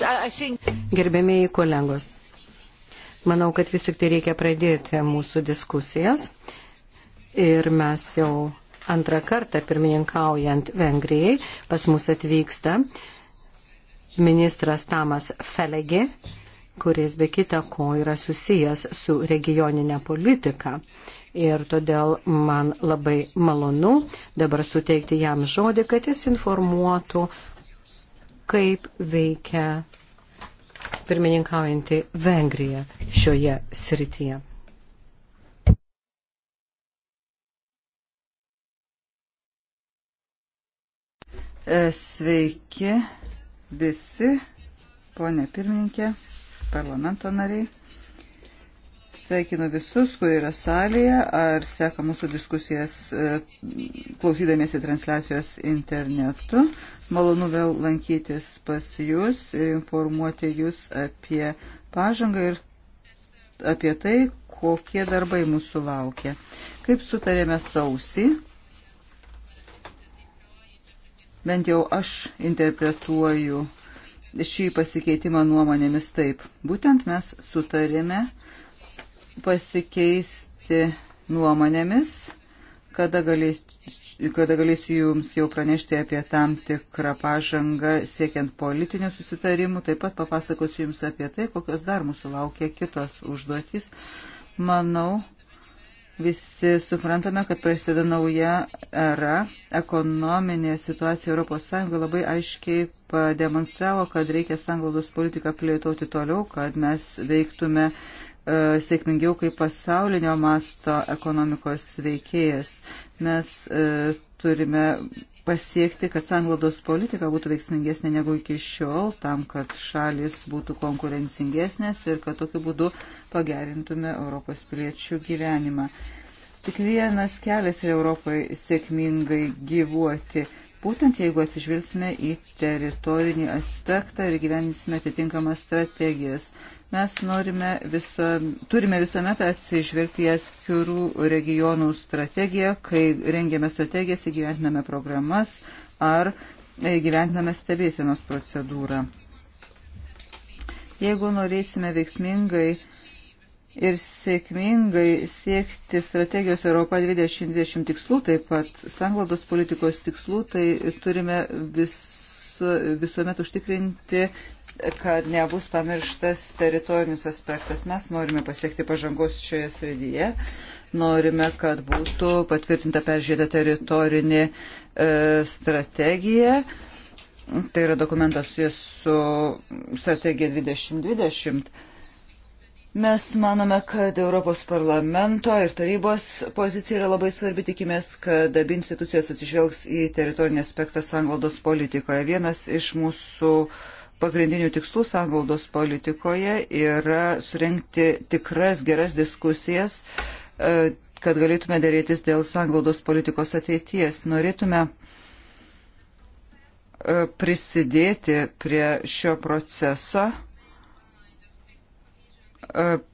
Gerbėmėjai kolegos, manau, kad vis tik tai reikia pradėti mūsų diskusijas ir mes jau antrą kartą pirmininkaujant Vengrijai pas mus atvyksta ministras Tamas Felegi, kuris be kita ko yra susijęs su regioninė politika. Ir todėl man labai malonu dabar suteikti jam žodį, kad jis informuotų uh, kaip veikia pirmininkaujanti Vengrija šioje srityje. E, sveiki visi, ponė pirmininkė, parlamento nariai. Sveikinu visus, kurie yra salėje ar seka mūsų diskusijas e, klausydamiesi transliacijos internetu. Malonu vėl lankytis pas jūs ir informuoti jūs apie pažangą ir apie tai, kokie darbai mūsų laukia. Kaip sutarėme sausį, bent jau aš interpretuoju šį pasikeitimą nuomonėmis taip. Būtent mes sutarėme pasikeisti nuomonėmis, kada galėsiu, kada galėsiu jums jau pranešti apie tam tikrą pažangą siekiant politinių susitarimų. Taip pat papasakosiu jums apie tai, kokios dar mūsų laukia kitos užduotys. Manau, visi suprantame, kad prasideda nauja era. Ekonominė situacija ES labai aiškiai pademonstravo, kad reikia sanglaudos politiką plėtoti toliau, kad mes veiktume E, sėkmingiau kaip pasaulinio masto ekonomikos veikėjas. Mes e, turime pasiekti, kad sanglaudos politika būtų veiksmingesnė negu iki šiol, tam, kad šalis būtų konkurencingesnės ir kad tokiu būdu pagerintume Europos piliečių gyvenimą. Tik vienas kelias yra Europai sėkmingai gyvuoti. Būtent jeigu atsižvilgsime į teritorinį aspektą ir gyvensime atitinkamas strategijas. Mes norime viso, turime visuomet atsižvelgti į atskirų regionų strategiją, kai rengiame strategijas, įgyventiname programas ar įgyventiname stebėsienos procedūrą. Jeigu norėsime veiksmingai ir sėkmingai siekti strategijos Europa 2020 tikslų, taip pat sanglaudos politikos tikslų, tai turime vis, visuomet užtikrinti kad nebus pamirštas teritorinis aspektas. Mes norime pasiekti pažangos šioje srityje, norime, kad būtų patvirtinta peržiūrėta teritorinė e, strategija. Tai yra dokumentas su strategija 2020. Mes manome, kad Europos parlamento ir tarybos pozicija yra labai svarbi, tikimės, kad abi institucijos atsižvelgs į teritorinį aspektą sanglaudos politikoje. Vienas iš mūsų uh, pagrindinių tikslų sanglaudos politikoje yra surenkti tikras geras diskusijas, e, kad galėtume dėrėtis dėl sanglaudos politikos ateities. Norėtume e, prisidėti prie šio proceso e,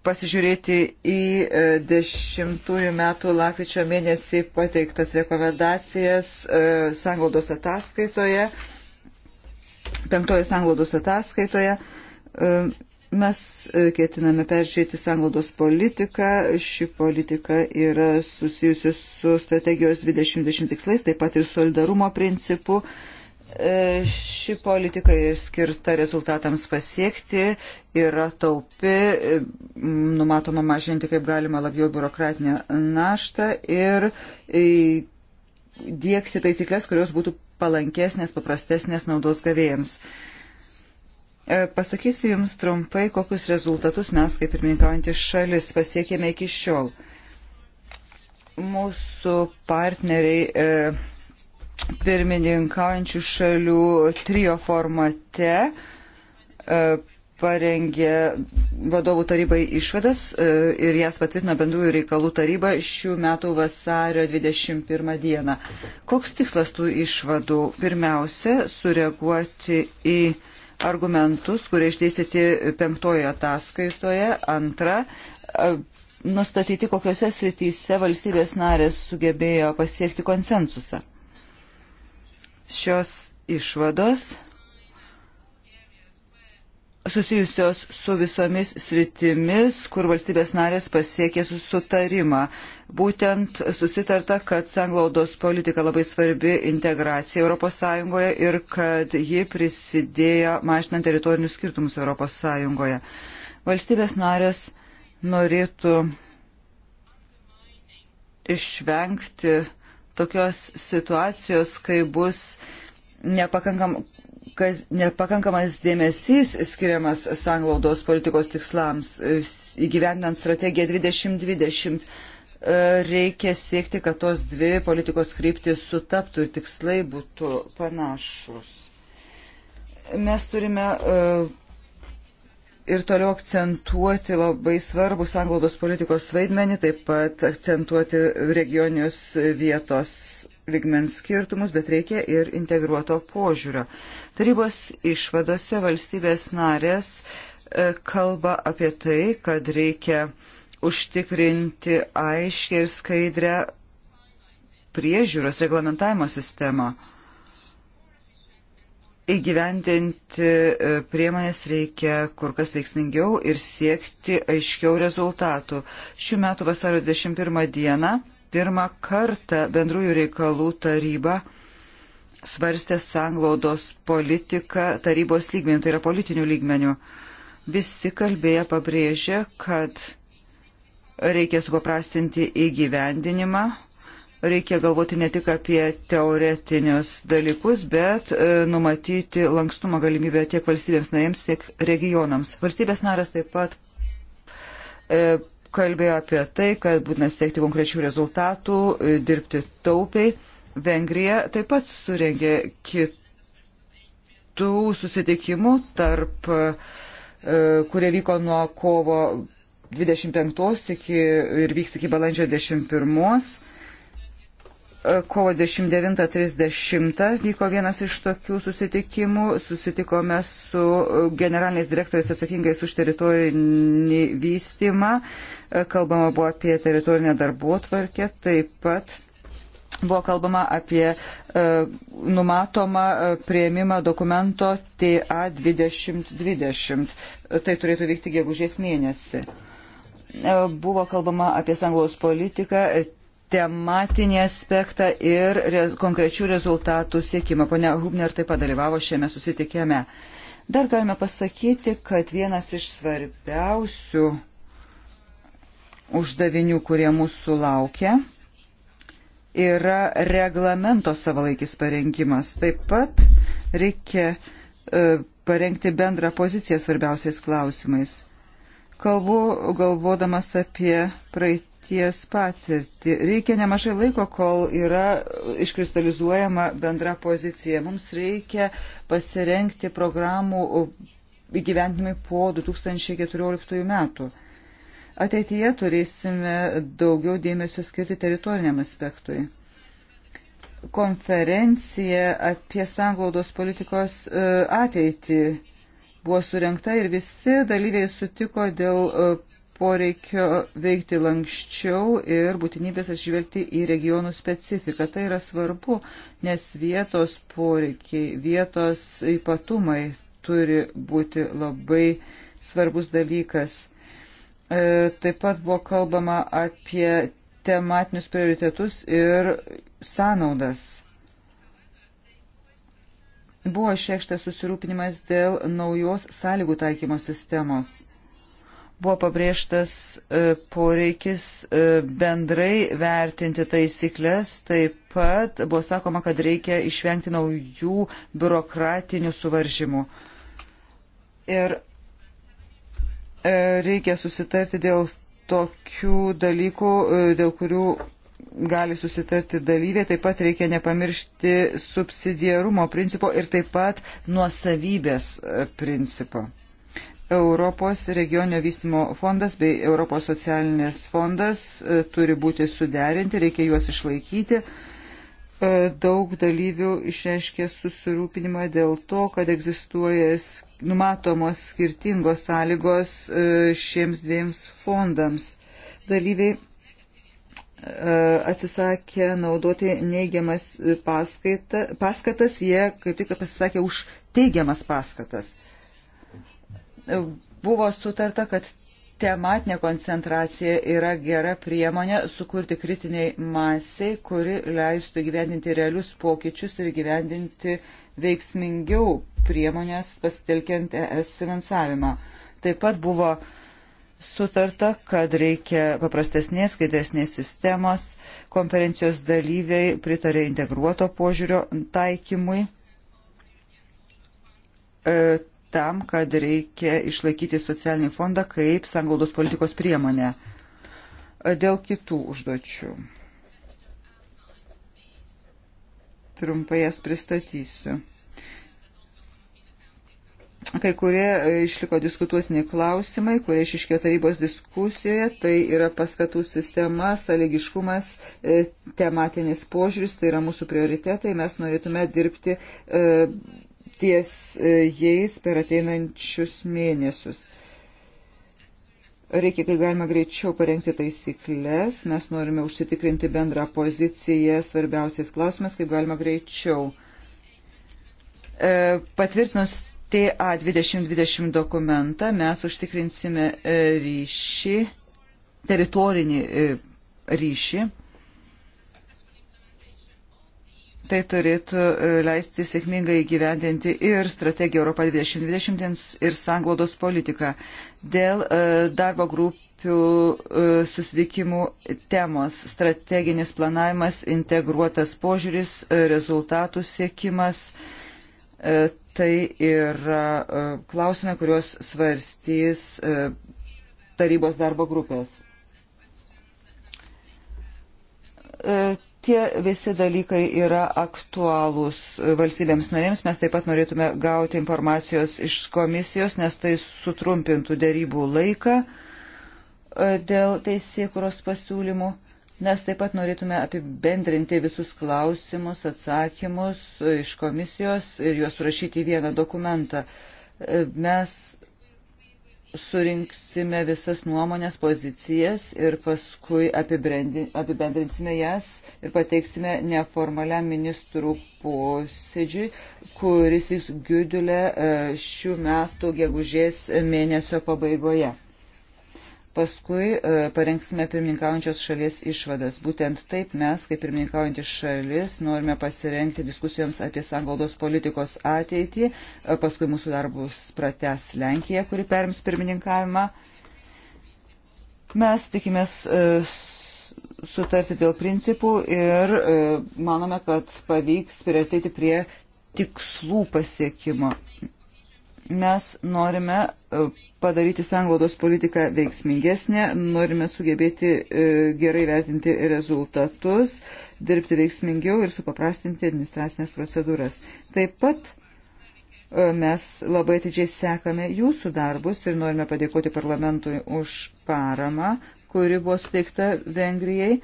pasižiūrėti į dešimtųjų metų lapkričio mėnesį pateiktas rekomendacijas sanglaudos ataskaitoje penktojo sanglaudos ataskaitoje e, mes e, ketiname peržiūrėti sanglaudos politiką. Ši politika yra susijusi su strategijos 2020 tikslais, taip pat ir solidarumo principu. E, ši politika ir skirta rezultatams pasiekti yra taupi, numatoma mažinti kaip galima labiau biurokratinę naštą ir dėkti taisyklės, kurios būtų palankesnės, paprastesnės naudos gavėjams. E, pasakysiu Jums trumpai, kokius rezultatus mes, kaip pirmininkaujantis šalis, pasiekėme iki šiol. Mūsų partneriai e, pirmininkaujančių šalių trijo formate e, parengė vadovų tarybai išvadas e, ir jas patvirtino bendrųjų reikalų taryba šių metų vasario 21 dieną. Koks tikslas tų išvadų? Pirmiausia, sureaguoti į argumentus, kurie išdėstyti penktojo ataskaitoje. Antra, e, nustatyti, kokiuose srityse valstybės narės sugebėjo pasiekti konsensusą. Šios išvados susijusios su visomis sritimis, kur valstybės narės pasiekė susitarimą. Būtent susitarta, kad sanglaudos politika labai svarbi integracija ES ir kad ji prisidėjo mažinant teritorinius skirtumus ES. Valstybės narės norėtų išvengti tokios situacijos, kai bus nepakankam, kas nepakankamas dėmesys skiriamas sanglaudos politikos tikslams e, įgyvendant strategiją 2020 e, reikia siekti, kad tos dvi politikos kryptis sutaptų ir tikslai būtų panašus. Mes turime e, ir toliau akcentuoti labai svarbų sanglaudos politikos vaidmenį, taip pat akcentuoti regionius vietos ligmens skirtumus, bet reikia ir integruoto požiūrio. Tarybos išvadose valstybės narės e, kalba apie tai, kad reikia užtikrinti aiškiai ir skaidrę priežiūros reglamentavimo sistemą. Įgyvendinti e, priemonės reikia kur kas veiksmingiau ir siekti aiškiau rezultatų. Šių metų vasario 21 dieną pirmą kartą bendrųjų reikalų taryba svarstė sanglaudos politiką tarybos lygmenių, tai yra politinių lygmenių. Visi kalbėję pabrėžė, kad reikia supaprastinti įgyvendinimą, reikia galvoti ne tik apie teoretinius dalykus, bet e, numatyti lankstumą galimybę tiek valstybėms narėms, tiek regionams. Valstybės narės taip pat e, kalbėjo apie tai, kad būtina siekti konkrečių rezultatų, e, dirbti taupiai. Vengrija taip pat surengė kitų susitikimų tarp, e, kurie vyko nuo kovo 25 iki, ir vyks iki balandžio 11. Kovo 29-30 vyko vienas iš tokių susitikimų. Susitikome su generaliniais direktoriais atsakingais už teritorinį vystymą. Kalbama buvo apie teritorinę darbuotvarkę, taip pat buvo kalbama apie e, numatomą e, prieimimą dokumento TA 2020. Tai turėtų vykti gegužės mėnesį. E, buvo kalbama apie sanglaus politiką, tematinį aspektą ir rez, konkrečių rezultatų siekimą. Pone Hubner taip pat dalyvavo šiame susitikime. Dar galime pasakyti, kad vienas iš svarbiausių uždavinių, kurie mūsų laukia, yra reglamento savalaikis parengimas. Taip pat reikia e, parengti bendrą poziciją svarbiausiais klausimais. Kalbu galvodamas apie praeitį patirties patirtį. Reikia nemažai laiko, kol yra iškristalizuojama bendra pozicija. Mums reikia pasirenkti programų įgyventimai po 2014 metų. Ateityje turėsime daugiau dėmesio skirti teritoriniam aspektui. Konferencija apie sanglaudos politikos e, ateitį buvo surinkta ir visi dalyviai sutiko dėl e, poreikio veikti lankščiau ir būtinybės atsižvelgti į regionų specifiką. Tai yra svarbu, nes vietos poreikiai, vietos ypatumai turi būti labai svarbus dalykas. E, taip pat buvo kalbama apie tematinius prioritetus ir sąnaudas. Buvo išreikštas susirūpinimas dėl naujos sąlygų taikymo sistemos Buvo pabrėžtas e, poreikis e, bendrai vertinti taisyklės, taip pat buvo sakoma, kad reikia išvengti naujų biurokratinių suvaržymų. Ir e, reikia susitarti dėl tokių dalykų, dėl kurių gali susitarti dalyvė, taip pat reikia nepamiršti subsidiarumo principo ir taip pat nuosavybės principo. Europos regioninio vystimo fondas bei Europos socialinės fondas e, turi būti suderinti, reikia juos išlaikyti. E, daug dalyvių išreiškė susirūpinimą dėl to, kad egzistuoja numatomos skirtingos sąlygos e, šiems dviems fondams. Dalyviai atsisakė naudoti neigiamas paskaita, paskatas, jie kaip tik pasisakė už teigiamas paskatas buvo sutarta, kad tematinė koncentracija yra gera priemonė sukurti kritiniai masiai, kuri leistų gyvendinti realius pokyčius ir gyvendinti veiksmingiau priemonės pasitelkiant ES finansavimą. Taip pat buvo sutarta, kad reikia paprastesnės, skaidresnės sistemos, konferencijos dalyviai pritarė integruoto požiūrio taikymui. E, tam, kad reikia išlaikyti socialinį fondą kaip sanglaudos politikos priemonę. Dėl kitų užduočių. Trumpai jas pristatysiu. Kai kurie išliko diskutuotini klausimai, kurie išiškėjo tarybos diskusijoje, tai yra paskatų sistema, sąlygiškumas, e, tematinis požiūris, tai yra mūsų prioritetai, mes norėtume dirbti e, ties e, jais per ateinančius mėnesius. Reikia, kai galima greičiau parengti taisyklės, mes norime užsitikrinti bendrą poziciją svarbiausiais klausimais, kaip galima greičiau. E, patvirtinus TA 2020 dokumentą mes užtikrinsime e, ryšį, teritorinį ryšį Tai turėtų e, leisti sėkmingai įgyvendinti ir strategiją Europą 2020 ir sanglaudos politiką. Dėl e, darbo grupių e, susitikimų temos - strateginis planavimas, integruotas požiūris, rezultatų siekimas. Tai yra klausime, kuriuos svarstys tarybos darbo grupės Tie visi dalykai yra aktualūs valstybėms narėms. Mes taip pat norėtume gauti informacijos iš komisijos, nes tai sutrumpintų dėrybų laiką e, dėl teisėkuros pasiūlymų. Mes taip pat norėtume apibendrinti visus klausimus, atsakymus iš komisijos ir juos surašyti į vieną dokumentą. E, mes surinksime visas nuomonės pozicijas ir paskui apibendrinsime jas ir pateiksime neformaliam ministrų posėdžiui, kuris vyks Giudulė e, šių metų gegužės mėnesio pabaigoje. Paskui e, parengsime pirmininkaujančios šalies išvadas. Būtent taip mes, kaip pirmininkaujantis šalis, norime pasirengti diskusijoms apie sangaldos politikos ateitį. E, paskui mūsų darbus prates Lenkija, kuri perims pirmininkavimą. Mes tikimės e, sutarti dėl principų ir manome, kad pavyks priartėti prie tikslų pasiekimo. Mes norime e, padaryti sanglaudos politiką veiksmingesnę, norime sugebėti e, gerai vertinti rezultatus, dirbti veiksmingiau ir supaprastinti administracinės procedūras. Taip pat e, mes labai atidžiai sekame jūsų darbus ir norime padėkoti parlamentui už paramą, kuri buvo suteikta Vengrijai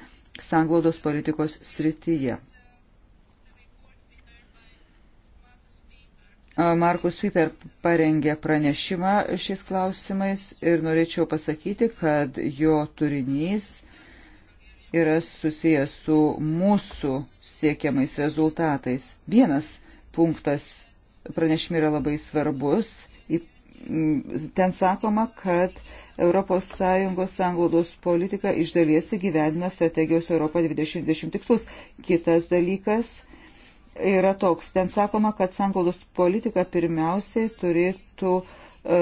sanglaudos politikos srityje. Markus Piper parengė pranešimą šiais klausimais ir norėčiau pasakyti, kad jo turinys yra susijęs su mūsų siekiamais rezultatais. Vienas punktas pranešime yra labai svarbus. Ten sakoma, kad ES sanglaudos politika iš dalies įgyvendina strategijos Europa 2020 tikslus. Kitas dalykas yra toks. Ten sakoma, kad sanglaudos politika pirmiausiai turėtų e,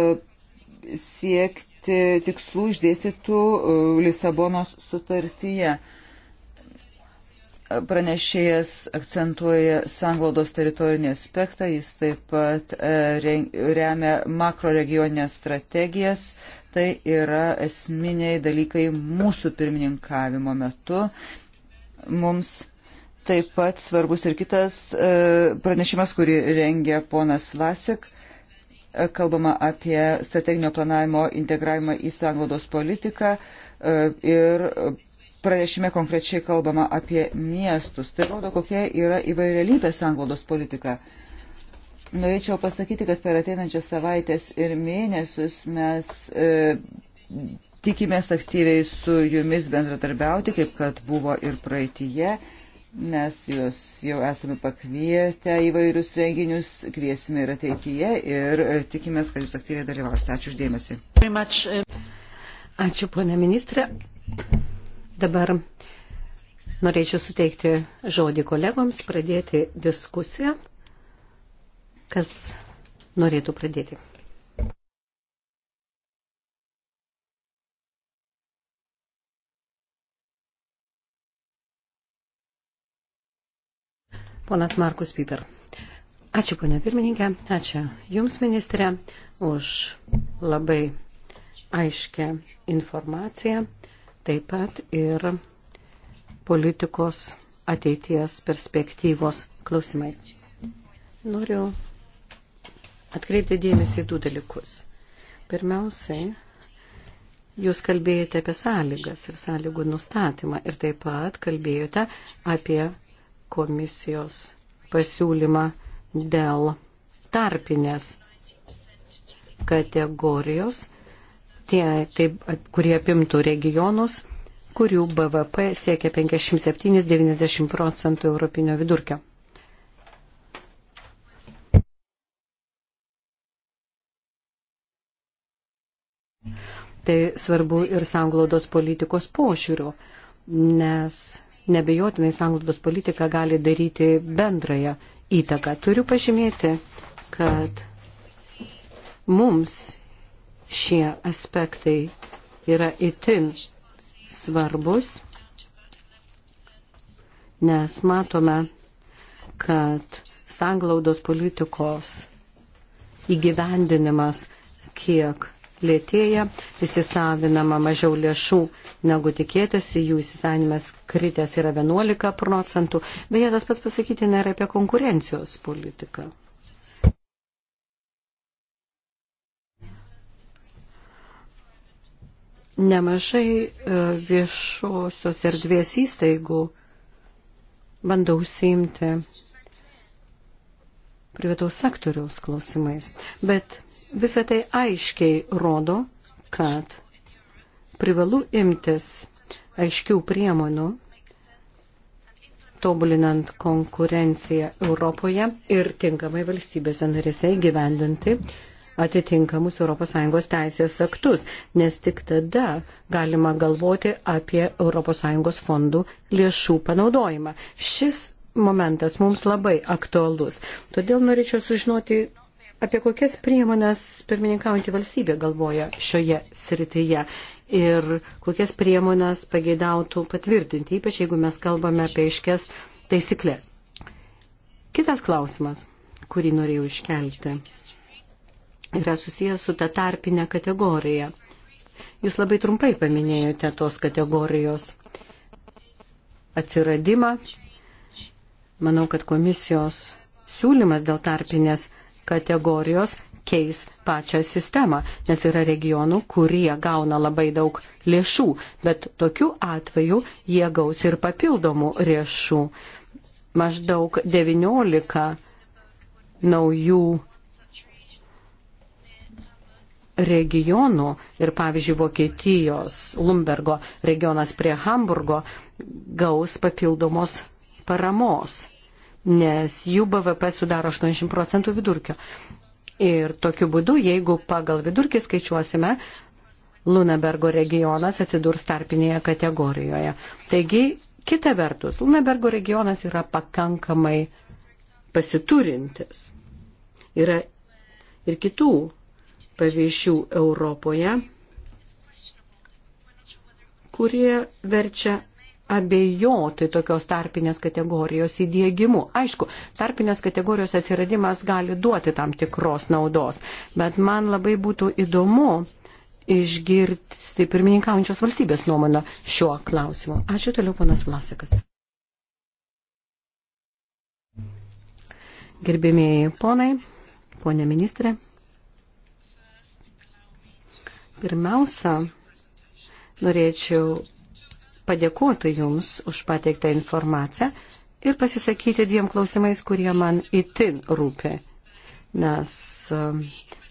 siekti tikslų išdėstytų e, Lisabonos sutartyje. Pranešėjas akcentuoja sanglaudos teritorinį aspektą, jis taip pat e, remia makroregioninės strategijas, tai yra esminiai dalykai mūsų pirmininkavimo metu. Mums taip pat svarbus ir kitas e, pranešimas, kurį rengia ponas Vlasik. E, kalbama apie strateginio planavimo integravimą į sanglaudos politiką e, ir pranešime konkrečiai kalbama apie miestus. Tai rodo, kokia yra įvairialybė sanglaudos politika. Norėčiau pasakyti, kad per ateinančias savaitės ir mėnesius mes e, tikimės aktyviai su jumis bendradarbiauti, kaip kad buvo ir praeitie. Mes juos jau esame pakvietę įvairius renginius, kviesime ir ateityje ir e, tikimės, kad jūs aktyviai dalyvausite. Ačiū uždėmesi. E. Ačiū, ponė ministrė. Dabar norėčiau suteikti žodį kolegoms, pradėti diskusiją. Kas norėtų pradėti? Ponas Markus Piper. Ačiū, ponia pirmininkė. Ačiū Jums, ministrė, už labai aiškę informaciją, taip pat ir politikos ateities perspektyvos klausimais. Noriu atkreipti dėmesį į du dalykus. Pirmiausiai, jūs kalbėjote apie sąlygas ir sąlygų nustatymą ir taip pat kalbėjote apie komisijos pasiūlymą dėl tarpinės kategorijos, tie, taip, kurie apimtų regionus, kurių BVP siekia 57-90 procentų europinio vidurkio. Tai svarbu ir sanglaudos politikos pošiūrių, nes nebejotinai sanglaudos politika gali daryti bendrąją įtaką. Turiu pažymėti, kad mums šie aspektai yra itin svarbus, nes matome, kad sanglaudos politikos įgyvendinimas kiek lėtėja, įsisavinama mažiau lėšų negu tikėtasi, jų įsisavinimas kritęs yra 11 procentų. Beje, tas pats pasakyti nėra apie konkurencijos politiką. Nemažai e, viešosios erdvės įstaigų bandau užsiimti privataus sektoriaus klausimais. Bet Visą tai aiškiai rodo, kad privalu imtis aiškių priemonių, tobulinant konkurenciją Europoje ir tinkamai valstybėse narėse įgyvendinti atitinkamus ES teisės aktus, nes tik tada galima galvoti apie ES fondų lėšų panaudojimą. Šis momentas mums labai aktualus. Todėl norėčiau sužinoti, apie kokias priemonės pirmininkaujantį valstybė galvoja šioje srityje ir kokias priemonės pageidautų patvirtinti, ypač jeigu mes kalbame apie iškes taisyklės. Kitas klausimas, kurį norėjau iškelti, yra susijęs su ta tarpinė kategorija. Jūs labai trumpai paminėjote tos kategorijos atsiradimą. Manau, kad komisijos siūlymas dėl tarpinės kategorijos keis pačią sistemą, nes yra regionų, kurie gauna labai daug lėšų, bet tokiu atveju jie gaus ir papildomų lėšų. Maždaug 19 naujų regionų ir pavyzdžiui Vokietijos Lumbergo regionas prie Hamburgo gaus papildomos paramos nes jų BVP sudaro 80 procentų vidurkio. Ir tokiu būdu, jeigu pagal vidurkį skaičiuosime, Lunabergo regionas atsidurs tarpinėje kategorijoje. Taigi, kita vertus, Lunabergo regionas yra pakankamai pasiturintis. Yra ir kitų pavyzdžių Europoje, kurie verčia abejoti tokios tarpinės kategorijos įdėgymu. Aišku, tarpinės kategorijos atsiradimas gali duoti tam tikros naudos, bet man labai būtų įdomu išgirsti pirmininkaujančios valstybės nuomonę šiuo klausimu. Ačiū toliau, ponas Vlasikas. Gerbėmėjai ponai, ponė ministrė. Pirmiausia, norėčiau padėkoti Jums už pateiktą informaciją ir pasisakyti dviem klausimais, kurie man itin rūpi. Nes um,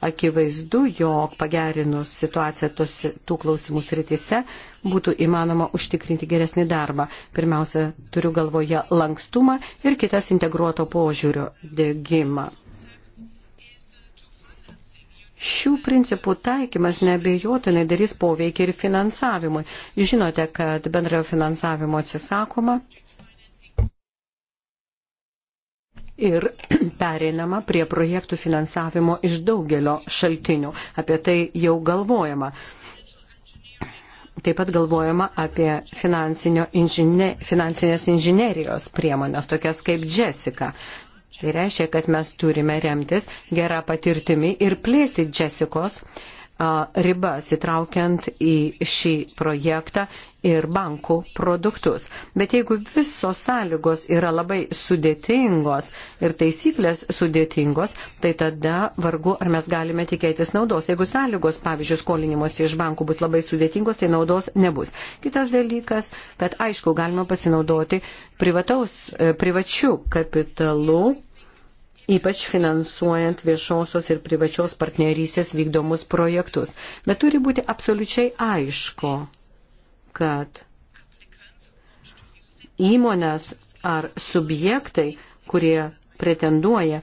akivaizdu, jog pagerinus situaciją tos, tų klausimų sritise būtų įmanoma užtikrinti geresnį darbą. Pirmiausia, turiu galvoje lankstumą ir kitas integruoto požiūrio dėgymą. Šių principų taikymas nebejotinai darys poveikį ir finansavimui. Jūs žinote, kad bendrojo finansavimo atsisakoma ir pereinama prie projektų finansavimo iš daugelio šaltinių. Apie tai jau galvojama. Taip pat galvojama apie inžine, finansinės inžinerijos priemonės, tokias kaip Jessica. Tai reiškia, kad mes turime remtis gerą patirtimį ir plėsti Jessicos ribas įtraukiant į šį projektą ir bankų produktus. Bet jeigu visos sąlygos yra labai sudėtingos ir taisyklės sudėtingos, tai tada vargu ar mes galime tikėtis naudos. Jeigu sąlygos, pavyzdžiui, skolinimuose iš bankų bus labai sudėtingos, tai naudos nebus. Kitas dalykas, kad aišku, galima pasinaudoti privataus, e, privačių kapitalų ypač finansuojant viešosios ir privačios partnerystės vykdomus projektus. Bet turi būti absoliučiai aišku, kad įmonės ar subjektai, kurie pretenduoja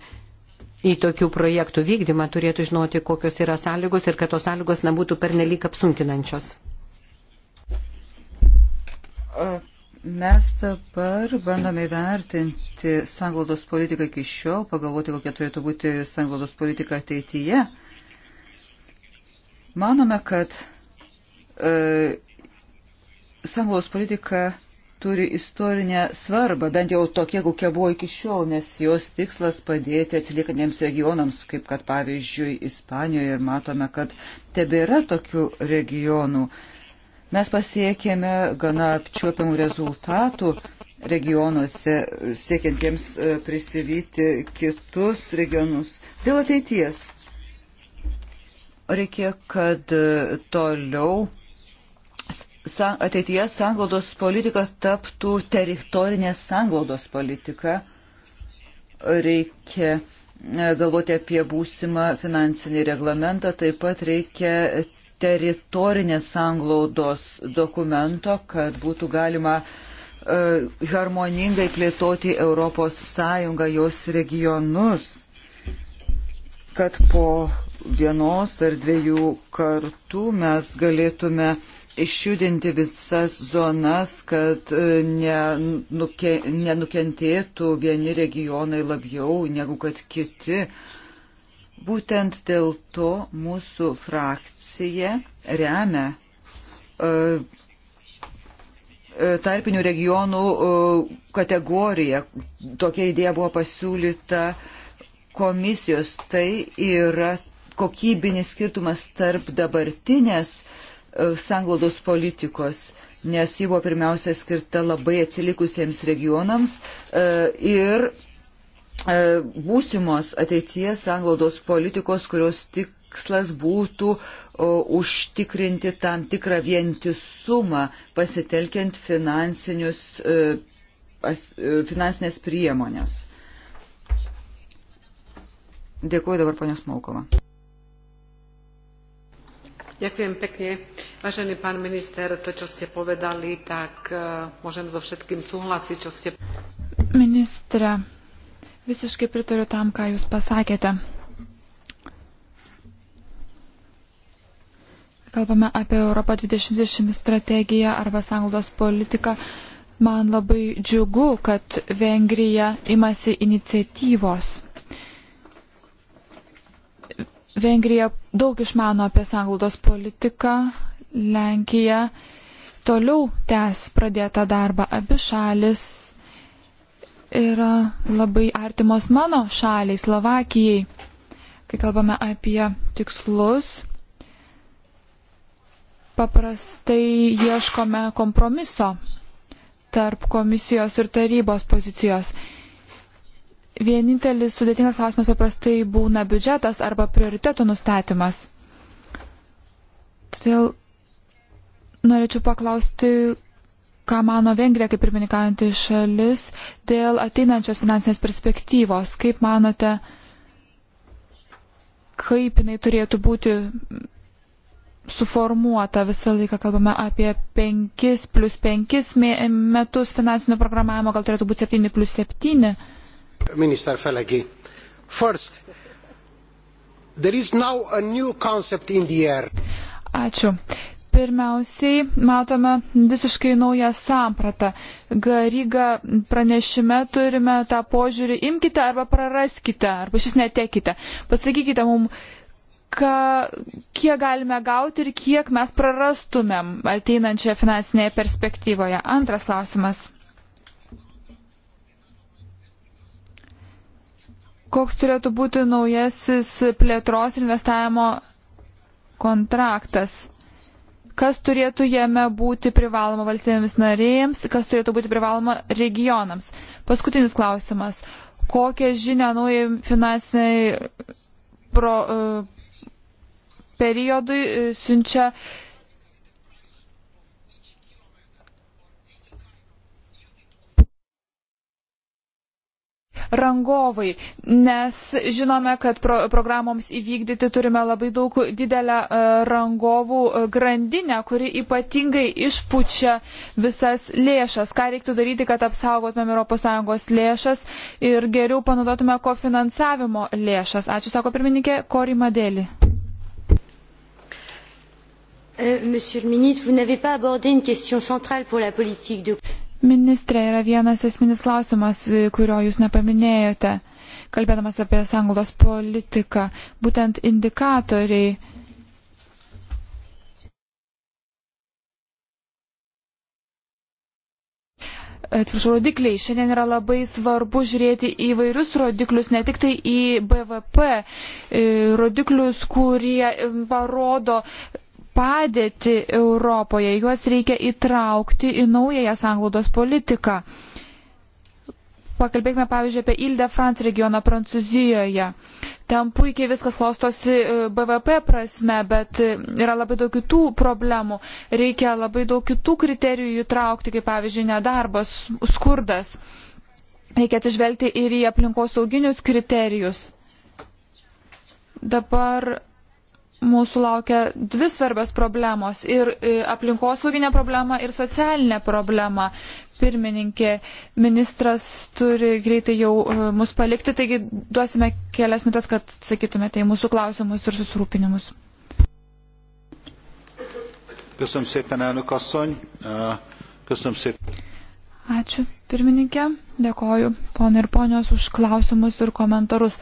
į tokių projektų vykdymą, turėtų žinoti, kokios yra sąlygos ir kad tos sąlygos nebūtų pernelyg apsunkinančios. Uh Mes dabar bandome vertinti sanglaudos politiką iki šiol, pagalvoti, kokia turėtų būti sanglaudos politika ateityje. Manome, kad e, sanglaudos politika turi istorinę svarbą, bent jau tokia, kokia buvo iki šiol, nes jos tikslas padėti atsiliekantiems regionams, kaip kad pavyzdžiui Ispanijoje ir matome, kad tebėra tokių regionų. E, Mes pasiekėme gana apčiuopiamų rezultatų regionuose, siekiant jiems e, prisivyti kitus regionus. Dėl ateities reikia, kad e, toliau ateityje sanglaudos politika taptų teritorinė sanglaudos politika. Reikia e, galvoti apie būsimą finansinį reglamentą, taip pat reikia teritorinės sanglaudos dokumento, kad būtų galima e, harmoningai plėtoti Europos Sąjungą, jos regionus, kad po vienos ar dviejų kartų mes galėtume išjudinti visas zonas, kad e, nenukentėtų vieni regionai labiau negu kad kiti. Būtent dėl to mūsų frakcija remia e, e, tarpinių regionų e, kategoriją. Tokia idėja buvo pasiūlyta komisijos. Tai yra kokybinis skirtumas tarp dabartinės sanglaudos politikos, nes ji buvo pirmiausia skirta labai atsilikusiems regionams ir E, būsimos ateities anglaudos politikos, kurios tik tikslas būtų o, užtikrinti tam tikrą vientisumą, pasitelkiant finansinius, e, as, e, finansinės priemonės. Dėkuoju dabar ponės Maukova. Ďakujem pekne. Vážený pán minister, to, čo ste povedali, tak uh, môžem so všetkým súhlasiť, čo ste... Ministra, Visiškai pritariu tam, ką Jūs pasakėte. Kalbame apie Europą 2020 strategiją arba sanglaudos politiką. Man labai džiugu, kad Vengrija imasi iniciatyvos. Vengrija daug išmano apie sanglaudos politiką, Lenkija toliau tęs pradėtą darbą abi šalis yra labai artimos mano šaliai, Slovakijai. Kai kalbame apie tikslus, paprastai ieškome kompromiso tarp komisijos ir tarybos pozicijos. Vienintelis sudėtingas klausimas paprastai būna biudžetas arba prioritetų nustatymas. Todėl norėčiau paklausti, ką mano Vengrija kaip pirmininkaujanti šalis dėl ateinančios finansinės perspektyvos. Kaip manote, kaip jinai turėtų būti suformuota, visą laiką kalbame apie 5 plus 5 metus finansinio programavimo, gal turėtų būti 7 plus 7. Minister Felegi, first, there is now a new concept in the air. Ačiū. Pirmiausiai matome visiškai naują sampratą. Garyga pranešime turime tą požiūrį imkite arba praraskite, arba šis netekite. Pasakykite mums, ka, kiek galime gauti ir kiek mes prarastumėm ateinančioje finansinėje perspektyvoje. Antras klausimas. Koks turėtų būti naujasis plėtros investavimo kontraktas? kas turėtų jame būti privaloma valstybėms narėjams, kas turėtų būti privaloma regionams. Paskutinis klausimas. Kokią žinią naujai finansiniai pro, e, periodui e, siunčia rangovai, nes žinome, kad pro, programoms įvykdyti turime labai daug didelę e, rangovų e, grandinę, kuri ypatingai išpučia visas lėšas. Ką reiktų daryti, kad apsaugotumėm ES lėšas ir geriau panaudotume kofinansavimo lėšas. Ačiū, sako pirmininkė Korima Dėlį. Euh, monsieur le ministre, vous n'avez pas abordé une question centrale pour la politique de Ministrė, yra vienas esminis klausimas, kurio jūs nepaminėjote, kalbėdamas apie sanglos politiką. Būtent indikatoriai. Atsiprašau, rodikliai. Šiandien yra labai svarbu žiūrėti į vairius rodiklius, ne tik tai į BVP e, rodiklius, kurie parodo padėtį Europoje, juos reikia įtraukti į naująją sanglaudos politiką. Pakalbėkime, pavyzdžiui, apie Ilde France regioną Prancūzijoje. Ten puikiai viskas klostosi e, BVP prasme, bet e, yra labai daug kitų problemų. Reikia labai daug kitų kriterijų įtraukti, kaip pavyzdžiui, nedarbas, skurdas. Reikia atsižvelgti ir į aplinkosauginius kriterijus. Dabar mūsų laukia dvi svarbios problemos - ir e, aplinkosauginė problema, ir socialinė problema. Pirmininkė, ministras turi greitai jau e, mus palikti, taigi duosime kelias minutės, kad sakytumėte į mūsų klausimus ir susirūpinimus. E, Ačiū, pirmininkė. Dėkoju ponai ir ponios už klausimus ir komentarus.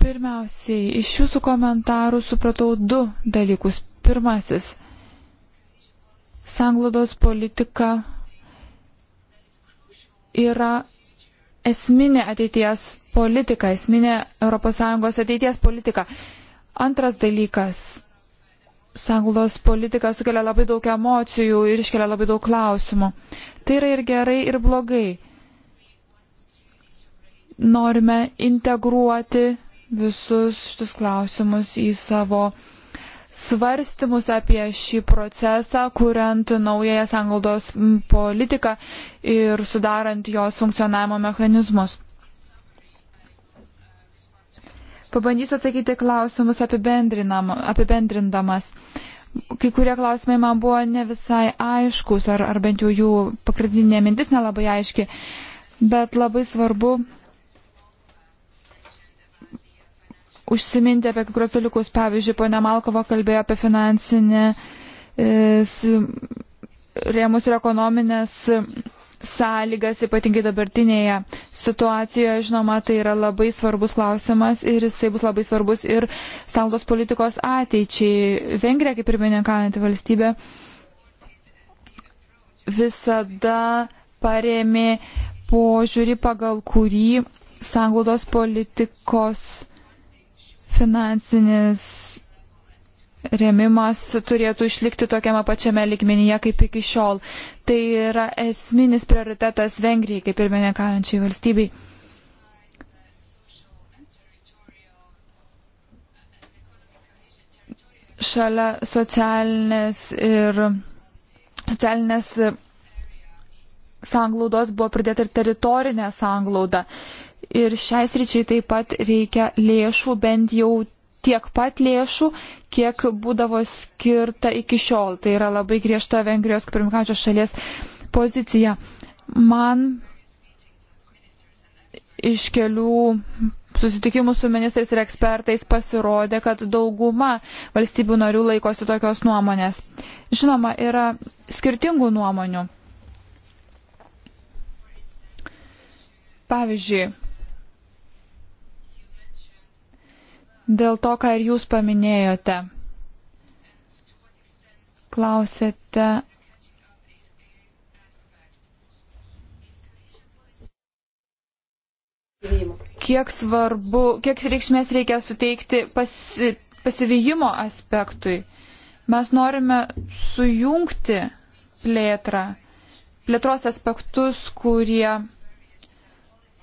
Pirmiausiai, iš jūsų komentarų supratau du dalykus. Pirmasis - sanglodos politika yra esminė ateities politika, esminė ES ateities politika. Antras dalykas - sanglos politika sukelia labai daug emocijų ir iškelia labai daug klausimų. Tai yra ir gerai, ir blogai. Norime integruoti visus šitus klausimus į savo svarstymus apie šį procesą, kuriant naująją sanglaudos politiką ir sudarant jos funkcionavimo mechanizmus. Pabandysiu atsakyti klausimus apibendrindamas. Kai kurie klausimai man buvo ne visai aiškus, ar, ar bent jau jų pagrindinė mintis nelabai aiški, bet labai svarbu užsiminti apie kai kurios dalykus. Pavyzdžiui, ponia Malkova kalbėjo apie finansinį e, rėmus ir ekonominės sąlygas, ypatingai dabartinėje situacijoje, žinoma, tai yra labai svarbus klausimas ir jisai bus labai svarbus ir saldos politikos ateičiai. Vengrija, kaip ir meninkaujanti valstybė, visada paremė požiūrį, pagal kurį sanglaudos politikos finansinis remimas turėtų išlikti tokiame pačiame ligmenyje kaip iki šiol. Tai yra esminis prioritetas Vengrijai kaip ir menekaujančiai valstybei. Šalia socialinės ir socialinės sanglaudos buvo pridėta ir teritorinė sanglauda ir šiais ryčiai taip pat reikia lėšų, bent jau tiek pat lėšų, kiek būdavo skirta iki šiol. Tai yra labai griežta Vengrijos pirmininkančios šalies pozicija. Man iš kelių susitikimų su ministrais ir ekspertais pasirodė, kad dauguma valstybių narių laikosi tokios nuomonės. Žinoma, yra skirtingų nuomonių. Pavyzdžiui, dėl to, ką ir jūs paminėjote. Klausėte. Kiek svarbu, kiek reikšmės reikia suteikti pasi, pasivyjimo aspektui. Mes norime sujungti plėtrą, plėtros aspektus, kurie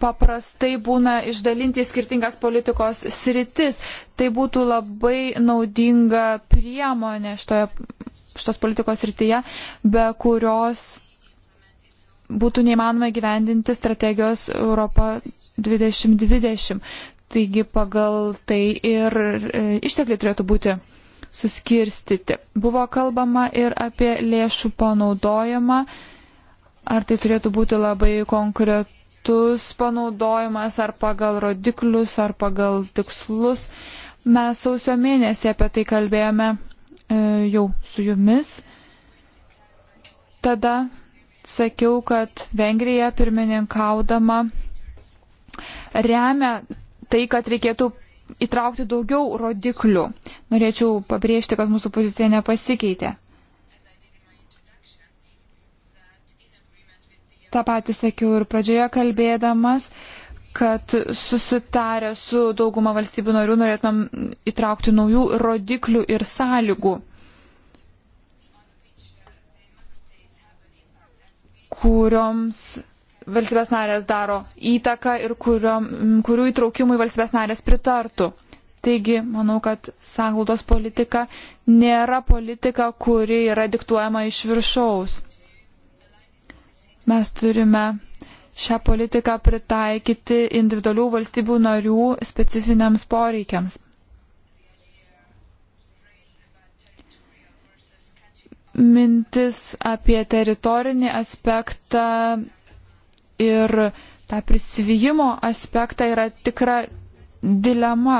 paprastai būna išdalinti skirtingas politikos sritis. Tai būtų labai naudinga priemonė šitoje, šitos politikos srityje, be kurios būtų neįmanoma gyvendinti strategijos Europa 2020. Taigi pagal tai ir e, ištekliai turėtų būti suskirstyti. Buvo kalbama ir apie lėšų panaudojimą. Ar tai turėtų būti labai konkretu metus panaudojimas ar pagal rodiklius, ar pagal tikslus. Mes sausio mėnesį apie tai kalbėjome e, jau su jumis. Tada sakiau, kad Vengrija pirmininkaudama remia tai, kad reikėtų įtraukti daugiau rodiklių. Norėčiau pabrėžti, kad mūsų pozicija nepasikeitė. tą patį sakiau ir pradžioje kalbėdamas, kad susitarę su dauguma valstybių narių norėtumėm įtraukti naujų rodiklių ir sąlygų, kurioms valstybės narės daro įtaką ir kuriom, kurių įtraukimui valstybės narės pritartų. Taigi, manau, kad sąnglaudos politika nėra politika, kuri yra diktuojama iš viršaus. Mes turime šią politiką pritaikyti individualių valstybių narių specifiniams poreikiams. Mintis apie teritorinį aspektą ir tą prisivijimo aspektą yra tikra dilema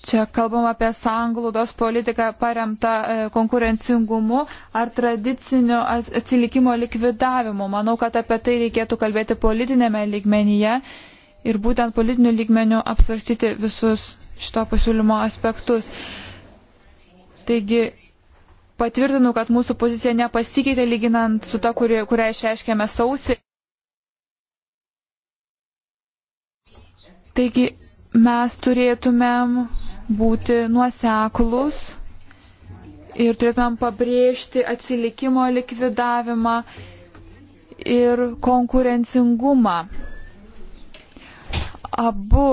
Čia kalbam apie sanglaudos politiką paremtą e, konkurencingumu ar tradicinio atsilikimo likvidavimu. Manau, kad apie tai reikėtų kalbėti politinėme lygmenyje ir būtent politiniu lygmeniu apsvarstyti visus šito pasiūlymo aspektus. Taigi patvirtinu, kad mūsų pozicija nepasikeitė lyginant su ta, kuri, kurią išreiškėme sausį. Taigi mes turėtumėm būti nuoseklus ir turėtumėm pabrėžti atsilikimo likvidavimą ir konkurencingumą. Abu,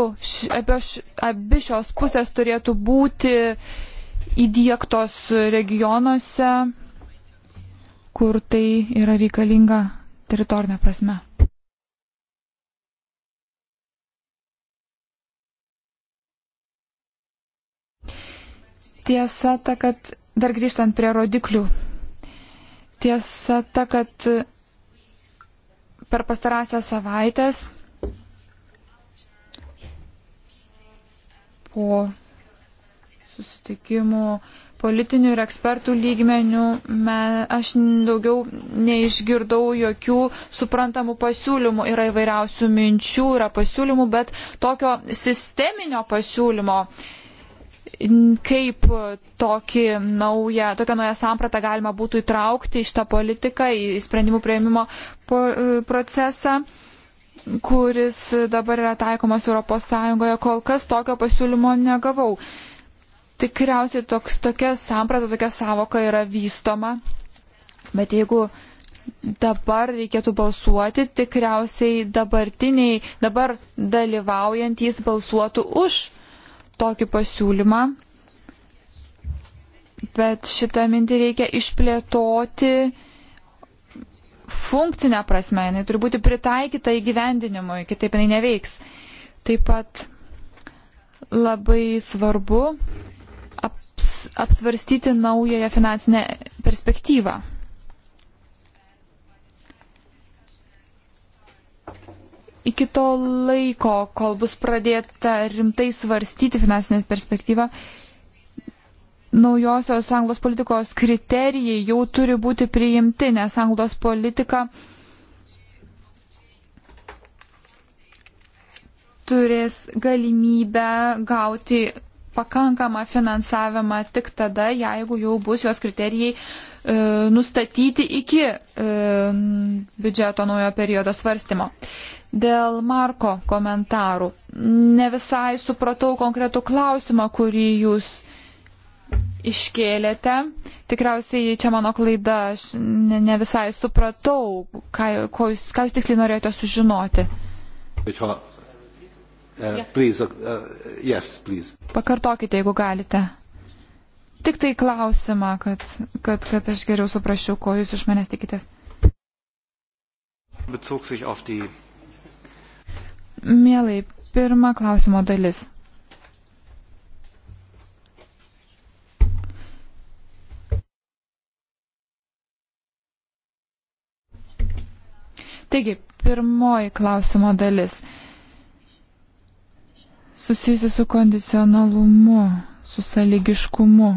abi, abi šios pusės turėtų būti įdėktos regionuose, kur tai yra reikalinga teritorinė prasme. Tiesa ta, kad dar grįžtant prie rodiklių. Tiesa ta, kad per pastarąsią savaitęs po susitikimų politinių ir ekspertų lygmenių me, aš daugiau neišgirdau jokių suprantamų pasiūlymų. Yra įvairiausių minčių, yra pasiūlymų, bet tokio sisteminio pasiūlymo. Uh, kaip tokį naują, tokią naują sampratą galima būtų įtraukti į šitą politiką, į sprendimų prieimimo procesą kuris dabar yra taikomas ES, kol kas tokio pasiūlymo negavau. Tikriausiai toks, tokia samprata, tokia savoka yra vystoma, bet jeigu dabar reikėtų balsuoti, tikriausiai dabartiniai, dabar dalyvaujantys balsuotų už uh, tokį pasiūlymą, bet šitą mintį reikia išplėtoti funkcinę prasme, jinai turi būti pritaikyta įgyvendinimui, kitaip jinai neveiks. Taip pat labai svarbu aps, apsvarstyti naująją finansinę perspektyvą. iki to laiko, kol bus pradėta rimtai svarstyti finansinės perspektyvą, naujosios anglos politikos kriterijai jau turi būti priimti, nes anglos politika turės galimybę gauti pakankamą finansavimą tik tada, jeigu jau bus jos kriterijai e, nustatyti iki e, biudžeto naujo periodo svarstymo. Dėl Marko komentarų. Ne visai supratau konkretų klausimą, kurį jūs iškėlėte. Tikriausiai čia mano klaida, aš ne, ne visai supratau, ką, jūs, ką jūs tiksliai norėjote sužinoti. Uh, please, uh, uh, yes, please. Pakartokite, jeigu galite. Tik tai klausimą, kad, kad, kad aš geriau suprasčiau, ko jūs iš manęs tikitės. Bezog sich auf die Mielai, pirma klausimo dalis. Taigi, pirmoji klausimo dalis susijusi su kondicionalumu, su sąlygiškumu.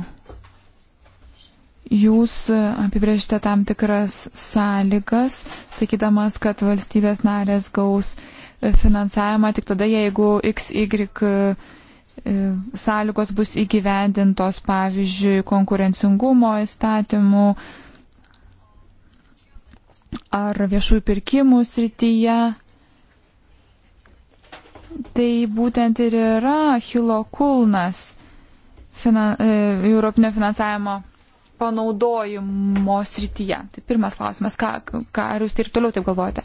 Jūs apibrėžite tam tikras sąlygas, sakydamas, kad valstybės narės gaus uh, finansavimą tik tada, jeigu XY e, sąlygos bus įgyvendintos, pavyzdžiui, konkurencingumo įstatymų ar viešųjų pirkimų srityje. Tai būtent ir yra Hilo Kulnas finan, e, Europinio finansavimo panaudojimo srityje. Tai pirmas klausimas, ką, ką ar jūs tai ir toliau taip galvojate.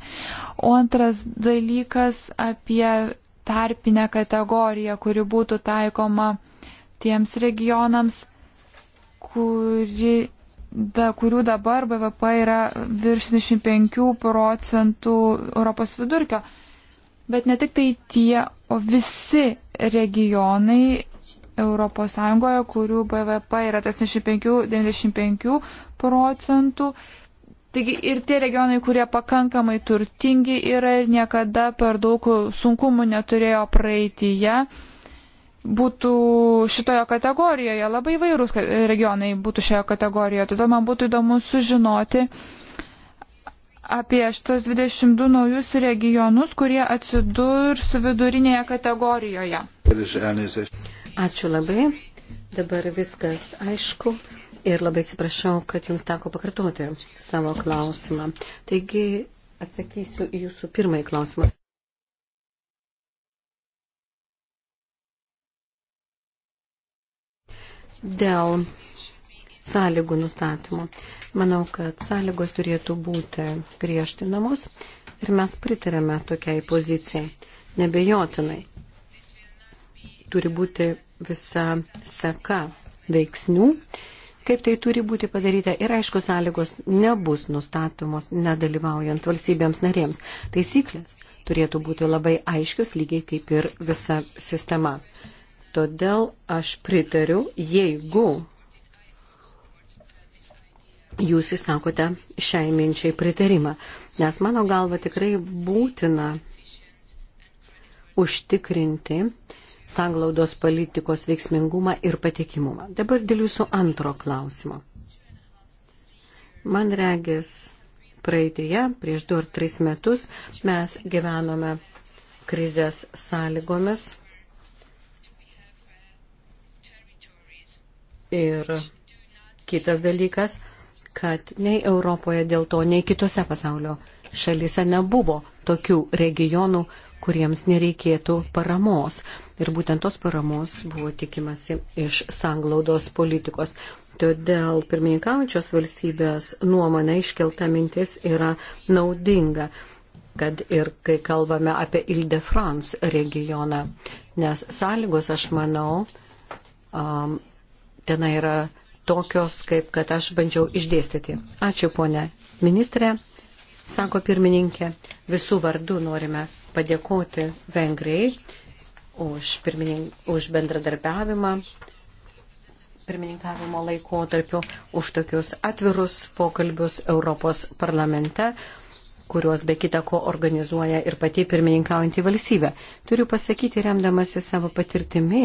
O antras dalykas apie tarpinę kategoriją, kuri būtų taikoma tiems regionams, kuri, da, kurių dabar BVP yra virš 25 procentų Europos vidurkio. Bet ne tik tai tie, o visi regionai ES, kurių BVP yra 75-95 procentų. Taigi ir tie regionai, kurie pakankamai turtingi yra ir niekada per daug sunkumų neturėjo praeitįje, būtų šitoje kategorijoje, labai vairūs regionai būtų šioje kategorijoje. Todėl man būtų įdomu sužinoti, apie šitos 22 naujus regionus, kurie atsidurs vidurinėje kategorijoje. Ačiū labai. Dabar viskas aišku. Ir labai atsiprašau, kad jums teko pakartoti savo klausimą. Taigi atsakysiu į jūsų pirmąjį klausimą. Dėl sąlygų nustatymo. Manau, kad sąlygos turėtų būti griežtinamos ir mes pritarėme tokiai pozicijai. Nebejotinai turi būti visa seka veiksnių, kaip tai turi būti padaryta ir aišku, sąlygos nebus nustatomos nedalyvaujant valstybėms narėms. Taisyklės turėtų būti labai aiškios, lygiai kaip ir visa sistema. Todėl aš pritariu, jeigu jūs įsakote šiai minčiai pritarimą, nes mano galva tikrai būtina užtikrinti sanglaudos politikos veiksmingumą ir patikimumą. Dabar dėl jūsų antro klausimo. Man regis, praeitėje, prieš du ar tris metus, mes gyvenome krizės sąlygomis ir kitas dalykas, kad nei Europoje dėl to, nei kitose pasaulio šalyse nebuvo tokių regionų, kuriems nereikėtų paramos. Ir būtent tos paramos buvo tikimasi iš sanglaudos politikos. Todėl pirmininkaujančios valstybės nuomonė iškelta mintis yra naudinga, kad ir kai kalbame apie Ile de France regioną, nes sąlygos, aš manau, um, ten yra tokios, kaip kad aš bandžiau išdėstyti. Ačiū, ponė ministrė, sako pirmininkė, visų vardų norime padėkoti Vengrijai už, pirminink, už bendradarbiavimą pirmininkavimo laikotarpiu, už tokius atvirus pokalbius Europos parlamente, kuriuos be kita ko organizuoja ir pati pirmininkaujantį valstybę. Turiu pasakyti, remdamasi savo patirtimi,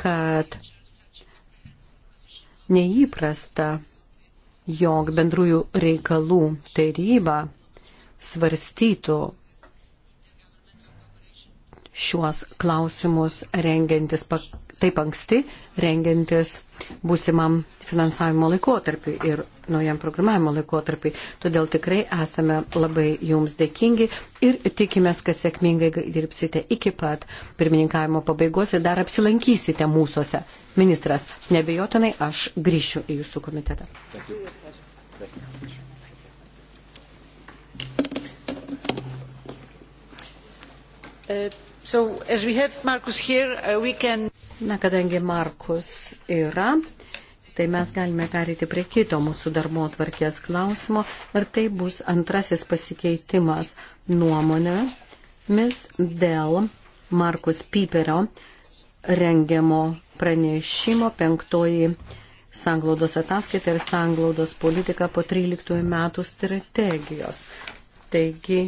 kad neįprasta, jog bendrųjų reikalų taryba svarstytų šiuos klausimus rengiantis taip anksti, rengiantis būsimam finansavimo laikotarpiu ir naujam programavimo laikotarpiu. Todėl tikrai esame labai jums dėkingi ir tikimės, kad sėkmingai dirbsite iki pat pirmininkavimo pabaigos ir dar apsilankysite mūsųse. Ministras, nebejotinai aš grįšiu į jūsų komitetą. Thank you. Thank you. Uh, So, here, uh, can... Na, kadangi Markus yra, tai mes galime perėti prie kito mūsų darbo atvarkės klausimo ir tai bus antrasis pasikeitimas nuomonėmis dėl Markus Piperio rengiamo pranešimo penktoji sanglaudos ataskaita ir sanglaudos politika po 13 metų strategijos. Taigi,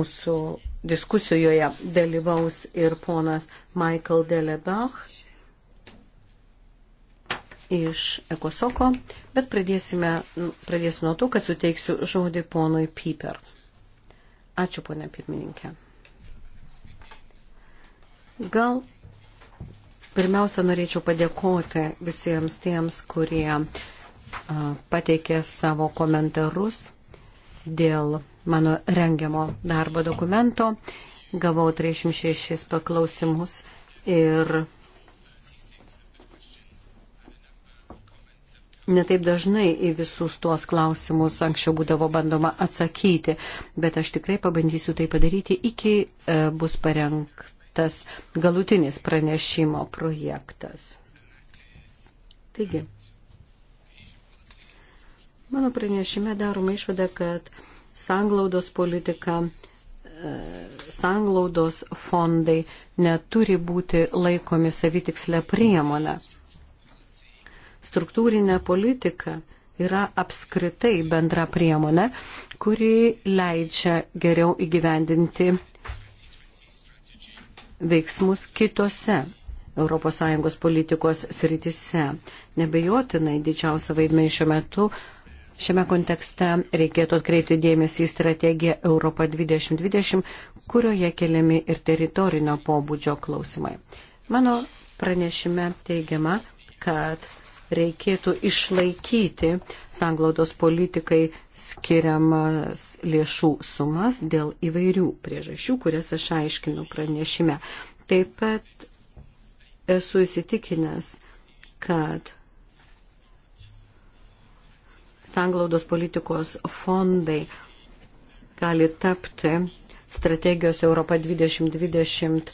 mūsų diskusijoje dalyvaus ir ponas Michael Delebach iš Ekosoko, bet pradėsime, pradėsiu nuo to, kad suteiksiu žodį ponui Piper. Ačiū, ponė pirmininkė. Gal pirmiausia norėčiau padėkoti visiems tiems, kurie pateikė savo komentarus dėl mano rengiamo darbo dokumento. Gavau 36 paklausimus ir netaip dažnai į visus tuos klausimus anksčiau būdavo bandoma atsakyti, bet aš tikrai pabandysiu tai padaryti iki e, bus parengtas galutinis pranešimo projektas. Taigi, mano pranešime daroma išvada, kad sanglaudos politika, e, sanglaudos fondai neturi būti laikomi savitikslę priemonę. Struktūrinė politika yra apskritai bendra priemonė, kuri leidžia geriau įgyvendinti veiksmus kitose ES politikos sritise. Nebejotinai didžiausia vaidmenį šiuo metu Šiame kontekste reikėtų atkreipti dėmesį į strategiją Europą 2020, kurioje keliami ir teritorinio pobūdžio klausimai. Mano pranešime teigiama, kad reikėtų išlaikyti sanglaudos politikai skiriamas lėšų sumas dėl įvairių priežasčių, kurias aš aiškinu pranešime. Taip pat esu įsitikinęs, kad sanglaudos politikos fondai gali tapti strategijos Europa 2020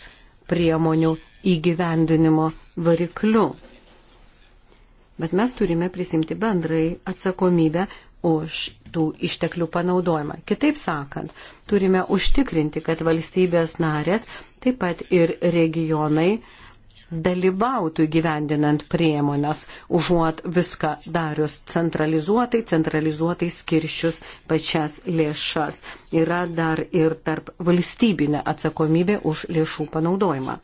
priemonių įgyvendinimo varikliu. Bet mes turime prisimti bendrai atsakomybę už tų išteklių panaudojimą. Kitaip sakant, turime užtikrinti, kad valstybės narės, taip pat ir regionai dalyvautų gyvendinant priemonės, užuot viską darius centralizuotai, centralizuotai skiršius pačias lėšas. Yra dar ir tarp valstybinė atsakomybė už lėšų panaudojimą.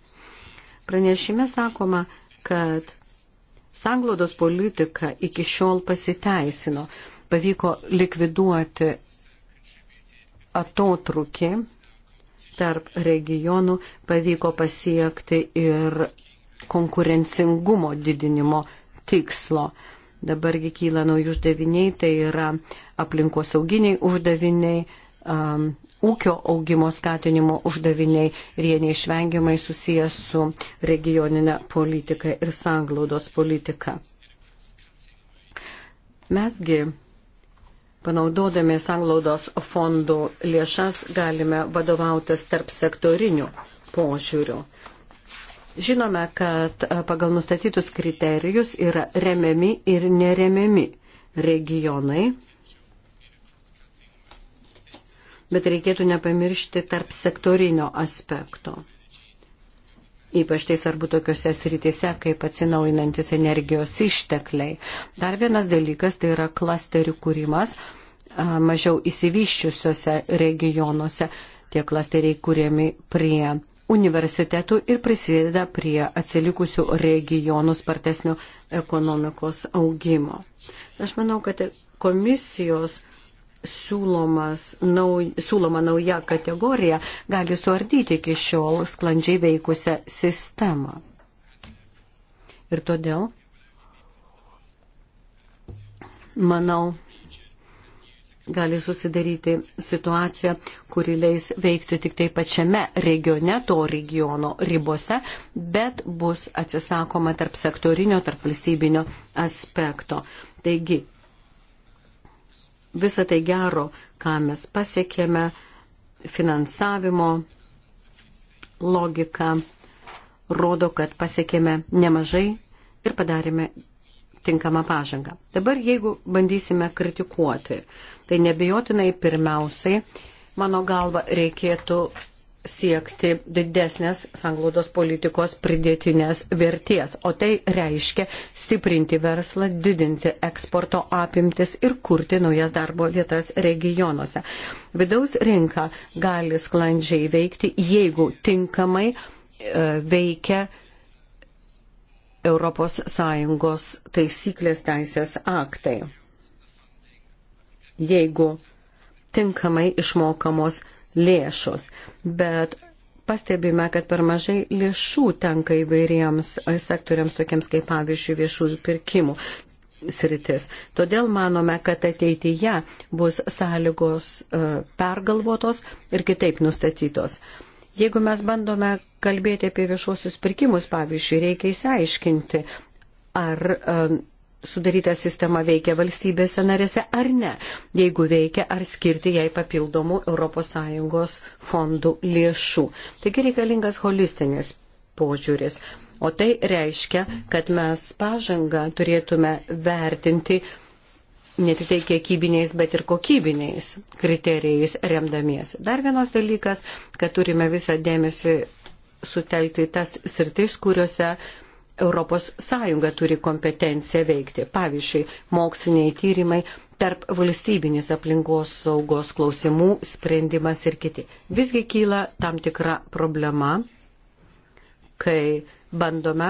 Pranešime sakoma, kad sanglodos politika iki šiol pasiteisino, pavyko likviduoti atotrukį tarp regionų, pavyko pasiekti ir konkurencingumo didinimo tikslo. Dabargi kyla nauji uždaviniai, tai yra aplinkosauginiai uždaviniai, um, ūkio augimo skatinimo uždaviniai ir jie neišvengiamai susijęs su regioninė politika ir sanglaudos politika. Mesgi panaudodami sanglaudos fondų lėšas galime vadovautis tarp sektorinių požiūrių. Žinome, kad e, pagal nustatytus kriterijus yra remiami ir neremiami regionai, bet reikėtų nepamiršti tarp sektorinio aspekto. Ypač tai svarbu tokiuose srityse, kaip atsinaujinantis energijos ištekliai. Dar vienas dalykas tai yra klasterių kūrimas e, mažiau įsivyščiusiuose regionuose. Tie klasteriai kūrėmi prie universitetų ir prisideda prie atsilikusių regionų spartesnio ekonomikos augimo. Aš manau, kad komisijos siūlomas, nau, siūloma nauja kategorija gali suardyti iki šiol sklandžiai veikusią sistemą. Ir todėl, manau, gali susidaryti situacija, kuri leis veikti tik tai pačiame regione, to regiono ribose, bet bus atsisakoma tarp sektorinio, tarp valstybinio aspekto. Taigi, visą tai gero, ką mes pasiekėme, finansavimo logika rodo, kad pasiekėme nemažai ir padarėme tinkamą pažangą. Dabar jeigu bandysime kritikuoti, tai nebejotinai pirmiausiai, mano galva, reikėtų siekti didesnės sanglaudos politikos pridėtinės vertės, o tai reiškia stiprinti verslą, didinti eksporto apimtis ir kurti naujas darbo vietas regionuose. Vidaus rinka gali sklandžiai veikti, jeigu tinkamai e, veikia ES taisyklės teisės aktai jeigu tinkamai išmokamos lėšos. Bet pastebime, kad per mažai lėšų tenka įvairiems e, sektoriams, tokiems kaip pavyzdžiui viešųjų pirkimų sritis. Todėl manome, kad ateityje bus sąlygos e, pergalvotos ir kitaip nustatytos. Jeigu mes bandome kalbėti apie viešuosius pirkimus, pavyzdžiui, reikia įsiaiškinti, ar e, sudaryta sistema veikia valstybėse narėse ar ne, jeigu veikia, ar skirti jai papildomų ES fondų lėšų. Taigi reikalingas holistinis požiūris. O tai reiškia, kad mes pažangą turėtume vertinti ne tik tai kiekybiniais, bet ir kokybiniais kriterijais remdamiesi. Dar vienas dalykas, kad turime visą dėmesį sutelkti tas sritis, kuriuose uh, ES turi kompetenciją veikti. Pavyzdžiui, moksliniai tyrimai, tarp valstybinis aplinkos saugos klausimų sprendimas ir kiti. Visgi kyla tam tikra problema, kai bandome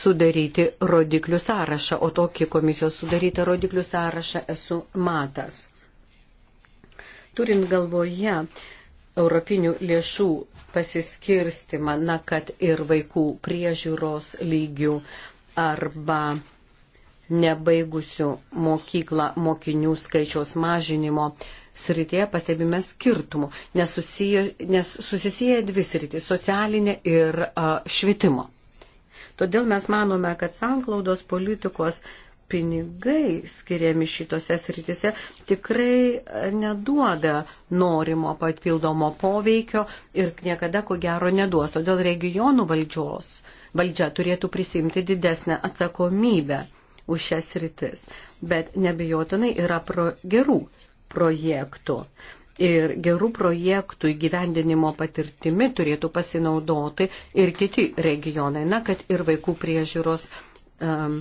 sudaryti rodiklių sąrašą, o tokį komisijos sudarytą rodiklių sąrašą esu matęs. Turint galvoje europinių lėšų pasiskirstimą, na, kad ir vaikų priežiūros lygių arba nebaigusių mokyklą mokinių skaičiaus mažinimo srityje pastebime skirtumų, nes, susiję, nes susisieja dvi sritys - socialinė ir a, švietimo. Todėl mes manome, kad sanklaudos politikos pinigai skiriami šitose sritise tikrai neduoda norimo papildomo poveikio ir niekada ko gero neduos. Todėl regionų valdžios valdžia turėtų prisimti didesnę atsakomybę už šias sritis. Bet nebejotinai yra pro gerų projektų ir gerų projektų įgyvendinimo patirtimi turėtų pasinaudoti ir kiti regionai, na, kad ir vaikų priežiūros um,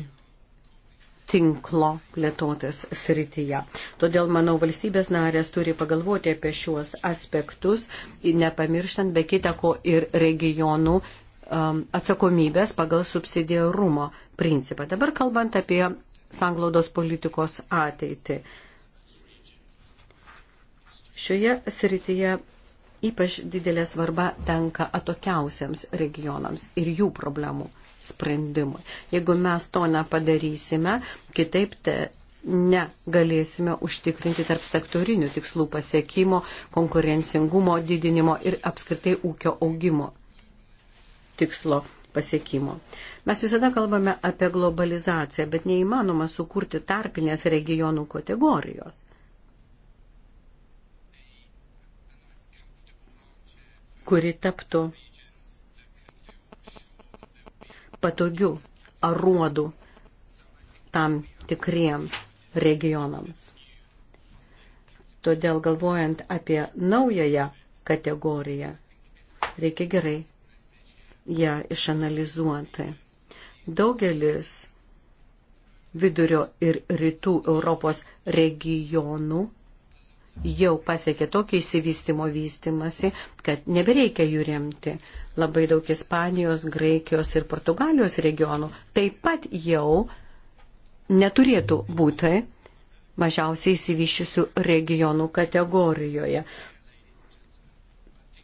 tinklo plėtotės srityje. Todėl, manau, valstybės narės turi pagalvoti apie šiuos aspektus, nepamirštant be kitako ir regionų um, atsakomybės pagal subsidiarumo principą. Dabar kalbant apie sanglaudos politikos ateitį. Šioje srityje ypač didelė svarba tenka atokiausiams regionams ir jų problemų sprendimui. Jeigu mes to nepadarysime, kitaip te negalėsime užtikrinti tarp sektorinių tikslų pasiekimo, konkurencingumo didinimo ir apskritai ūkio augimo tikslo pasiekimo. Mes visada kalbame apie globalizaciją, bet neįmanoma sukurti tarpinės regionų kategorijos. kuri taptų patogių aruodų tam tikriems regionams. Todėl galvojant apie naująją kategoriją, reikia gerai ją išanalizuoti. Daugelis vidurio ir rytų Europos regionų jau pasiekė tokį įsivystimo vystimasi, kad nebereikia jų remti. Labai daug Ispanijos, Graikijos ir Portugalijos regionų taip pat jau neturėtų būti mažiausiai įsivyščiusių regionų kategorijoje.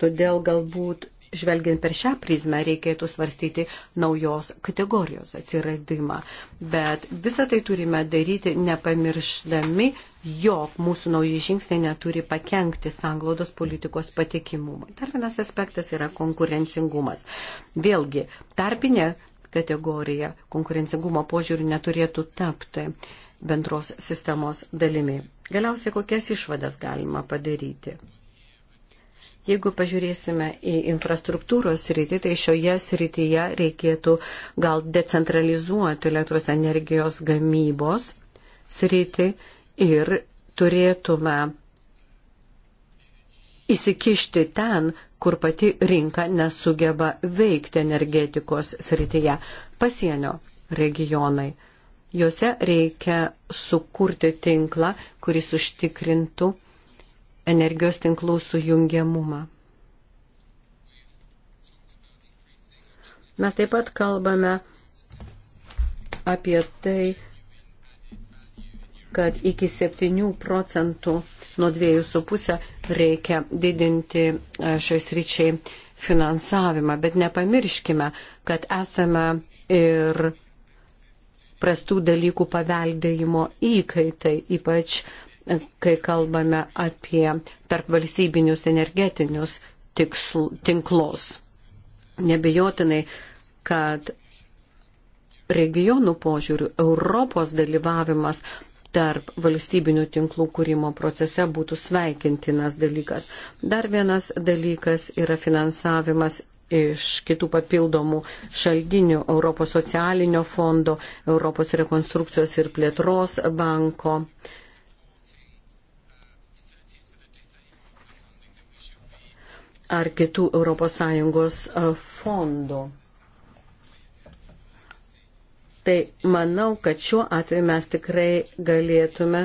Todėl galbūt žvelgiant per šią prizmę, reikėtų svarstyti naujos kategorijos atsiradimą. Bet visą tai turime daryti nepamiršdami, jog mūsų nauji žingsniai neturi pakengti sanglaudos politikos patikimumui. Dar vienas aspektas yra konkurencingumas. Vėlgi, tarpinė kategorija konkurencingumo požiūrių neturėtų tapti bendros sistemos dalimi. Galiausiai kokias išvadas galima padaryti? Jeigu pažiūrėsime į infrastruktūros sritį, tai šioje srityje reikėtų gal decentralizuoti elektros energijos gamybos sritį ir turėtume įsikišti ten, kur pati rinka nesugeba veikti energetikos srityje. Pasienio regionai. Jose reikia sukurti tinklą, kuris užtikrintų energijos tinklų sujungiamumą. Mes taip pat kalbame apie tai, kad iki 7 procentų nuo 2,5 reikia didinti e, šios ryčiai finansavimą. Bet nepamirškime, kad esame ir prastų dalykų paveldėjimo įkaitai, ypač kai kalbame apie tarpvalstybinius energetinius tiksl, tinklus. Nebejotinai, kad regionų požiūrių Europos dalyvavimas tarp valstybinių tinklų kūrimo procese būtų sveikintinas dalykas. Dar vienas dalykas yra finansavimas iš kitų papildomų šaltinių Europos socialinio fondo, Europos rekonstrukcijos ir plėtros banko. Uh, ar kitų ES fondų. Tai manau, kad šiuo atveju mes tikrai galėtume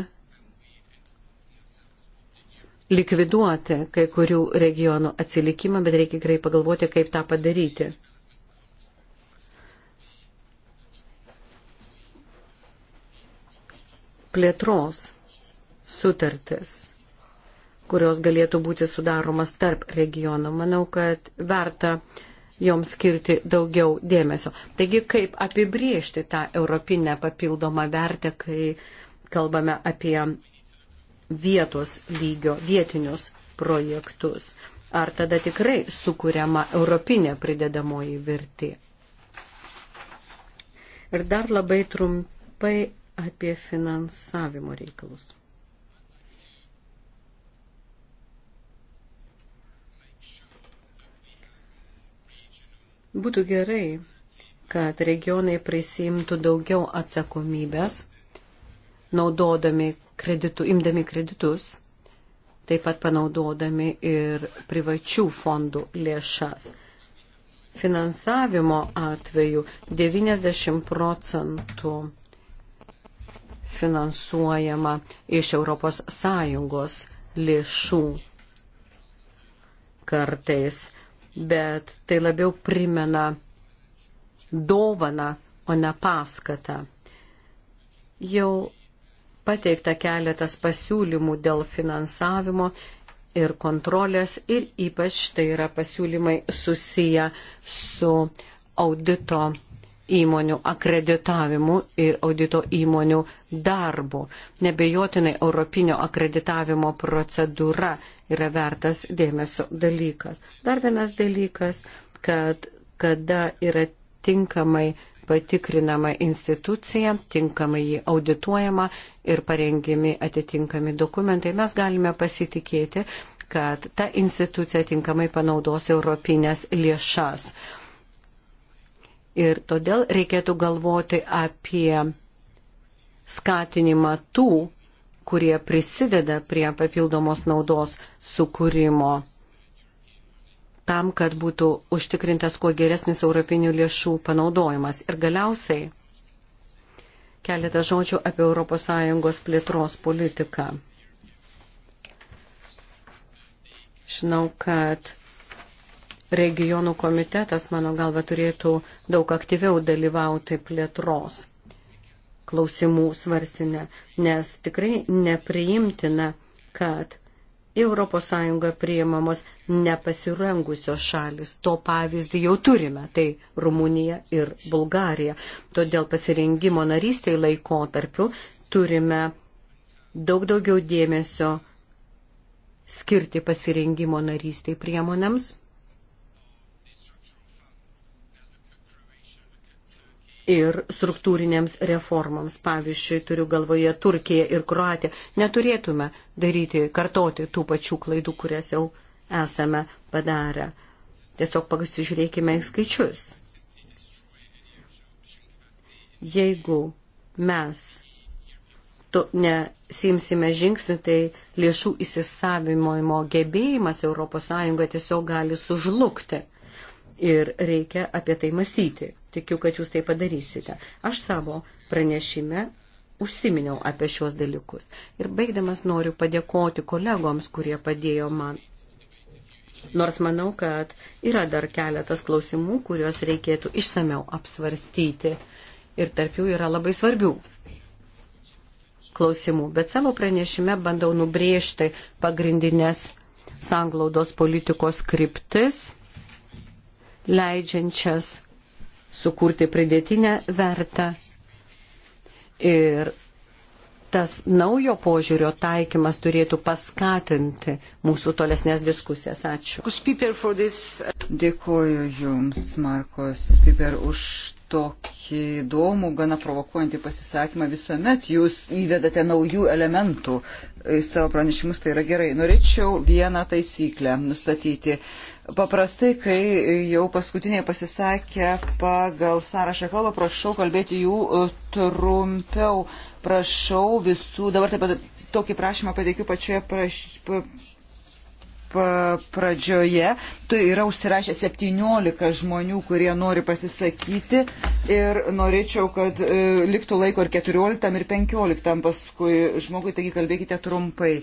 likviduoti kai kurių regionų atsilikimą, bet reikia gerai pagalvoti, kaip tą padaryti. Plėtros sutartis kurios galėtų būti sudaromas tarp regionų. Manau, kad verta joms skirti daugiau dėmesio. Taigi, kaip apibriežti tą europinę papildomą vertę, kai kalbame apie vietos lygio, vietinius projektus. Ar tada tikrai sukūriama europinė pridedamoji vertė? Ir dar labai trumpai apie finansavimo reikalus. Būtų gerai, kad regionai prisimtų daugiau atsakomybės, naudodami kreditų, imdami kreditus, taip pat panaudodami ir privačių fondų lėšas. Finansavimo atveju 90 procentų finansuojama iš ES lėšų kartais bet tai labiau primena dovaną, o ne paskatą. Jau pateikta keletas pasiūlymų dėl finansavimo ir kontrolės ir ypač tai yra pasiūlymai susiję su audito įmonių akreditavimu ir audito įmonių darbu. Nebejotinai Europinio akreditavimo procedūra yra vertas dėmesio dalykas. Dar vienas dalykas, kad kada yra tinkamai patikrinama institucija, tinkamai jį audituojama ir parengimi atitinkami dokumentai, mes galime pasitikėti, kad ta institucija tinkamai panaudos europinės lėšas. Ir todėl reikėtų galvoti apie skatinimą tų kurie prisideda prie papildomos naudos sukūrimo tam, kad būtų užtikrintas kuo geresnis europinių lėšų panaudojimas. Ir galiausiai keletą žodžių apie ES plėtros politiką. Žinau, kad regionų komitetas, mano galva, turėtų daug aktyviau dalyvauti plėtros klausimų svarsinę, nes tikrai nepriimtina, kad į ES priimamos nepasirengusios šalis. To pavyzdį jau turime, tai Rumunija ir Bulgarija. Todėl pasirengimo narystiai laikotarpiu turime daug daugiau dėmesio skirti pasirengimo narystiai priemonėms ir struktūrinėms reformoms. Pavyzdžiui, turiu galvoje Turkiją ir Kroatiją. Neturėtume daryti, kartoti tų pačių klaidų, kurias jau esame padarę. Tiesiog pasižiūrėkime į skaičius. Jeigu mes to nesimsime žingsnių, tai lėšų įsisavimojimo gebėjimas ES tiesiog gali sužlugti. Ir reikia apie tai mąstyti. Tikiu, kad jūs tai padarysite. Aš savo pranešime užsiminiau apie šios dalykus. Ir baigdamas noriu padėkoti kolegoms, kurie padėjo man. Nors manau, kad yra dar keletas klausimų, kuriuos reikėtų išsameu apsvarstyti. Ir tarp jų yra labai svarbių klausimų. Bet savo pranešime bandau nubrėžti pagrindinės sanglaudos politikos kryptis, leidžiančias sukurti pridėtinę vertę ir tas naujo požiūrio taikymas turėtų paskatinti mūsų tolesnės diskusijas. Ačiū. Dėkuoju Jums, Markos Piper, už tokį įdomų, gana provokuojantį pasisakymą. Visuomet Jūs įvedate naujų elementų į savo pranešimus, tai yra gerai. Norėčiau vieną taisyklę nustatyti. Uh, Paprastai, kai jau paskutiniai pasisakė pagal sąrašą kalbą, prašau kalbėti jų e, trumpiau. Prašau visų, dabar taip pat tokį prašymą pateikiu pačioje praš, pa, pa, pradžioje. Tu tai yra užsirašę 17 žmonių, kurie nori pasisakyti ir norėčiau, kad e, liktų laiko ir 14 ir 15 paskui žmogui, taigi kalbėkite trumpai.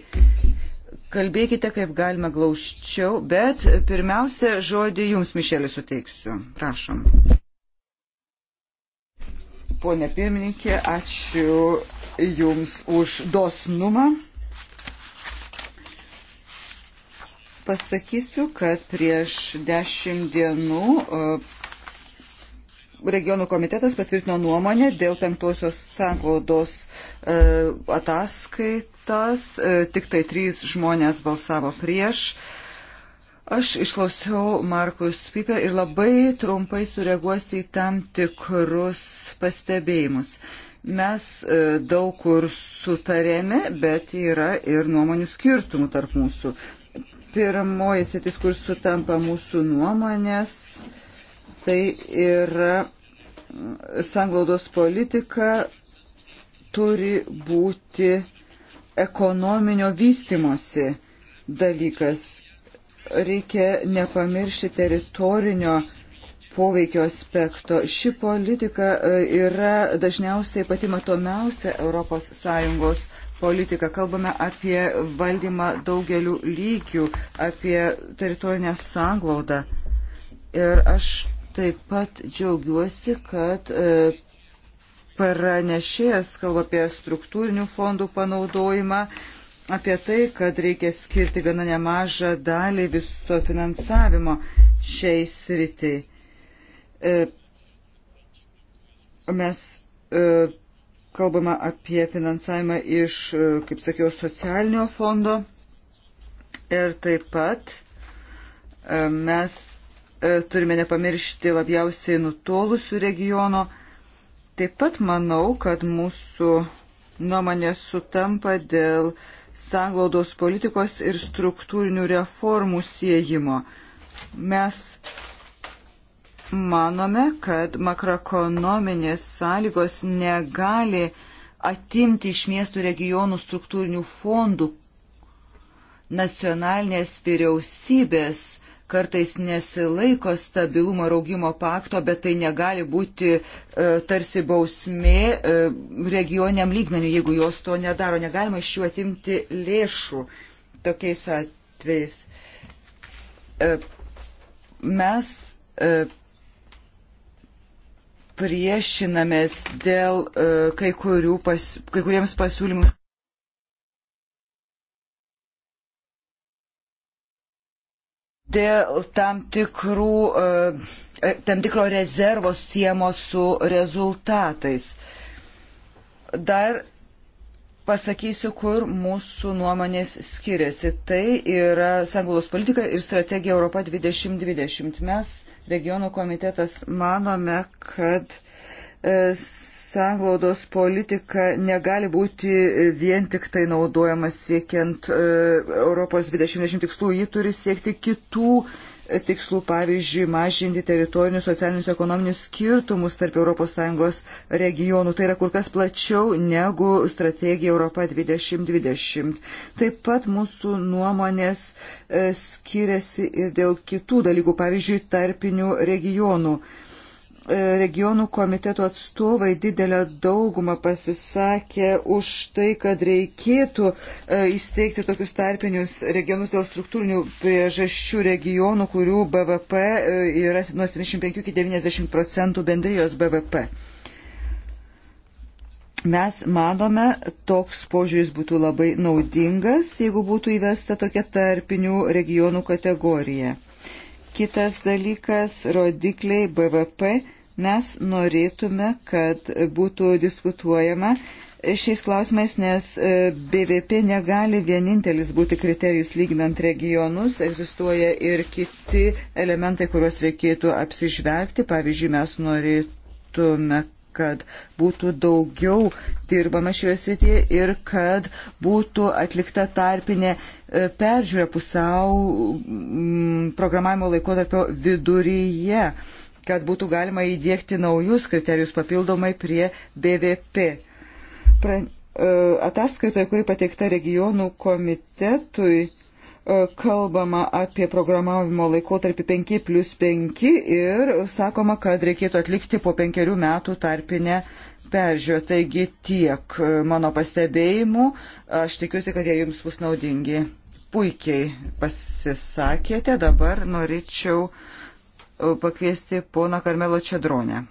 Kalbėkite kaip galima glaučiau, bet pirmiausia, žodį jums, Mišelė, suteiksiu. Prašom. Pone pirmininkė, ačiū Jums už dosnumą. Pasakysiu, kad prieš dešimt dienų e, regionų komitetas patvirtino nuomonę dėl penktosios sanglaudos e, ataskaitos atmestas, e, tik tai trys žmonės balsavo prieš. Aš išklausiau Markus Piper ir labai trumpai sureaguosiu į tam tikrus pastebėjimus. Mes e, daug kur sutarėme, bet yra ir nuomonių skirtumų tarp mūsų. Pirmoji sėtis, kur sutampa mūsų nuomonės, tai yra sanglaudos politika turi būti ekonominio vystimosi dalykas. Reikia nepamiršti teritorinio poveikio aspekto. Ši politika e, yra dažniausiai pati matomiausia ES politika. Kalbame apie valdymą daugeliu lygių, apie teritorinę sanglaudą. Ir aš taip pat džiaugiuosi, kad e, Pranešėjas kalba apie struktūrinių fondų panaudojimą, apie tai, kad reikia skirti gana nemažą dalį viso finansavimo šiai sritai. E, mes e, kalbama apie finansavimą iš, e, kaip sakiau, socialinio fondo ir taip pat mes turime nepamiršti labiausiai nutolusių regiono Taip pat manau, kad mūsų nuomonės sutampa dėl sanglaudos politikos ir struktūrinių reformų siejimo. Mes manome, kad makroekonominės sąlygos negali atimti iš miestų regionų struktūrinių fondų. Nacionalinės vyriausybės kartais nesilaiko stabilumo ir augimo pakto, bet tai negali būti e, tarsi bausmė e, regioniam lygmeniu, jeigu jos to nedaro. Negalima iš jų atimti lėšų tokiais atvejais. E, mes e, priešinamės dėl e, kai, pas, kai kuriems pasiūlymus dėl tam tikrų, e, e, tam tikro rezervo siemo su rezultatais. Dar pasakysiu, kur mūsų nuomonės skiriasi. Tai yra sangulos politika ir strategija Europa 2020. Mes, regionų komitetas, manome, kad e, sanglaudos politika negali būti vien tik tai naudojama siekiant e, Europos 2020 tikslų, ji turi siekti kitų e, tikslų, pavyzdžiui, mažinti teritorinius, socialinius, ekonominius skirtumus tarp ES regionų. Tai yra kur kas plačiau negu strategija Europa 2020. Taip pat mūsų nuomonės e, skiriasi ir dėl kitų dalykų, pavyzdžiui, tarpinių regionų. E, E, regionų komiteto atstovai didelę daugumą pasisakė už tai, kad reikėtų e, įsteigti tokius tarpinius regionus dėl struktūrinių priežasčių regionų, kurių BVP e, yra nuo 75 iki 90 procentų bendrijos BVP. Mes manome, toks požiūris būtų labai naudingas, jeigu būtų įvesta tokia tarpinių regionų kategorija. Kitas dalykas - rodikliai BVP Mes norėtume, kad būtų diskutuojama šiais klausimais, nes e, BVP negali vienintelis būti kriterijus lyginant regionus, egzistuoja ir kiti elementai, kuriuos reikėtų apsižvelgti. Pavyzdžiui, mes norėtume, kad būtų daugiau dirbama šioje srityje ir kad būtų atlikta tarpinė e, peržiūrė pusiau programavimo laikotarpio viduryje kad būtų galima įdėkti naujus kriterijus papildomai prie BVP. Pra, e, ataskaitoje, kuri pateikta regionų komitetui, e, kalbama apie programavimo laikotarpį 5 plus 5 ir sakoma, kad reikėtų atlikti po penkerių metų tarpinę peržiūrą. Taigi tiek e, mano pastebėjimų. Aš tikiuosi, kad jie jums bus naudingi. Puikiai pasisakėte, dabar norėčiau uh, pakviesti poną Karmelo Čedronę.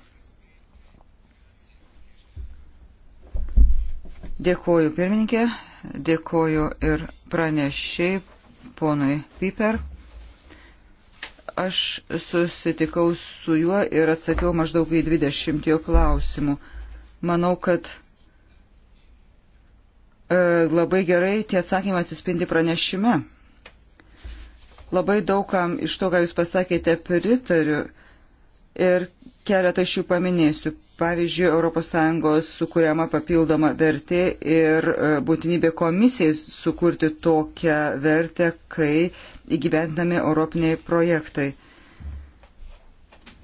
Dėkuoju pirmininkė, dėkuoju ir pranešiai ponui Piper. Aš susitikau su juo ir atsakiau maždaug į 20 jo klausimų. Manau, kad e, labai gerai tie atsakymai atsispindi pranešime. Labai daugam iš to, ką Jūs pasakėte, pritariu ir keletą iš jų paminėsiu. Pavyzdžiui, ES sukūriama papildoma vertė ir e, būtinybė komisijai sukurti tokią vertę, kai įgyvendinami europiniai projektai.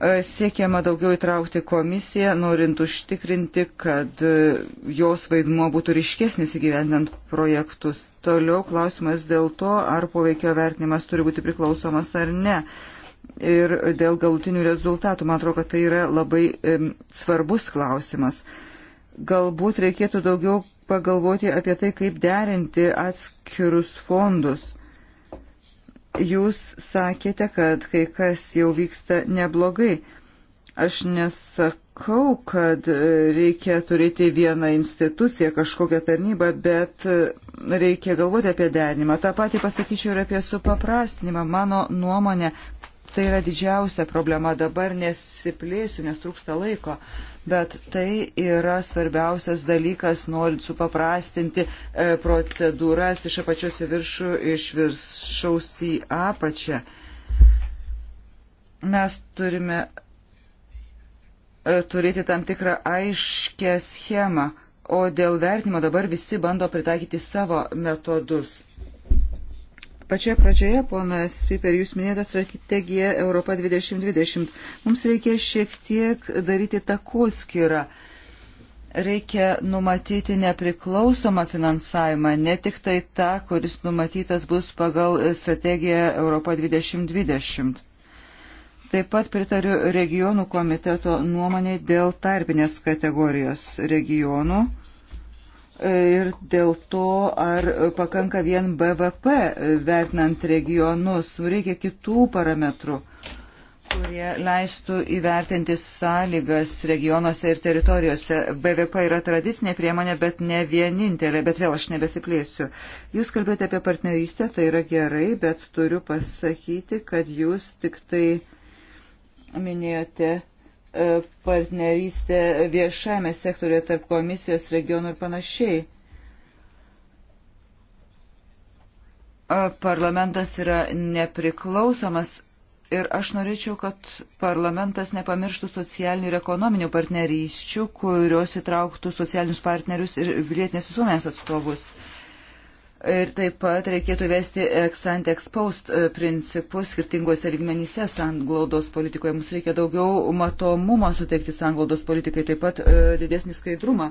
E, siekiama daugiau įtraukti komisiją, norint užtikrinti, kad e, jos vaidmuo būtų ryškesnis įgyvendant projektus. Toliau klausimas dėl to, ar poveikio vertinimas turi būti priklausomas ar ne. Ir dėl galutinių rezultatų, man atrodo, kad tai yra labai e, svarbus klausimas. Galbūt reikėtų daugiau pagalvoti apie tai, kaip derinti atskirus fondus Jūs sakėte, kad kai kas jau vyksta neblogai. Aš nesakau, kad reikia turėti vieną instituciją, kažkokią tarnybą, bet reikia galvoti apie derinimą. Ta pati pasakyčiau ir apie supaprastinimą. Mano nuomonė, tai yra didžiausia problema. Dabar nesiplėsiu, nes trūksta laiko. Uh, bet tai yra svarbiausias dalykas, norint supaprastinti e, procedūras iš apačios į viršų, iš viršaus į apačią. Mes turime e, turėti tam tikrą aiškę schemą, o dėl vertinimo dabar visi bando pritaikyti savo metodus. Pačioje pradžioje, ponas Piper, jūs minėjote strategiją Europa 2020. Mums reikia šiek tiek daryti takoskirą. Reikia numatyti nepriklausomą finansavimą, ne tik tai tą, kuris numatytas bus pagal strategiją Europa 2020. Taip pat pritariu regionų komiteto nuomonė dėl tarpinės kategorijos regionų ir dėl to, ar pakanka vien BVP vertinant regionus, reikia kitų parametrų kurie leistų įvertinti sąlygas regionuose ir teritorijose. BVP yra tradicinė priemonė, bet ne vienintelė, bet vėl aš nebesiplėsiu. Jūs kalbėjote apie partnerystę, tai yra gerai, bet turiu pasakyti, kad jūs tik tai minėjote E, partnerystę viešajame sektorėje tarp komisijos, regionų ir panašiai. E, parlamentas yra nepriklausomas ir aš norėčiau, kad parlamentas nepamirštų socialinių ir ekonominių partnerysčių, kurios įtrauktų socialinius partnerius ir vilietinės visuomenės atstovus. Uh, Ir taip pat reikėtų vesti ex-ant ex-post e, principus skirtinguose lygmenyse sanglaudos politikoje. Mums reikia daugiau matomumo suteikti sanglaudos politikai, taip pat e, didesnį skaidrumą.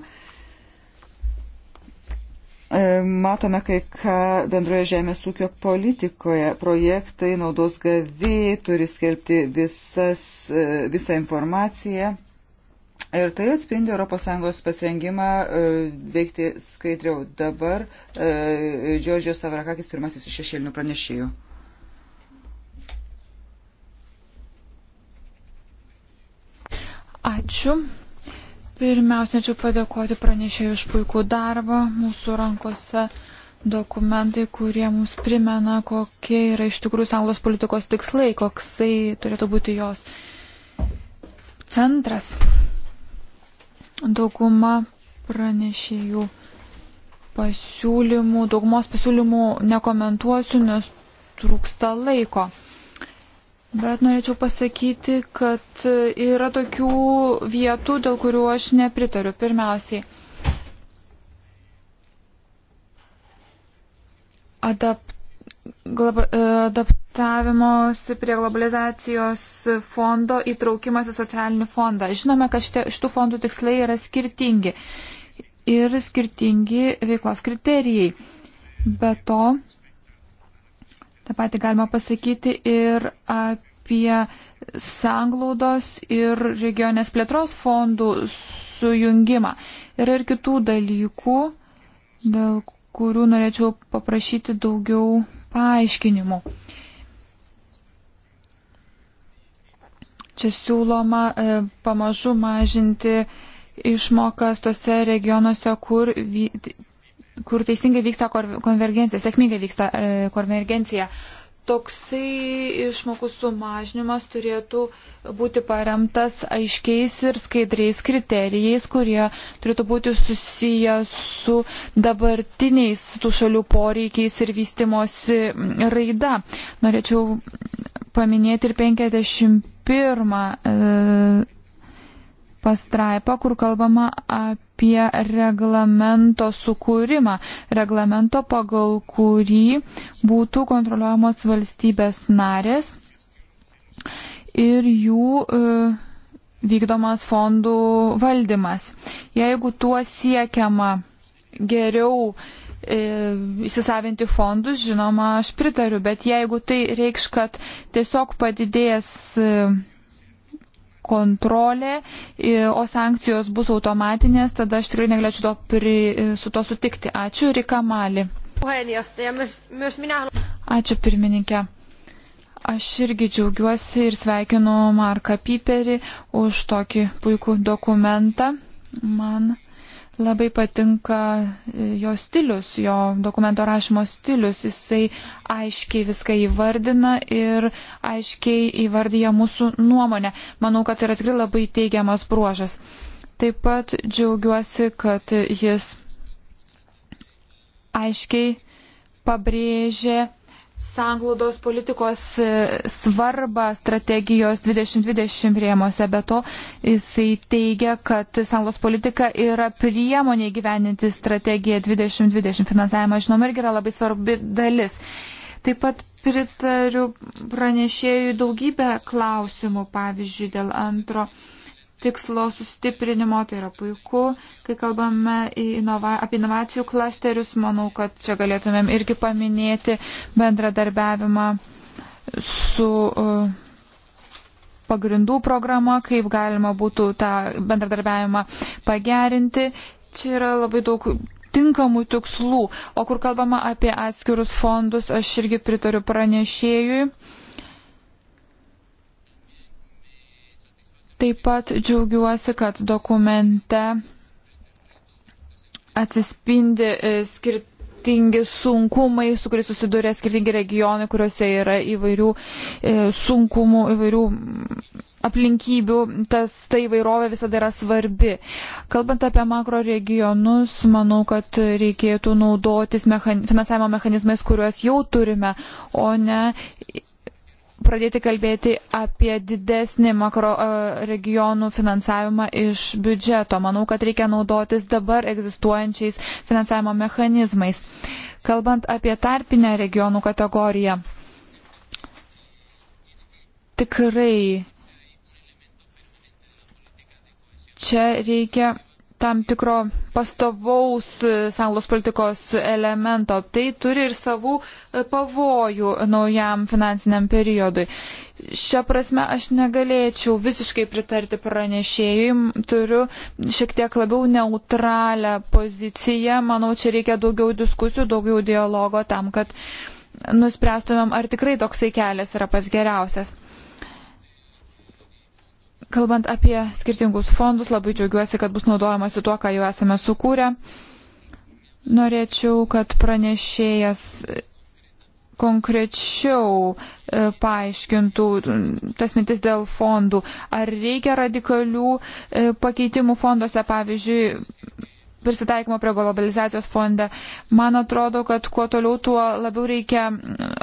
E, matome kai ką bendroje žemės ūkio politikoje. Projektai naudos gaviai turi skelbti visas, visą informaciją Ir tai atspindi ES pasirengimą e, veikti skaidriau. Dabar e, Džordžijos Savrakakis pirmasis iš šešėlinių pranešėjų. Ačiū. Pirmiausia, ačiū padėkoti pranešėjui už puikų darbą. Mūsų rankose dokumentai, kurie mums primena, kokie yra iš tikrųjų sąjungos politikos tikslai, koksai turėtų būti jos centras. Dauguma pranešėjų pasiūlymų, daugumos pasiūlymų nekomentuosiu, nes trūksta laiko. Bet norėčiau pasakyti, kad yra tokių vietų, dėl kurių aš nepritariu. Pirmiausiai, adaptacija E, adaptavimosi prie globalizacijos fondo įtraukimas į socialinį fondą. Žinome, kad šitie, šitų fondų tikslai yra skirtingi ir skirtingi veiklos kriterijai. Be to, tą patį galima pasakyti ir apie sanglaudos ir regionės plėtros fondų sujungimą. Yra ir kitų dalykų, dėl kurių norėčiau paprašyti daugiau paaiškinimų. Čia siūloma e, pamažu mažinti išmokas tose regionuose, kur, vy, kur teisingai vyksta konvergencija, sėkmingai vyksta e, konvergencija toksai išmokų sumažinimas turėtų būti paremtas aiškiais ir skaidriais kriterijais, kurie turėtų būti susiję su dabartiniais tų šalių poreikiais ir vystimosi raida. Norėčiau paminėti ir 51 e, pastraipą, kur kalbama apie apie reglamento sukūrimą, reglamento pagal kurį būtų kontroliuojamos valstybės narės ir jų e, vykdomas fondų valdymas. Jeigu tuo siekiama geriau e, įsisavinti fondus, žinoma, aš pritariu, bet jeigu tai reikš, kad tiesiog padidės e, kontrolė, o sankcijos bus automatinės, tada aš tikrai negalėčiau to pri, su to sutikti. Ačiū, Rika Mali. Ačiū, pirmininkė. Aš irgi džiaugiuosi ir sveikinu Marką Piperį už tokį puikų dokumentą. Man labai patinka e, jo stilius, jo dokumento rašymo stilius. Jisai aiškiai viską įvardina ir aiškiai įvardyja mūsų nuomonę. Manau, kad tai yra tikrai labai teigiamas bruožas. Taip pat džiaugiuosi, kad jis aiškiai pabrėžė sanglaudos politikos e, svarbą strategijos 2020 rėmose. Be to, jisai teigia, kad sanglaudos politika yra priemonė gyveninti strategiją 2020 finansavimą, žinoma, irgi yra labai svarbi dalis. Taip pat pritariu pranešėjui daugybę klausimų, pavyzdžiui, dėl antro tikslo sustiprinimo, tai yra puiku. Kai kalbame inova, apie inovacijų klasterius, manau, kad čia galėtumėm irgi paminėti bendradarbiavimą su e, pagrindų programa, kaip galima būtų tą bendradarbiavimą pagerinti. Čia yra labai daug tinkamų tikslų, o kur kalbama apie atskirus fondus, aš irgi pritariu pranešėjui Taip pat džiaugiuosi, kad dokumente atsispindi e, skirtingi sunkumai, su kuriais susiduria skirtingi regionai, kuriuose yra įvairių e, sunkumų, įvairių mm, aplinkybių, tas ta įvairovė visada yra svarbi. Kalbant apie makro regionus, manau, kad reikėtų naudotis mechan, finansavimo mechanizmais, kuriuos jau turime, o ne pradėti kalbėti apie didesnį makro e, regionų finansavimą iš biudžeto. Manau, kad reikia naudotis dabar egzistuojančiais finansavimo mechanizmais. Kalbant apie tarpinę regionų kategoriją, tikrai čia reikia tam tikro pastovaus e, sąjungos politikos elemento. Tai turi ir savų e, pavojų naujam finansiniam periodui. Šią prasme aš negalėčiau visiškai pritarti pranešėjui, turiu šiek tiek labiau neutralią poziciją. Manau, čia reikia daugiau diskusijų, daugiau dialogo tam, kad nuspręstumėm, ar tikrai toksai kelias yra pats geriausias. Kalbant apie skirtingus fondus, labai džiaugiuosi, kad bus naudojamasi tuo, ką jau esame sukūrę. Norėčiau, kad pranešėjas konkrečiau e, paaiškintų tas mintis dėl fondų. Ar reikia radikalių e, pakeitimų fondose, pavyzdžiui, prisitaikymo prie globalizacijos fonde. Man atrodo, kad kuo toliau, tuo labiau reikia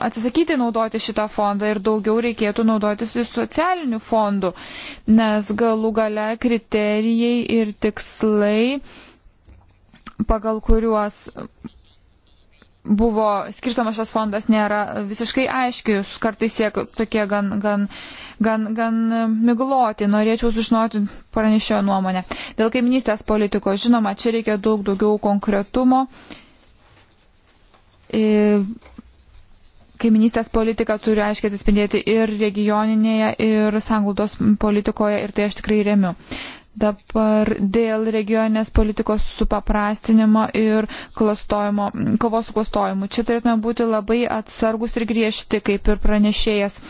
atsisakyti naudoti šitą fondą ir daugiau reikėtų naudotis į socialinių fondų, nes galų gale kriterijai ir tikslai, pagal kuriuos buvo skirstamas šios fondas nėra visiškai aiškius, kartais jie tokie gan, gan, gan, gan migloti. Norėčiau sužinoti pranešėjo nuomonę. Dėl kaiminystės politikos, žinoma, čia reikia daug daugiau konkretumo. Ir e, kaiminystės politika turi aiškiai atsispindėti ir regioninėje, ir sanglaudos politikoje, ir tai aš tikrai remiu. Dabar dėl regioninės politikos supaprastinimo ir klastojimo, kovos su klastojimu. Čia turėtume būti labai atsargus ir griežti, kaip ir pranešėjas e,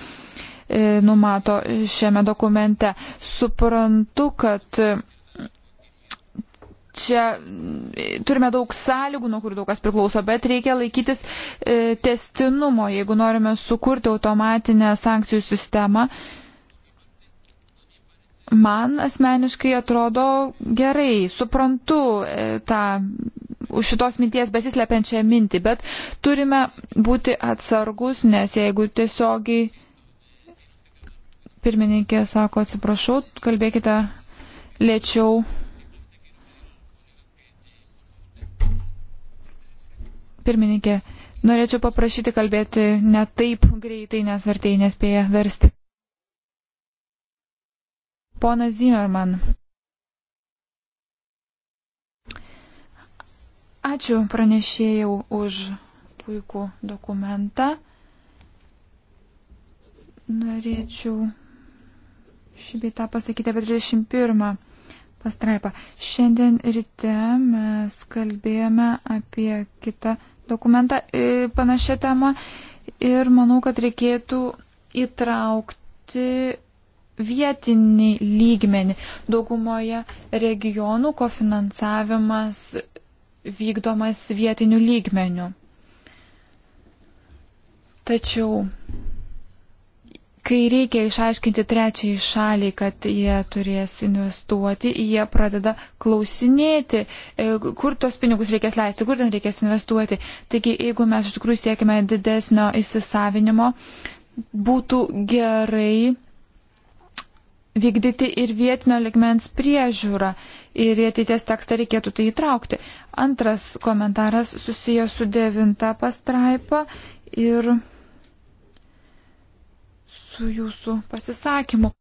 numato šiame dokumente. Suprantu, kad čia e, turime daug sąlygų, nuo kurių daug kas priklauso, bet reikia laikytis e, testinumo, jeigu norime sukurti automatinę sankcijų sistemą. E, man asmeniškai atrodo gerai, suprantu e, tą už šitos minties besislepiančią mintį, bet turime būti atsargus, nes jeigu tiesiogiai pirmininkė sako, atsiprašau, kalbėkite lėčiau. Pirmininkė, norėčiau paprašyti kalbėti ne taip greitai, nes vertėjai nespėja versti. Pona Zimmerman. Ačiū pranešėjau už puikų dokumentą. Norėčiau šibitą pasakyti apie 31 pastraipą. Šiandien ryte mes kalbėjome apie kitą dokumentą e, panašią temą ir manau, kad reikėtų įtraukti vietinį lygmenį. Daugumoje regionų kofinansavimas vykdomas vietiniu lygmeniu. Tačiau, kai reikia išaiškinti trečiai šaliai, kad jie turės investuoti, jie pradeda klausinėti, e, kur tos pinigus reikės leisti, kur ten reikės investuoti. Taigi, jeigu mes iš tikrųjų siekime didesnio įsisavinimo, būtų gerai vykdyti ir vietinio ligmens priežiūrą ir į ateities tekstą reikėtų tai įtraukti. Antras komentaras susijęs su devinta pastraipa ir su jūsų pasisakymu.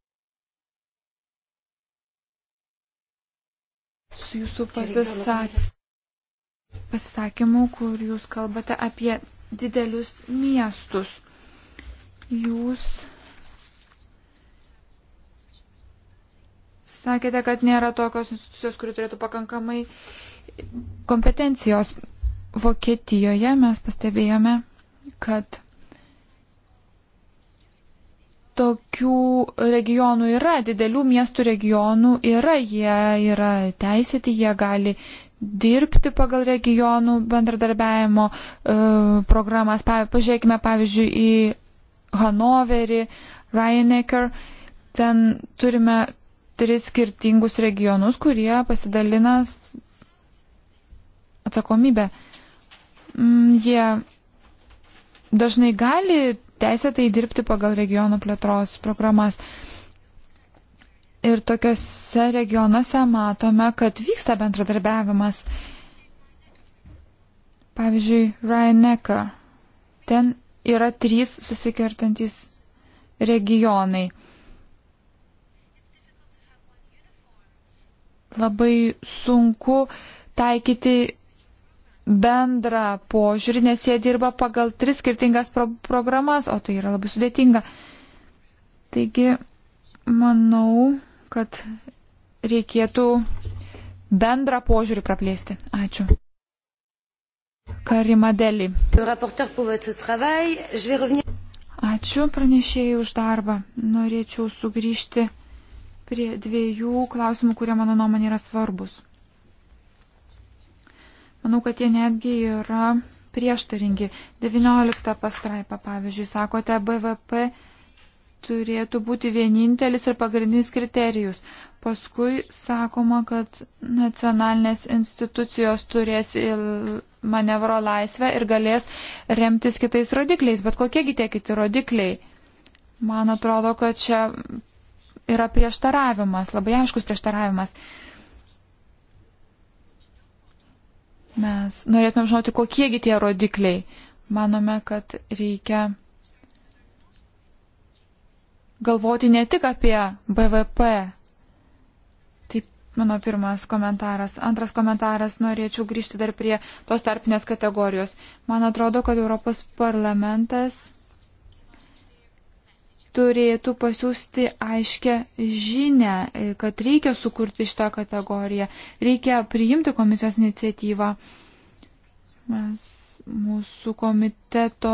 Su jūsų pasisakymu pasisakymų, kur jūs kalbate apie didelius miestus. Jūs Sakėte, kad nėra tokios institucijos, kuri turėtų pakankamai kompetencijos. Vokietijoje mes pastebėjome, kad tokių regionų yra, didelių miestų regionų yra, jie yra teisėti, jie gali dirbti pagal regionų bendradarbiavimo uh, programas. Pažiūrėkime, pavyzdžiui, į Hanoverį, Ryanecker. Ten turime tris skirtingus regionus, kurie pasidalina atsakomybę. Mm, jie dažnai gali teisėtai dirbti pagal regionų plėtros programas. Ir tokiuose regionuose matome, kad vyksta bendradarbiavimas. Pavyzdžiui, Ryaneka. Ten yra trys susikertantys regionai. labai sunku taikyti bendrą požiūrį, nes jie dirba pagal tris skirtingas pro programas, o tai yra labai sudėtinga. Taigi, manau, kad reikėtų bendrą požiūrį praplėsti. Ačiū. Karima Deli. Ačiū pranešėjai už darbą. Norėčiau sugrįžti prie dviejų klausimų, kurie mano nuomonė yra svarbus. Manau, kad jie netgi yra prieštaringi. 19 pastraipa, pavyzdžiui, sakote, BVP turėtų būti vienintelis ir pagrindinis kriterijus. Paskui sakoma, kad nacionalinės institucijos turės manevro laisvę ir galės remtis kitais rodikliais. Bet kokiegi tie kiti rodikliai? Man atrodo, kad čia yra prieštaravimas, labai aiškus prieštaravimas. Mes norėtume žinoti, kokiegi tie rodikliai. Manome, kad reikia galvoti ne tik apie BVP. Taip, mano pirmas komentaras. Antras komentaras, norėčiau grįžti dar prie tos tarpinės kategorijos. Man atrodo, kad Europos parlamentas turėtų pasiūsti aiškę žinę, e, kad reikia sukurti šitą kategoriją, reikia priimti komisijos iniciatyvą. Mes mūsų komiteto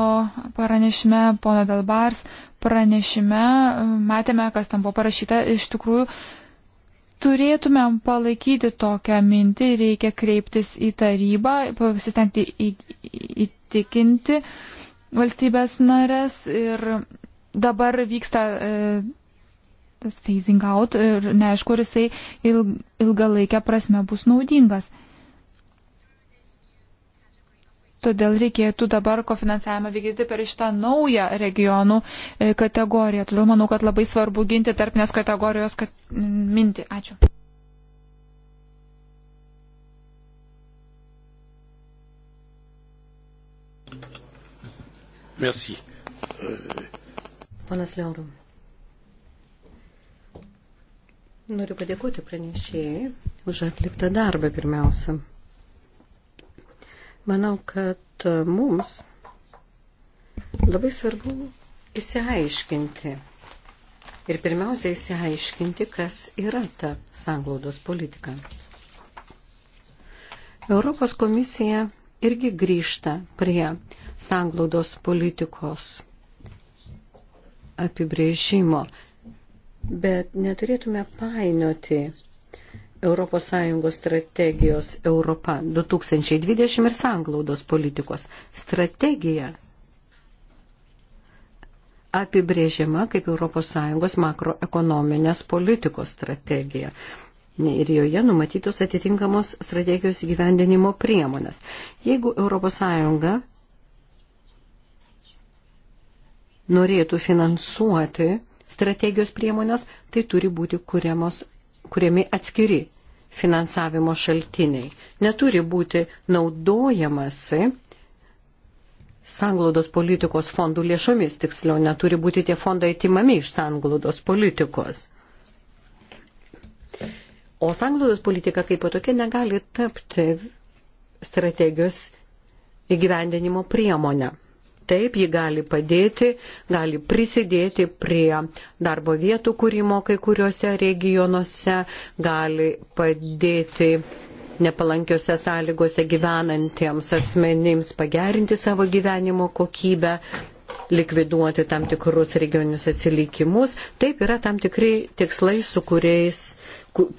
pranešime, pono Dalbars pranešime, e, matėme, kas tam buvo parašyta, iš tikrųjų turėtumėm palaikyti tokią mintį, reikia kreiptis į tarybą, pasistengti įtikinti valstybės narės ir dabar vyksta e, tas phasing out ir neaišku, ar jisai ilgalaikę prasme bus naudingas. Todėl reikėtų dabar kofinansavimą vykdyti per šitą naują regionų e, kategoriją. Todėl manau, kad labai svarbu ginti tarpinės kategorijos kad... mintį. Ačiū. Merci. Euh, Ponas Liaurum. Noriu padėkoti pranešėjai už atliktą darbą pirmiausia. Manau, kad mums labai svarbu įsiaiškinti ir pirmiausia įsiaiškinti, kas yra ta sanglaudos politika. Europos komisija irgi grįžta prie sanglaudos politikos apibrėžimo, bet neturėtume painioti ES strategijos Europa 2020 ir sanglaudos politikos. Strategija apibrėžiama kaip ES makroekonominės politikos strategija. Ir joje numatytos atitinkamos strategijos įgyvendinimo priemonės. Jeigu ES norėtų finansuoti strategijos priemonės, tai turi būti kuriamos, kuriami atskiri finansavimo šaltiniai. Neturi būti naudojamasi sanglaudos politikos fondų lėšomis, tiksliau, neturi būti tie fondai atimami iš sanglaudos politikos. O sanglaudos politika kaip tokia negali tapti strategijos įgyvendinimo priemonę. Taip, ji gali padėti, gali prisidėti prie darbo vietų kūrimo kai kuriuose regionuose, gali padėti nepalankiose sąlygose gyvenantiems asmenims pagerinti savo gyvenimo kokybę, likviduoti tam tikrus regioninius atsilikimus. Taip yra tam tikri tikslai, su kuriais,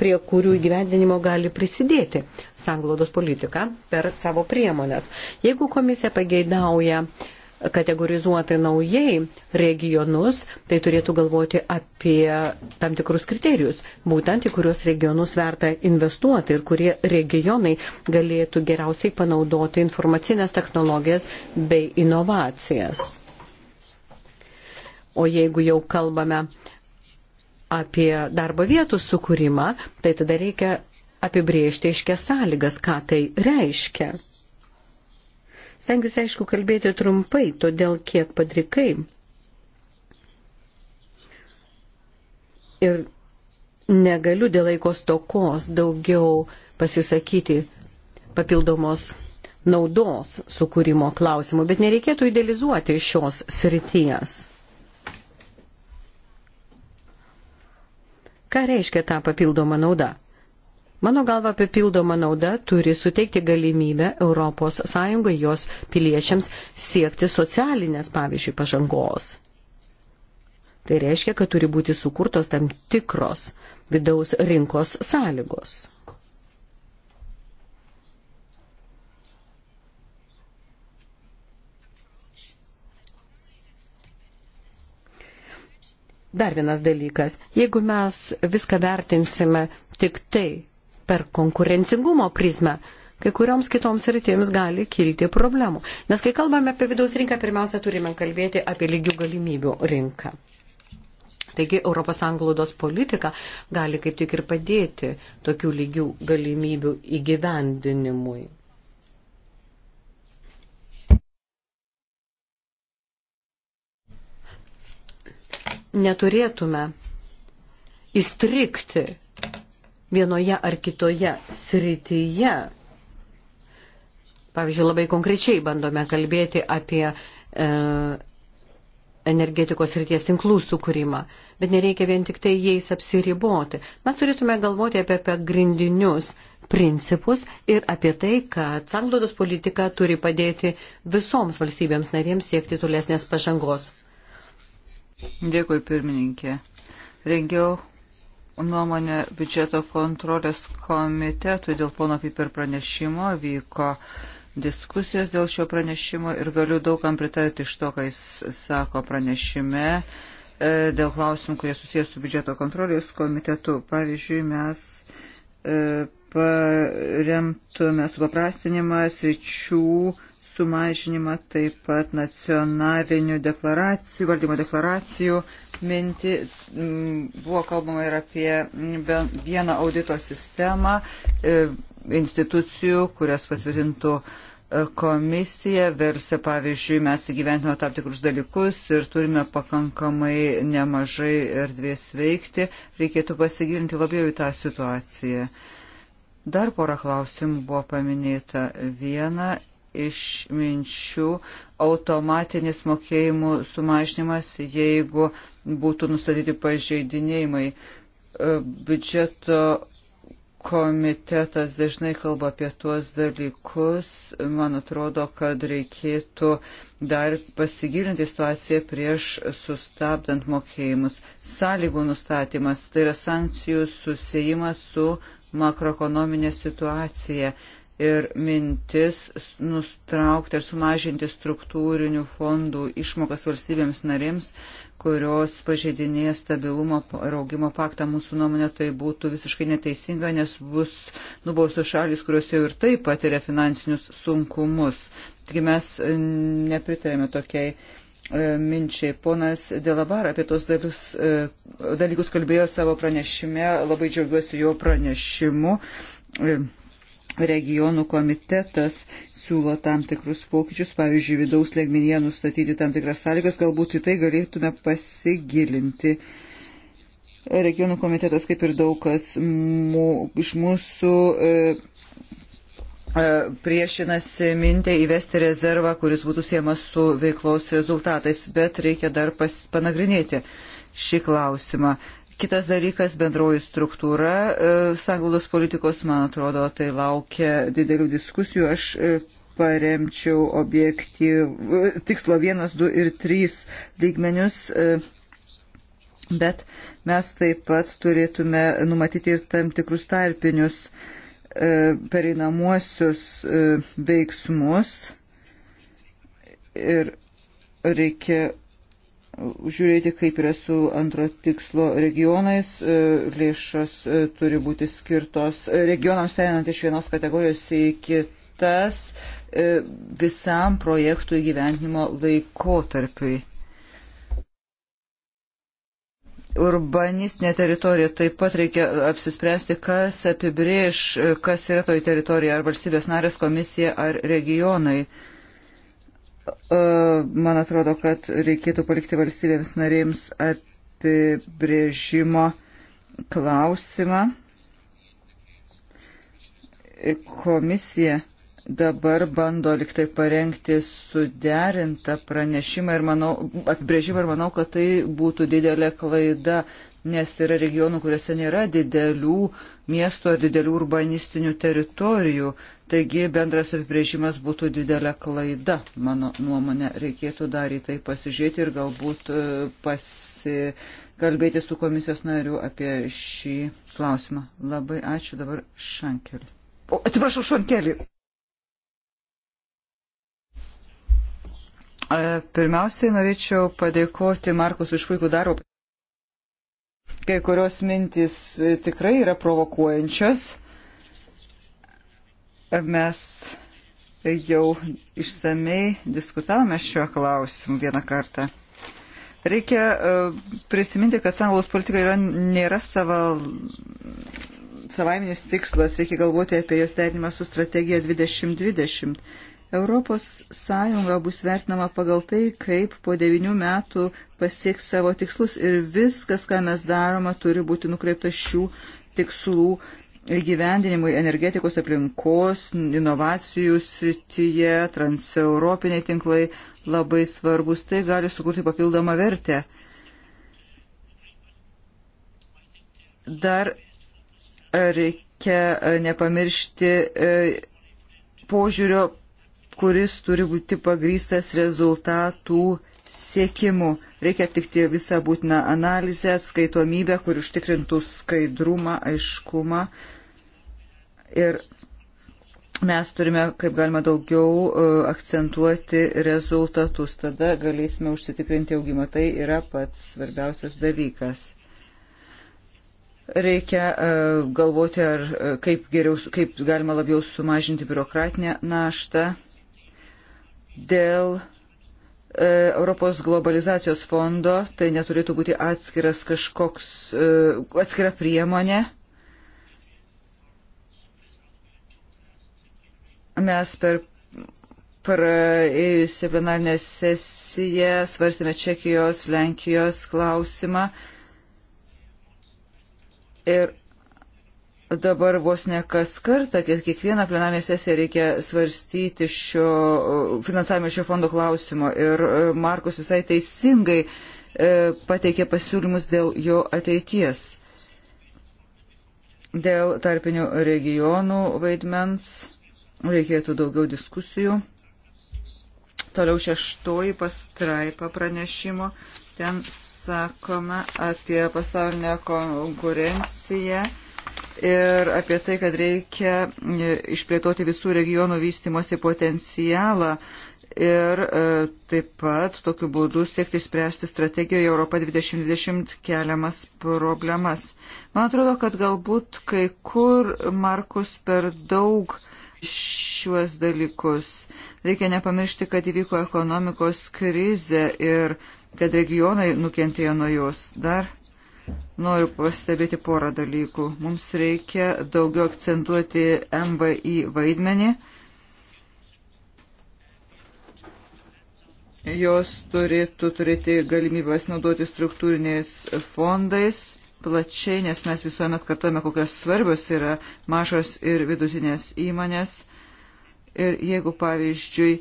prie kurių įgyvendinimo gali prisidėti sanglaudos politika per savo priemonės. Jeigu komisija pageidauja kategorizuoti naujai regionus, tai turėtų galvoti apie tam tikrus kriterijus, būtent į kuriuos regionus verta investuoti ir kurie regionai galėtų geriausiai panaudoti informacinės technologijas bei inovacijas. O jeigu jau kalbame apie darbo vietų sukūrimą, tai tada reikia apibriežti iškės sąlygas, ką tai reiškia. Stengiuosi, aišku, kalbėti trumpai, todėl kiek padrikai. Ir negaliu dėl laiko stokos daugiau pasisakyti papildomos naudos sukūrimo klausimų, bet nereikėtų idealizuoti šios srities. Ką reiškia ta papildoma nauda? Mano galva papildoma nauda turi suteikti galimybę ES jos piliečiams siekti socialinės, pavyzdžiui, pažangos. Tai reiškia, kad turi būti sukurtos tam tikros vidaus rinkos sąlygos. Dar vienas dalykas. Jeigu mes viską vertinsime tik tai per konkurencingumo prizmę. Kai kurioms kitoms rytims gali kilti problemų. Nes kai kalbame apie vidaus rinką, pirmiausia, turime kalbėti apie lygių galimybių rinką. Taigi Europos anglaudos politika gali kaip tik ir padėti tokių lygių galimybių įgyvendinimui. Neturėtume įstrikti vienoje ar kitoje srityje. Pavyzdžiui, labai konkrečiai bandome kalbėti apie e, energetikos ryties tinklų sukūrimą, bet nereikia vien tik tai jais apsiriboti. Mes turėtume galvoti apie pagrindinius principus ir apie tai, kad sanglodos politika turi padėti visoms valstybėms narėms siekti tolesnės pažangos. Dėkui, pirmininkė. Rengiau nuomonė biudžeto kontrolės komitetų dėl pono Piper pranešimo vyko diskusijos dėl šio pranešimo ir galiu daugam pritarti iš to, ką jis sako pranešime e, dėl klausimų, kurie susijęs su biudžeto kontrolės komitetu. Pavyzdžiui, mes e, paremtume supaprastinimą sričių sumažinimą taip pat nacionalinių deklaracijų, valdymo deklaracijų mintį. Buvo kalbama ir apie vieną audito sistemą e, institucijų, kurias patvirtintų e, komisija. Verse, pavyzdžiui, mes įgyventino tam tikrus dalykus ir turime pakankamai nemažai erdvės veikti. Reikėtų pasigilinti labiau į tą situaciją. Dar porą klausimų buvo paminėta. Viena iš minčių automatinis mokėjimų sumažinimas, jeigu būtų nustatyti pažeidinėjimai. E, biudžeto komitetas dažnai kalba apie tuos dalykus. Man atrodo, kad reikėtų dar pasigilinti situaciją prieš sustabdant mokėjimus. Sąlygų nustatymas tai yra sankcijų susijimas su makroekonominė situacija ir mintis nustraukti ar sumažinti struktūrinių fondų išmokas valstybėms narėms, kurios pažeidinėja stabilumo ir augimo paktą. Mūsų nuomonė tai būtų visiškai neteisinga, nes bus nubausų šalis, kurios jau ir taip patiria finansinius sunkumus. Taigi mes nepritarėme tokiai e, minčiai. Ponas Delabar apie tos dalius, e, dalykus kalbėjo savo pranešime, labai džiaugiuosi jo pranešimu e, regionų komitetas siūlo tam tikrus pokyčius, pavyzdžiui, vidaus legmenyje nustatyti tam tikras sąlygas, galbūt į tai galėtume pasigilinti. Regionų komitetas, kaip ir daug kas mū, iš mūsų, e, e, priešinasi mintę įvesti rezervą, kuris būtų siejamas su veiklos rezultatais, bet reikia dar pas, panagrinėti šį klausimą. Kitas dalykas - bendroji struktūra. E, sanglaudos politikos, man atrodo, tai laukia didelių diskusijų. Aš e, paremčiau objektyv, e, tikslo 1, 2 ir 3 lygmenius, bet mes taip pat turėtume numatyti ir tam tikrus tarpinius pereinamuosius veiksmus ir reikia žiūrėti, kaip yra su antro tikslo regionais. E, lėšos e, turi būti skirtos regionams perinant iš vienos kategorijos į kitas e, visam projektų įgyventinimo laikotarpiui. Urbanistinė teritorija taip pat reikia apsispręsti, kas apibrėž, kas yra toji teritorija, ar valstybės narės komisija, ar regionai. Uh, E, man atrodo, kad reikėtų palikti valstybėms narėms apibrėžimo klausimą. Komisija dabar bando liktai parengti suderintą pranešimą ir manau, apibrėžimą ir manau, kad tai būtų didelė klaida, nes yra regionų, kuriuose nėra didelių miestų ar didelių urbanistinių teritorijų. Uh, Taigi bendras apibrėžimas būtų didelė klaida, mano nuomonė. Reikėtų dar į tai pasižiūrėti ir galbūt e, pasikalbėti su komisijos nariu apie šį klausimą. Labai ačiū dabar Šankelį. O, atsiprašau, Šankelį. E, pirmiausiai norėčiau padėkoti Markus už puikų darbą. Kai kurios mintys e, tikrai yra provokuojančios Mes jau išsamei diskutavome šiuo klausimu vieną kartą. Reikia e, prisiminti, kad sanglaus politika yra, nėra sava, savaiminis tikslas, reikia galvoti apie jos derinimą su strategija 2020. Europos Sąjunga bus vertinama pagal tai, kaip po devinių metų pasieks savo tikslus ir viskas, ką mes darome, turi būti nukreipta šių tikslų įgyvendinimui energetikos aplinkos, inovacijų srityje, transeuropiniai tinklai labai svarbus, tai gali sukurti papildomą vertę. Dar reikia e, nepamiršti e, požiūrio, kuris turi būti pagrystas rezultatų siekimu. Reikia atlikti visą būtiną analizę, atskaitomybę, kur užtikrintų skaidrumą, aiškumą. Uh, Ir mes turime, kaip galima daugiau, e, akcentuoti rezultatus. Tada galėsime užsitikrinti augimą. Tai yra pats svarbiausias dalykas. Reikia e, galvoti, ar e, kaip, geriau, kaip galima labiau sumažinti biurokratinę naštą dėl Europos globalizacijos fondo, tai neturėtų būti atskiras kažkoks, atskira priemonė. Mes per praėjusią plenarinę sesiją svarstėme Čekijos, Lenkijos klausimą ir dabar vos ne kas kartą, kiekvieną plenarinę sesiją reikia svarstyti šio finansavimo šio fondo klausimo ir e, Markus visai teisingai e, pateikė pasiūlymus dėl jo ateities, dėl tarpinių regionų vaidmens reikėtų daugiau diskusijų. Toliau šeštoji pastraipa pranešimo. Ten sakome apie pasaulinę konkurenciją ir apie tai, kad reikia išplėtoti visų regionų vystimosi potencialą ir e, taip pat tokiu būdu siekti spręsti strategijoje Europa 2020 keliamas problemas. Man atrodo, kad galbūt kai kur Markus per daug e, šiuos dalykus. Reikia nepamiršti, kad įvyko ekonomikos krizė ir kad regionai nukentėjo nuo jos. Dar noriu pastebėti porą dalykų. Mums reikia daugiau akcentuoti MVI vaidmenį. Jos turėtų turėti galimybę pasinaudoti struktūriniais fondais plačiai, nes mes visuomet kartuojame, kokios svarbios yra mažos ir vidutinės įmonės. Ir jeigu, pavyzdžiui,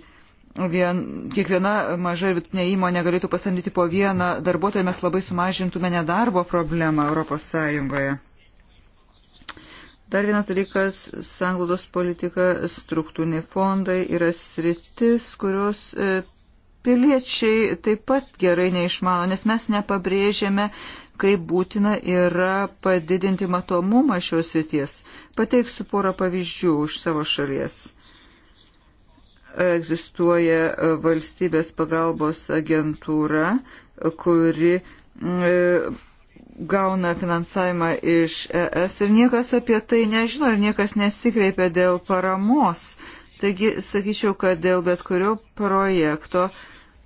vien, kiekviena maža ir vidutinė įmonė galėtų pasamdyti po vieną darbuotoją, mes labai sumažintume nedarbo problemą Europos Sąjungoje. Dar vienas dalykas - sanglaudos politika, struktūriniai fondai yra sritis, kurios e, piliečiai taip pat gerai neišmano, nes mes nepabrėžėme kaip būtina yra padidinti matomumą šios ryties. Pateiksiu porą pavyzdžių iš savo šalies. Egzistuoja valstybės pagalbos agentūra, kuri mm, gauna finansavimą iš ES ir niekas apie tai nežino ir niekas nesikreipia dėl paramos. Taigi, sakyčiau, kad dėl bet kurio projekto uh,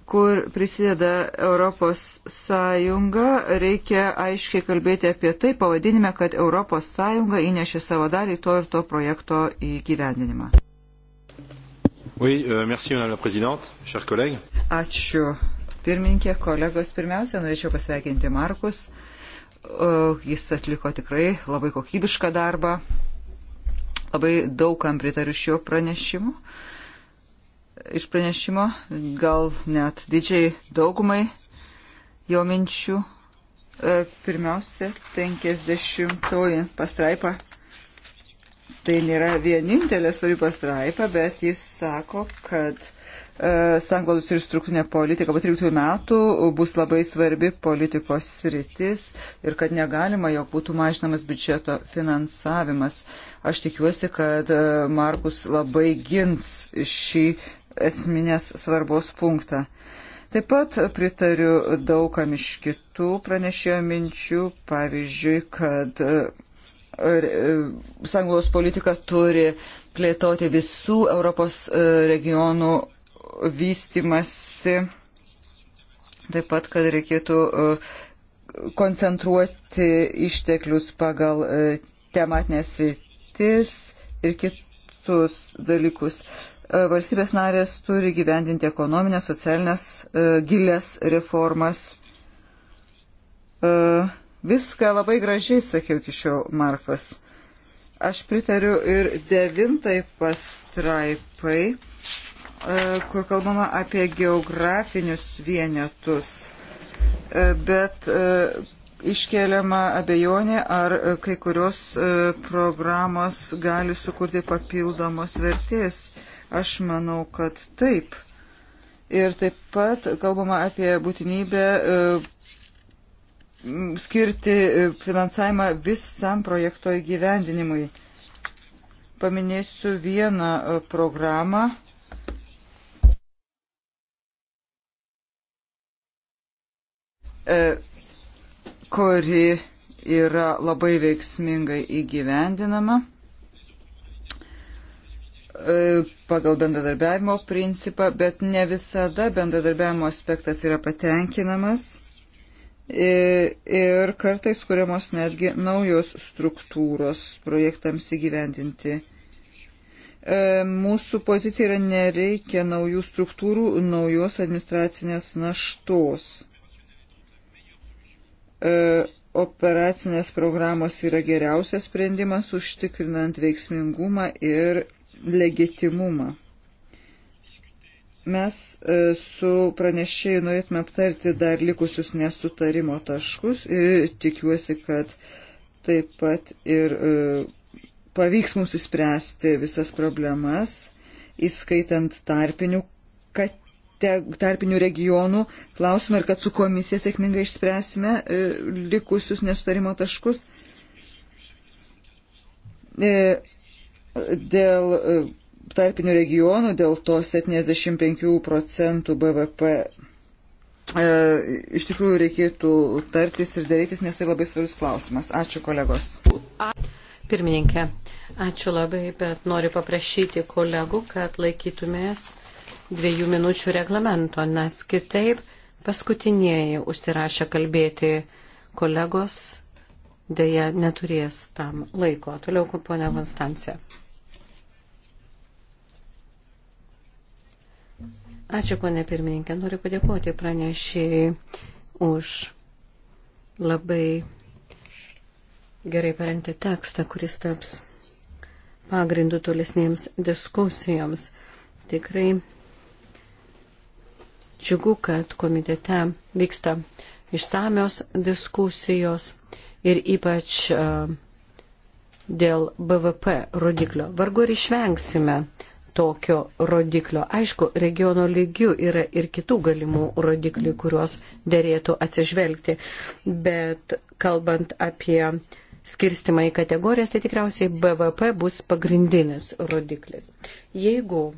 kur prisideda Europos Sąjunga, reikia aiškiai kalbėti apie tai pavadinime, kad Europos Sąjunga įnešė savo dalį to ir to projekto įgyvendinimą. Oui, euh, merci, Ačiū. Pirmininkė, kolegos, pirmiausia, norėčiau pasveikinti Markus. Jis atliko tikrai labai kokybišką darbą. Labai daugam pritariu šiuo pranešimu. Uh, iš pranešimo, gal net didžiai daugumai jo minčių. E, pirmiausia, 50 pastraipa. Tai nėra vienintelė svarbi pastraipa, bet jis sako, kad e, sanglodus ir struktūrinė politika po 13 metų bus labai svarbi politikos sritis ir kad negalima, jog būtų mažinamas biudžeto finansavimas. Aš tikiuosi, kad e, Markus labai gins šį esminės svarbos punktą. Taip pat pritariu daugam iš kitų pranešėjo minčių, pavyzdžiui, kad e, e, sanglaus politika turi plėtoti visų Europos e, regionų vystimasi, taip pat, kad reikėtų koncentruoti išteklius pagal tematinės rytis ir kitus dalykus. E, valstybės narės turi gyvendinti ekonominės, socialinės, e, gilės reformas. E, viską labai gražiai sakiau iki šiol Markas. Aš pritariu ir devintai pastraipai, kur kalbama apie geografinius vienetus, bet iškeliama abejonė, ar kai kurios programos gali sukurti papildomos vertės Aš manau, kad taip. Ir taip pat kalbama apie būtinybę e, skirti e, finansavimą visam projekto įgyvendinimui. Paminėsiu vieną e, programą. kuri yra labai veiksmingai įgyvendinama. E, pagal bendradarbiavimo principą, bet ne visada bendradarbiavimo aspektas yra patenkinamas e, ir kartais kuriamos netgi naujos struktūros projektams įgyvendinti. E, mūsų pozicija yra nereikia naujų struktūrų, naujos administracinės naštos operacinės programos yra geriausias sprendimas užtikrinant veiksmingumą ir legitimumą. Mes e, su pranešėjai norėtume aptarti dar likusius nesutarimo taškus ir tikiuosi, kad taip pat ir e, pavyks mums įspręsti visas problemas, įskaitant tarpinių, tarpinių regionų klausimą ir kad su komisija sėkmingai išspręsime e, likusius nesutarimo taškus dėl e, tarpinių regionų, dėl to 75 procentų BVP e, iš tikrųjų reikėtų tartis ir darytis, nes tai labai svarbus klausimas. Ačiū kolegos. Pirmininkė, ačiū labai, bet noriu paprašyti kolegų, kad laikytumės dviejų minučių reglamento, nes kitaip paskutinieji užsirašę kalbėti kolegos dėja neturės tam laiko. Toliau, ponia Konstancija. Ačiū, ponė pirmininkė. Noriu padėkoti pranešėjai už labai gerai parengti tekstą, kuris taps pagrindu tolesnėms diskusijoms. Tikrai džiugu, kad komitete vyksta išsamios diskusijos ir ypač dėl BVP rodiklio. Vargu ir išvengsime uh, tokio rodiklio. Aišku, regiono lygių yra ir kitų galimų rodiklių, kuriuos dėrėtų atsižvelgti, bet kalbant apie skirstimą į kategorijas, tai tikriausiai BVP bus pagrindinis rodiklis. Jeigu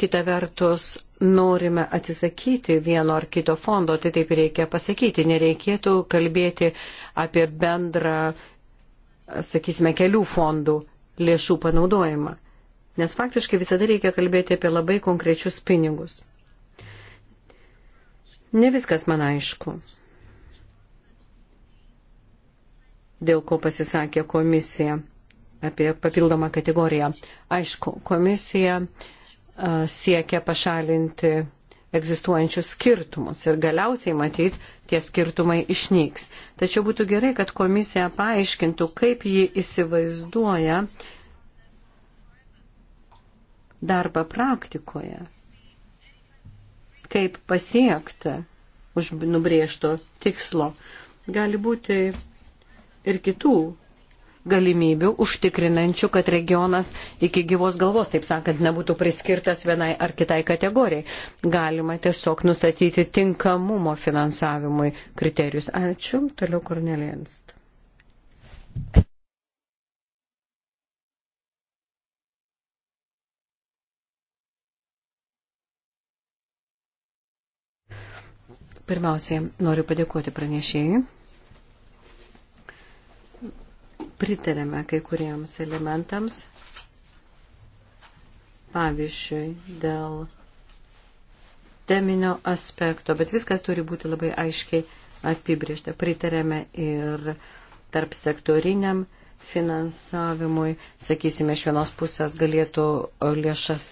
kita vertus norime atsisakyti vieno ar kito fondo, tai taip reikia pasakyti. Nereikėtų kalbėti apie bendrą, sakysime, kelių fondų lėšų panaudojimą. Nes faktiškai visada reikia kalbėti apie labai konkrečius pinigus. Ne viskas man aišku. Dėl ko pasisakė komisija apie papildomą kategoriją. Aišku, komisija uh, siekia pašalinti egzistuojančius skirtumus ir galiausiai matyt, tie skirtumai išnyks. Tačiau būtų gerai, kad komisija paaiškintų, kaip ji įsivaizduoja darbą praktikoje, kaip pasiekti už nubriežto tikslo. Gali būti ir kitų galimybių užtikrinančių, kad regionas iki gyvos galvos, taip sakant, nebūtų priskirtas vienai ar kitai kategorijai. Galima tiesiog nustatyti tinkamumo finansavimui kriterijus. Ačiū. Toliau Kornelienst. Pirmiausiai noriu padėkoti pranešėjai pritarėme kai kuriems elementams, pavyzdžiui, dėl teminio aspekto, bet viskas turi būti labai aiškiai apibriežta. Pritarėme ir tarp sektoriniam finansavimui, sakysime, iš vienos pusės galėtų lėšas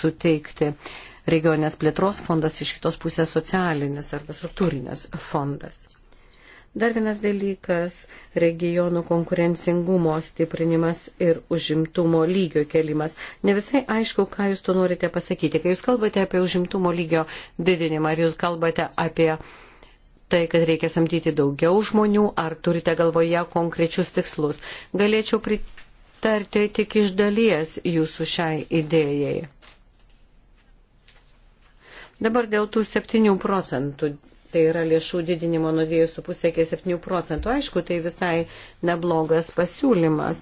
suteikti regionės plėtros fondas, iš kitos pusės socialinis arba struktūrinis fondas. Dar vienas dalykas - regionų konkurencingumo stiprinimas ir užimtumo lygio kelimas. Ne visai aišku, ką jūs to norite pasakyti. Kai jūs kalbate apie užimtumo lygio didinimą, ar jūs kalbate apie tai, kad reikia samdyti daugiau žmonių, ar turite galvoje konkrečius tikslus. Galėčiau pritarti tik iš dalies jūsų šiai idėjai. Dabar dėl tų 7 procentų tai yra lėšų didinimo nuo 2,5 iki 7 procentų. Aišku, tai visai neblogas pasiūlymas.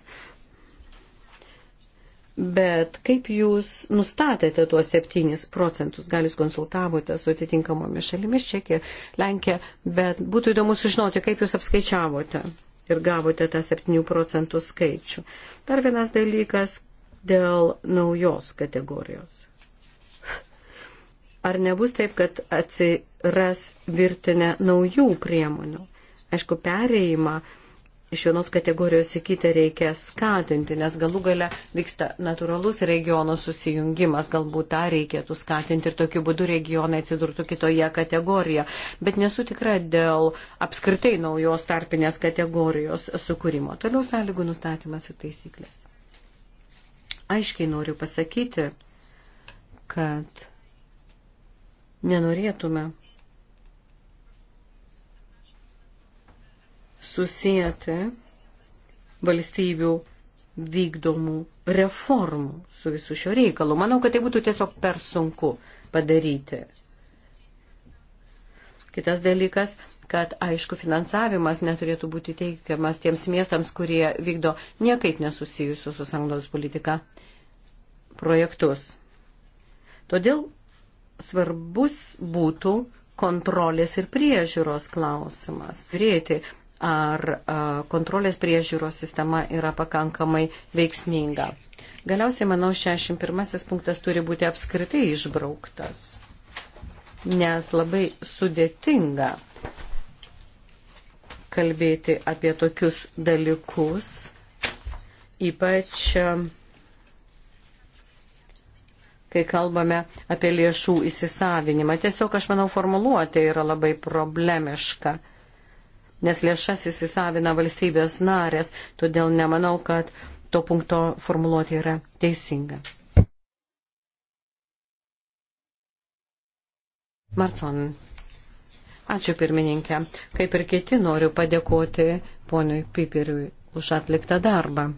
Bet kaip jūs nustatėte tuos 7 procentus? Gal jūs konsultavote su atitinkamomis šalimis Čekija, Lenkija, bet būtų įdomu sužinoti, kaip jūs apskaičiavote ir gavote tą 7 procentų skaičių. Dar vienas dalykas dėl naujos kategorijos ar nebus taip, kad atsiras virtinė naujų priemonių? Aišku, pereimą iš vienos kategorijos į kitą reikia skatinti, nes galų gale vyksta natūralus regiono susijungimas, galbūt tą reikėtų skatinti ir tokiu būdu regionai atsidurtų kitoje kategorijoje. Bet nesu tikra dėl apskritai naujos tarpinės kategorijos sukūrimo. Toliau sąlygų nustatymas ir taisyklės. Aiškiai noriu pasakyti, kad nenorėtume susijęti valstybių vykdomų reformų su visu šio reikalu. Manau, kad tai būtų tiesiog per sunku padaryti. Kitas dalykas, kad aišku, finansavimas neturėtų būti teikiamas tiems miestams, kurie vykdo niekaip nesusijusius su sanglos politika projektus. Todėl svarbus būtų kontrolės ir priežiūros klausimas. Žiūrėti, ar kontrolės priežiūros sistema yra pakankamai veiksminga. Galiausiai, manau, 61 punktas turi būti apskritai išbrauktas, nes labai sudėtinga kalbėti apie tokius dalykus, ypač kai kalbame apie lėšų įsisavinimą. Tiesiog, aš manau, formuluotė yra labai problemiška, nes lėšas įsisavina valstybės narės, todėl nemanau, kad to punkto formuluotė yra teisinga. Marcon. Ačiū pirmininkė. Kaip ir kiti noriu padėkoti ponui Piperiui už atliktą darbą.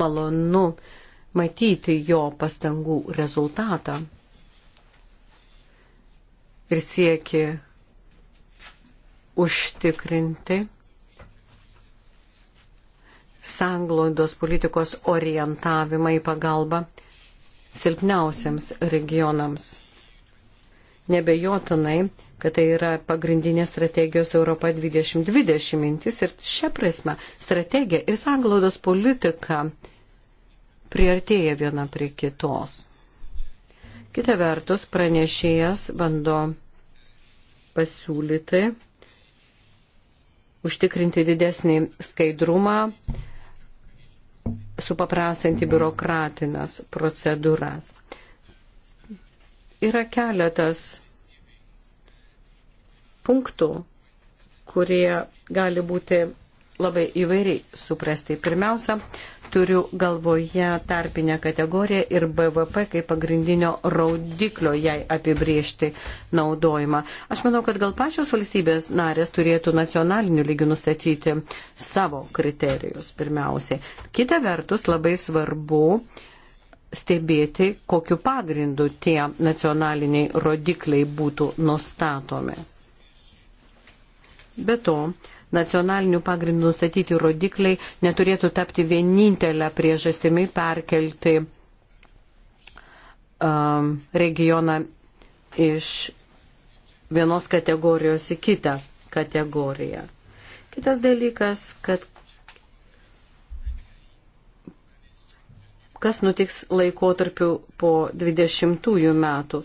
Malonu matyti jo pastangų rezultatą ir sieki užtikrinti sanglaudos politikos orientavimą į pagalbą silpniausiams regionams. Nebejotinai, kad tai yra pagrindinė strategijos Europa 2020 mintis ir šia prasme strategija ir sanglaudos politika priartėja viena prie kitos. Kita vertus, pranešėjas bando pasiūlyti užtikrinti didesnį skaidrumą, supaprastinti biurokratinės procedūras. Yra keletas punktų, kurie gali būti labai įvairiai suprasti. Pirmiausia, Turiu galvoje tarpinę kategoriją ir BVP kaip pagrindinio raudiklio jai apibriežti naudojimą. Aš manau, kad gal pačios valstybės narės turėtų nacionaliniu lygiu nustatyti savo kriterijus pirmiausiai. Kita vertus, labai svarbu stebėti, kokiu pagrindu tie nacionaliniai rodikliai būtų nustatomi. Be to, nacionalinių pagrindų nustatyti rodikliai neturėtų tapti vienintelę priežastimi perkelti um, regioną iš vienos kategorijos į kitą kategoriją. Kitas dalykas, kad kas nutiks laikotarpiu po 20 metų.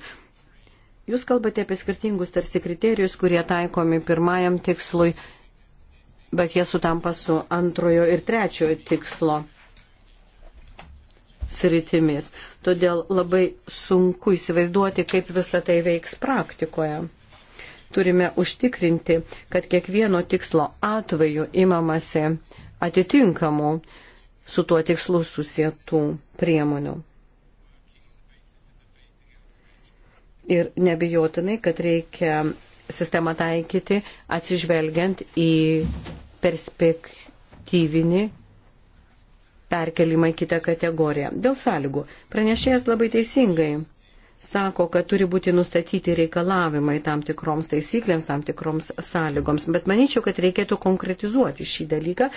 Jūs kalbate apie skirtingus tarsi kriterijus, kurie taikomi pirmajam tikslui bet jie sutampa su antrojo ir trečiojo tikslo sritimis. Todėl labai sunku įsivaizduoti, kaip visa tai veiks praktikoje. Turime užtikrinti, kad kiekvieno tikslo atveju imamasi atitinkamų su tuo tikslu susietų priemonių. Ir nebijotinai, kad reikia sistemą taikyti atsižvelgiant į perspektyvinį perkelimą į kitą kategoriją. Dėl sąlygų. Pranešėjas labai teisingai sako, kad turi būti nustatyti reikalavimai tam tikroms taisyklėms, tam tikroms sąlygoms. Bet manyčiau, kad reikėtų konkretizuoti šį dalyką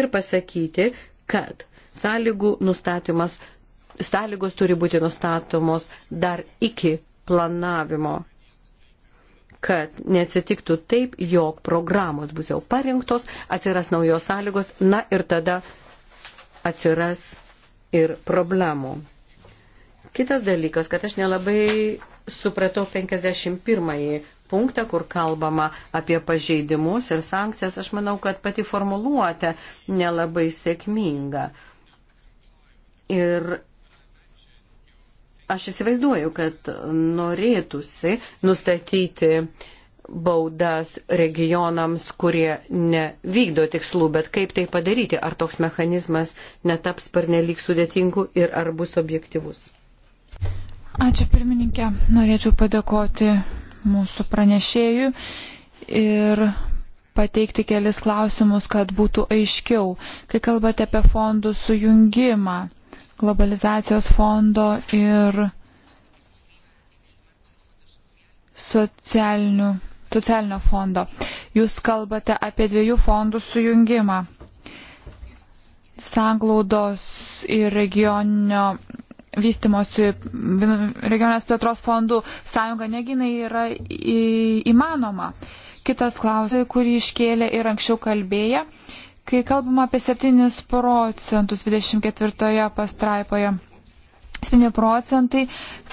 ir pasakyti, kad sąlygų nustatymas, sąlygos turi būti nustatomos dar iki planavimo kad neatsitiktų taip, jog programos bus jau parinktos, atsiras naujos sąlygos, na ir tada atsiras ir problemų. Kitas dalykas, kad aš nelabai supratau 51 punktą, kur kalbama apie pažeidimus ir sankcijas, aš manau, kad pati formuluotė nelabai sėkminga. Ir Aš įsivaizduoju, kad norėtųsi nustatyti baudas regionams, kurie nevykdo tikslų, bet kaip tai padaryti, ar toks mechanizmas netaps pernelyg sudėtingu ir ar bus objektivus. Ačiū pirmininkė, norėčiau padėkoti mūsų pranešėjui ir pateikti kelis klausimus, kad būtų aiškiau, kai kalbate apie fondų sujungimą globalizacijos fondo ir socialinio fondo. Jūs kalbate apie dviejų fondų sujungimą. Sanglaudos ir regioninio vystimosi regionės plėtros fondų sąjunga neginai yra į, įmanoma. Kitas klausimas, kurį iškėlė ir anksčiau kalbėję, Kai kalbama apie 7 procentus 24 pastraipoje. 7 procentai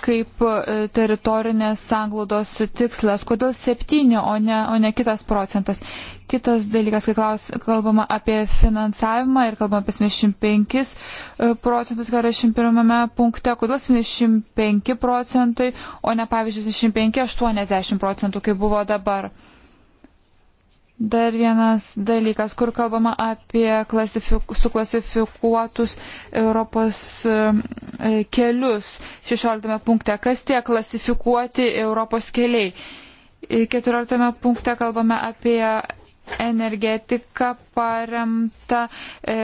kaip e, teritorinės sanglaudos tikslas. Kodėl 7, o ne, o ne kitas procentas? Kitas dalykas, kai klaus, kalbama apie finansavimą ir kalbama apie 75 e, procentus 41 punkte, kodėl 75 procentai, o ne pavyzdžiui 75-80 procentų, kaip buvo dabar. Dar vienas dalykas, kur kalbama apie klasifik, suklasifikuotus Europos e, kelius. 16 punkte, kas tie klasifikuoti Europos keliai. 14 e, punkte kalbame apie energetiką paremtą e,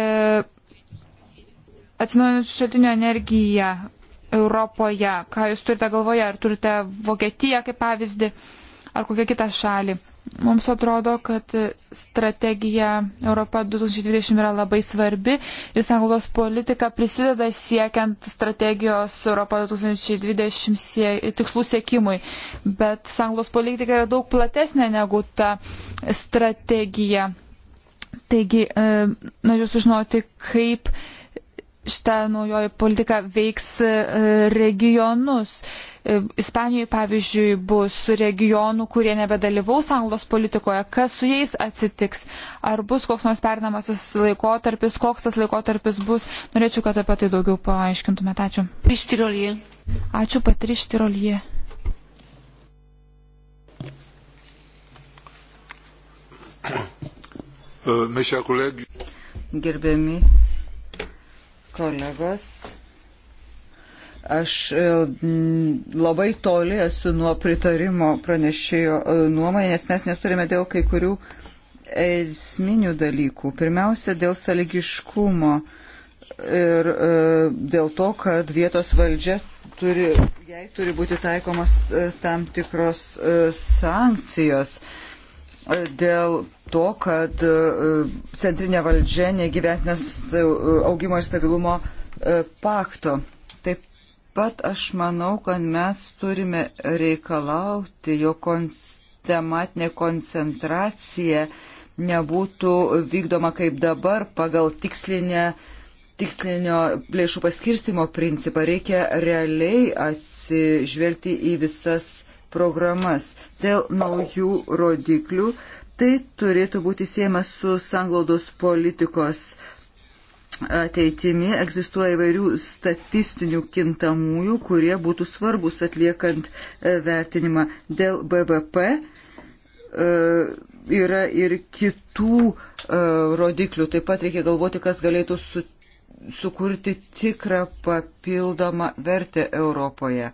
atsinaujinančių šaltinių energiją Europoje. Ką jūs turite galvoje? Ar turite Vokietiją kaip pavyzdį, ar kokią kitą šalį? Mums atrodo, kad strategija Europa 2020 yra labai svarbi ir sanglaudos politika prisideda siekiant strategijos Europa 2020 sie tikslų siekimui. Bet sanglaudos politika yra daug platesnė negu ta strategija. Taigi, e, noriu sužinoti, kaip šita naujoji politika veiks e, regionus. E, Ispanijoje, pavyzdžiui, bus regionų, kurie nebedalyvaus anglos politikoje. Kas su jais atsitiks? Ar bus koks nors pernamasis laikotarpis? Koks tas laikotarpis bus? Norėčiau, kad apie tai daugiau paaiškintumėte. Ačiū. Patrištirolie. Ačiū, Patrištirolie. Euh, Gerbiami Kolegos, aš e, labai toli esu nuo pritarimo pranešėjo e, nuomonės, mes nesurime dėl kai kurių esminių dalykų. Pirmiausia, dėl saligiškumo ir e, dėl to, kad vietos valdžia turi, jai turi būti taikomas e, tam tikros e, sankcijos e, dėl to, kad e, centrinė valdžia negyventinas e, augimo ir stabilumo e, pakto. Taip pat aš manau, kad mes turime reikalauti, jo tematinė koncentracija nebūtų vykdoma kaip dabar pagal tikslinę, tikslinio lėšų paskirstimo principą. Reikia realiai atsižvelgti į visas programas. Dėl naujų rodiklių tai turėtų būti siejama su sanglaudos politikos ateitimi. Egzistuoja įvairių statistinių kintamųjų, kurie būtų svarbus atliekant e, vertinimą dėl BVP. E, yra ir kitų e, rodiklių. Taip pat reikia galvoti, kas galėtų su, sukurti tikrą papildomą vertę Europoje.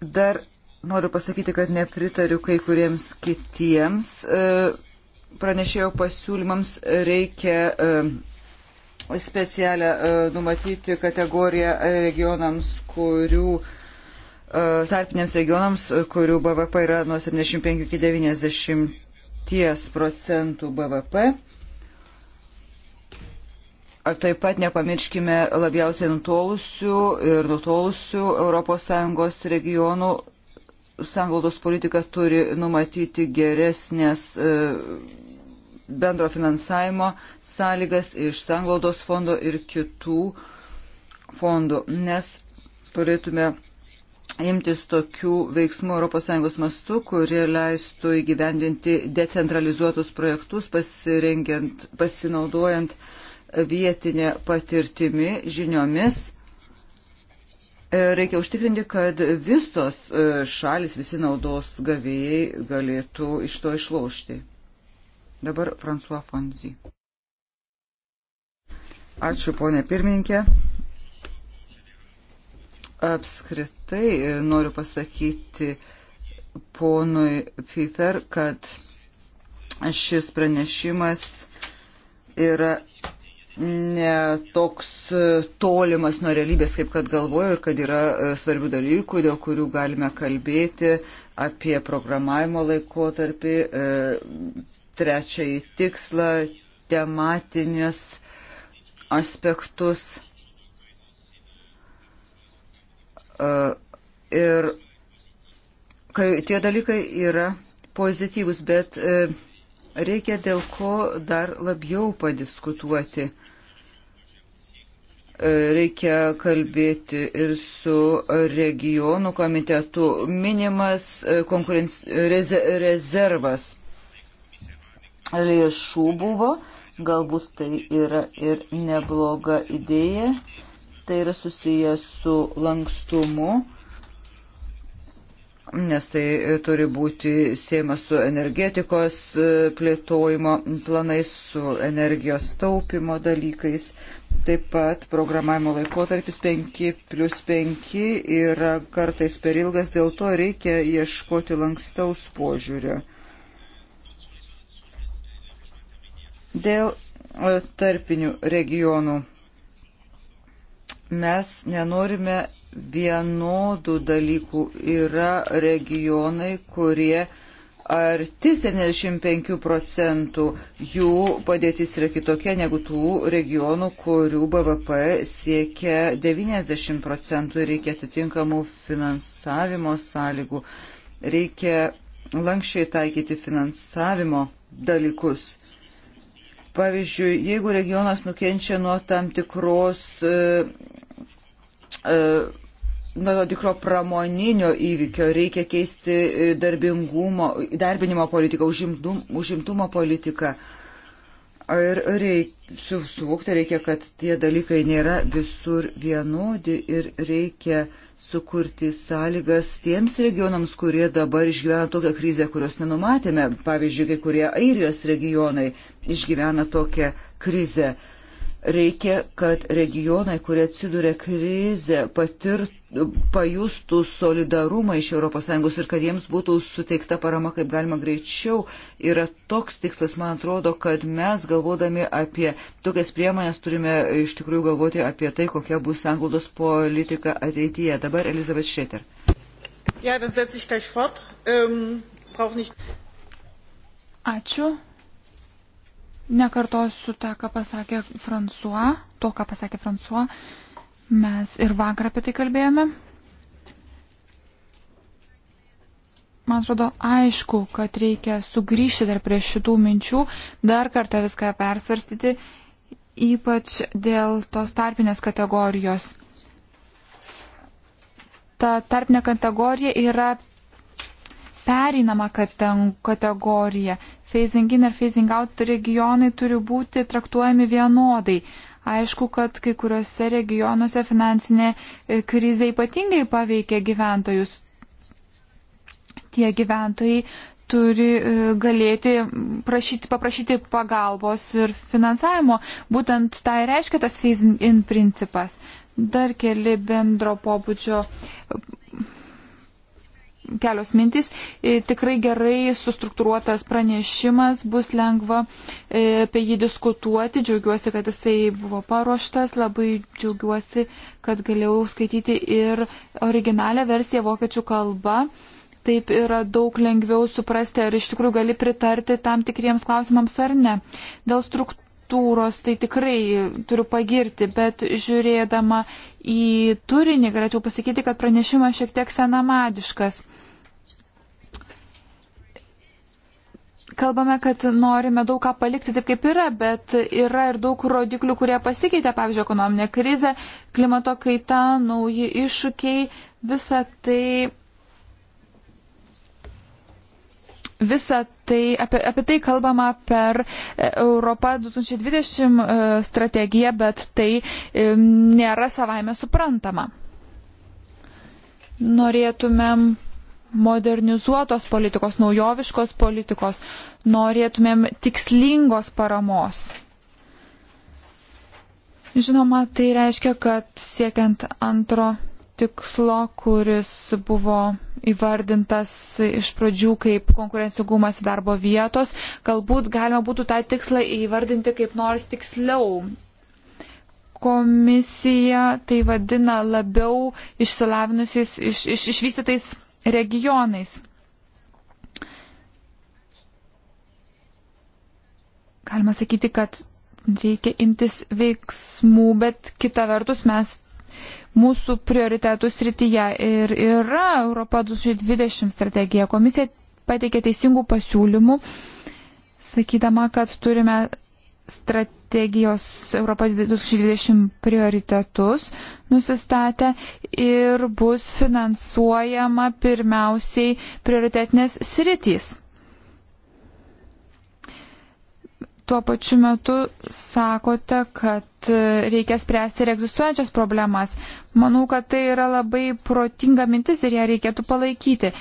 Dar noriu pasakyti, kad nepritariu kai kuriems kitiems e, pranešėjo pasiūlymams reikia e, specialią e, numatyti kategoriją regionams, kurių tarpiniams regionams, kurių BVP yra nuo 75 iki 90 procentų BVP. Ar taip pat nepamirškime labiausiai nutolusių ir nutolusių ES regionų. Sanglaudos politika turi numatyti geresnės e, bendro finansavimo sąlygas iš Sanglaudos fondo ir kitų fondų, nes turėtume imtis tokių veiksmų ES mastu, kurie leistų įgyvendinti decentralizuotus projektus, pasinaudojant uh, vietinė patirtimi, žiniomis. E, reikia užtikrinti, kad visos e, šalis, visi naudos gavėjai galėtų iš to išlošti. Dabar François Fonzi. Ačiū, ponė pirmininkė. Apskritai e, noriu pasakyti ponui Piper, kad šis pranešimas yra netoks e, tolimas nuo realybės, kaip kad galvoju, ir kad yra e, svarbių dalykų, dėl kurių galime kalbėti apie programavimo laikotarpį, e, trečiąjį tikslą, tematinės aspektus. Ir kai tie dalykai yra pozityvus, bet reikia dėl ko dar labiau padiskutuoti reikia kalbėti ir su regionų komitetu. Minimas e, konkurenc... rezervas lėšų buvo, galbūt tai yra ir nebloga idėja, tai yra susijęs su lankstumu, nes tai turi būti siejama su energetikos e, plėtojimo planais, su energijos taupimo dalykais. Taip pat programavimo laikotarpis 5 plus 5 yra kartais per ilgas, dėl to reikia ieškoti lankstaus požiūrio. Dėl e, tarpinių regionų mes nenorime vienodų dalykų. Yra regionai, kurie arti 75 procentų jų padėtis yra kitokia negu tų regionų, kurių BVP siekia 90 procentų ir reikia atitinkamų finansavimo sąlygų. Reikia lankščiai taikyti finansavimo dalykus. Pavyzdžiui, jeigu regionas nukenčia nuo tam tikros e, e, nuo tikro pramoninio įvykio, reikia keisti e, darbingumo, darbinimo politiką, užimtum, užimtumo politiką. Ir reikia, su, suvokti reikia, kad tie dalykai nėra visur vienodi ir reikia sukurti sąlygas tiems regionams, kurie dabar išgyvena tokią krizę, kurios nenumatėme. Pavyzdžiui, kai kurie Airijos regionai išgyvena tokią krizę. Reikia, kad regionai, kurie atsiduria krizę, patirt, pajustų solidarumą iš ES ir kad jiems būtų suteikta parama kaip galima greičiau. Yra toks tikslas, man atrodo, kad mes galvodami apie tokias priemonės turime iš tikrųjų galvoti apie tai, kokia bus anglodos politika ateityje. Dabar Elizabeth Šeter. Ja, dann setze ich gleich fort. Ähm, brauch nicht. Ačiū. Nekartosiu tą, ką pasakė François, to, ką pasakė François. Mes ir vakar apie tai kalbėjome. Man atrodo, aišku, kad reikia sugrįžti dar prie šitų minčių, dar kartą viską persvarstyti, ypač dėl tos tarpinės kategorijos. Ta tarpinė kategorija yra pereinamą kategoriją. Phasing in ir phasing out regionai turi būti traktuojami vienodai. Aišku, kad kai kuriuose regionuose finansinė e, krizė ypatingai paveikia gyventojus. Tie gyventojai turi e, galėti prašyti, paprašyti pagalbos ir finansavimo. Būtent tai reiškia tas phasing in principas. Dar keli bendro pobūdžio kelios mintys. E, tikrai gerai sustruktūruotas pranešimas, bus lengva e, apie jį diskutuoti. Džiaugiuosi, kad jisai buvo paruoštas, labai džiaugiuosi, kad galėjau skaityti ir originalią versiją vokiečių kalba. Taip yra daug lengviau suprasti, ar iš tikrųjų gali pritarti tam tikriems klausimams ar ne. Dėl struktūros tai tikrai turiu pagirti, bet žiūrėdama į turinį galėčiau pasakyti, kad pranešimas šiek tiek senamadiškas. kalbame, kad norime daug ką palikti taip, kaip yra, bet yra ir daug rodiklių, kurie pasikeitė, pavyzdžiui, ekonominė krizė, klimato kaita, nauji iššūkiai, visa tai. Visa tai, apie, apie tai kalbama per e, Europą 2020 e, strategiją, bet tai e, nėra savaime suprantama. Norėtumėm modernizuotos politikos, naujoviškos politikos, norėtumėm tikslingos paramos. Žinoma, tai reiškia, kad siekiant antro tikslo, kuris buvo įvardintas iš pradžių kaip konkurencingumas darbo vietos, galbūt galima būtų tą tikslą įvardinti kaip nors tiksliau. Komisija tai vadina labiau išsilavinusiais, iš, iš, išvystytais regionais. Galima sakyti, kad reikia imtis veiksmų, bet kita vertus mes mūsų prioritetų srityje ir yra Europa 2020 strategija. Komisija pateikė teisingų pasiūlymų, sakydama, kad turime strategijos Europos 2020 prioritetus nusistatę ir bus finansuojama pirmiausiai prioritetinės sritys. Tuo pačiu metu sakote, kad reikia spręsti ir egzistuojančias problemas. Manau, kad tai yra labai protinga mintis ir ją reikėtų palaikyti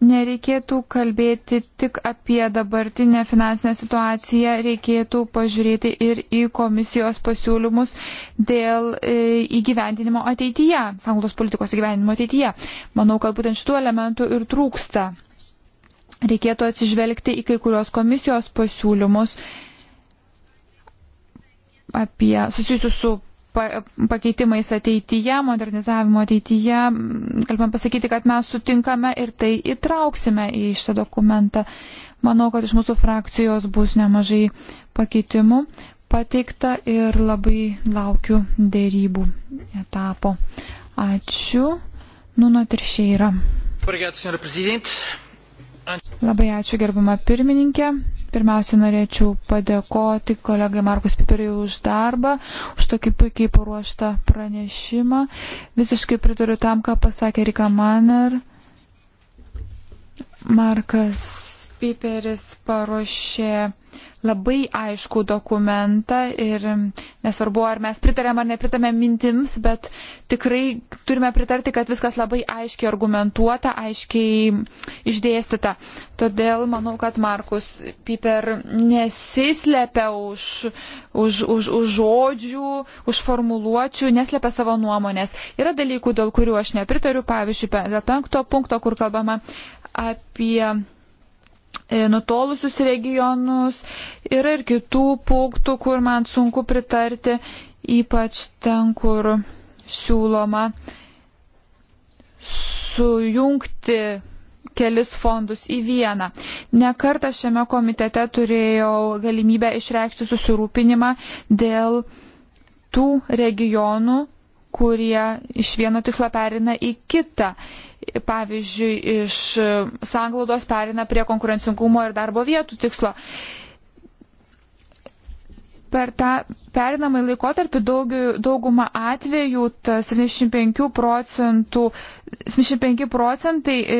nereikėtų kalbėti tik apie dabartinę finansinę situaciją, reikėtų pažiūrėti ir į komisijos pasiūlymus dėl e, įgyvendinimo ateityje, sanglos politikos įgyvendinimo ateityje. Manau, kad būtent šitų elementų ir trūksta. Reikėtų atsižvelgti į kai kurios komisijos pasiūlymus apie susijusius su pakeitimais ateityje, modernizavimo ateityje, galime pasakyti, kad mes sutinkame ir tai įtrauksime į šitą dokumentą. Manau, kad iš mūsų frakcijos bus nemažai pakeitimų pateikta ir labai laukiu dėrybų etapo. Ačiū. Nunot ir šeira. Labai ačiū gerbama pirmininkė. Pirmiausia, norėčiau padėkoti kolegai Markus Piperiui už darbą, už tokį puikiai paruoštą pranešimą. Visiškai pritariu tam, ką pasakė Rika Maner. Markas Piperis paruošė labai aišku dokumentą ir nesvarbu, ar mes pritarėm ar nepritarėm mintims, bet tikrai turime pritarti, kad viskas labai aiškiai argumentuota, aiškiai išdėstyta. Todėl manau, kad Markus Piper nesislepia už, už, už, už žodžių, už formuluočių, neslepia savo nuomonės. Yra dalykų, dėl kurių aš nepritariu, pavyzdžiui, dėl penkto punkto, kur kalbama apie E, nutolusius regionus. Yra ir kitų punktų, kur man sunku pritarti, ypač ten, kur siūloma sujungti kelis fondus į vieną. Nekartą šiame komitete turėjau galimybę išreikšti susirūpinimą dėl tų regionų, kurie iš vieno tikslo perina į kitą pavyzdžiui, iš sanglaudos perina prie konkurencingumo ir darbo vietų tikslo. Per tą perinamąjį laikotarpį daug, daugumą atvejų tas 75 procentų, 75 procentai e,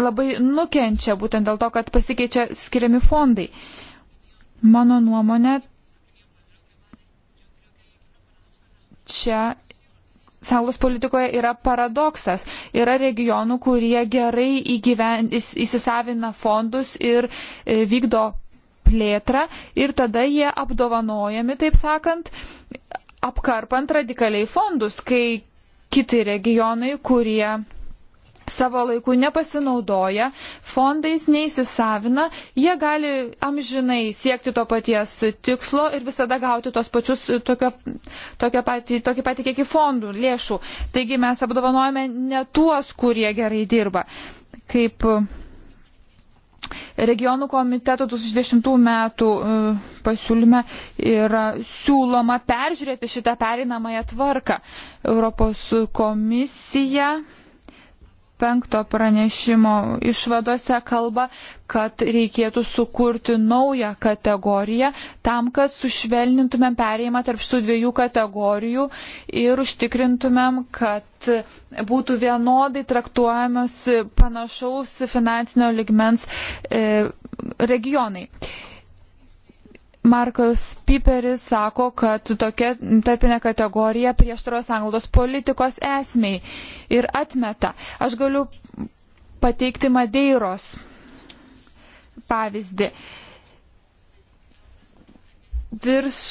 labai nukenčia būtent dėl to, kad pasikeičia skiriami fondai. Mano nuomonė, čia sąjungos politikoje yra paradoksas. Yra regionų, kurie gerai įgyven, įsisavina fondus ir e, vykdo plėtrą ir tada jie apdovanojami, taip sakant, apkarpant radikaliai fondus, kai kiti regionai, kurie savo laiku nepasinaudoja, fondais neįsisavina, jie gali amžinai siekti to paties tikslo ir visada gauti tos pačius tokio, tokio patį, tokį patį kiekį fondų lėšų. Taigi mes apdovanojame ne tuos, kurie gerai dirba. Kaip regionų komiteto 2010 metų e, pasiūlyme yra siūloma peržiūrėti šitą pereinamąją tvarką. Europos komisija penkto pranešimo išvadose kalba, kad reikėtų sukurti naują kategoriją tam, kad sušvelnintumėm perėjimą tarp šių dviejų kategorijų ir užtikrintumėm, kad būtų vienodai traktuojamos panašaus finansinio ligmens e, regionai. Markas Piperis sako, kad tokia tarpinė kategorija prieštaros anglos politikos esmiai ir atmeta. Aš galiu pateikti Madeiros pavyzdį. Virš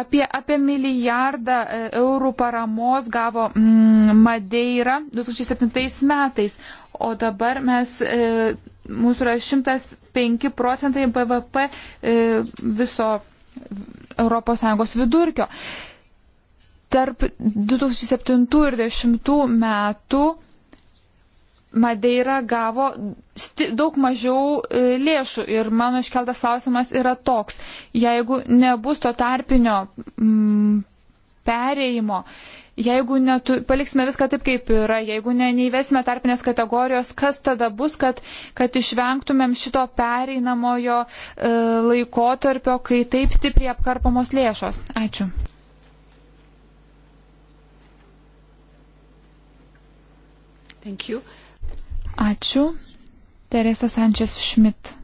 apie, apie milijardą e, eurų paramos gavo mm, Madeira 2007 metais, o dabar mes. E, mūsų yra 105 procentai BVP e, viso ES vidurkio. Tarp 2007 ir 2010 metų Madeira gavo daug mažiau e, lėšų ir mano iškeltas klausimas yra toks, jeigu nebus to tarpinio mm, perėjimo, Jeigu netu, paliksime viską taip, kaip yra, jeigu ne, neįvesime tarpinės kategorijos, kas tada bus, kad, kad išvengtumėm šito pereinamojo e, laikotarpio, kai taip stipriai apkarpamos lėšos. Ačiū. Ačiū. Teresa Sančias Šmit.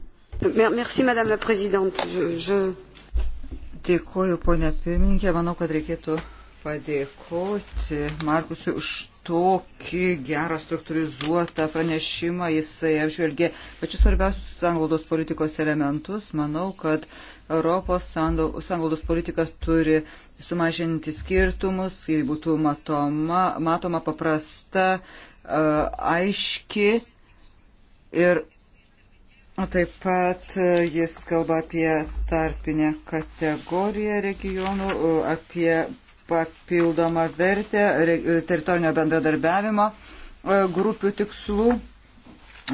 Merci, madame la présidente. Je, je... Dėkuoju, ponia pirmininkė. Manau, kad reikėtų padėkoti Markusui už tokį gerą struktūrizuotą pranešimą. Jisai apžvelgė pačius svarbiausius sanglaudos politikos elementus. Manau, kad Europos sanglaudos politika turi sumažinti skirtumus, jei būtų matoma, matoma paprasta, aiški ir Taip pat jis kalba apie tarpinę kategoriją regionų, apie papildomą vertę teritorinio bendradarbiavimo e, grupių tikslų.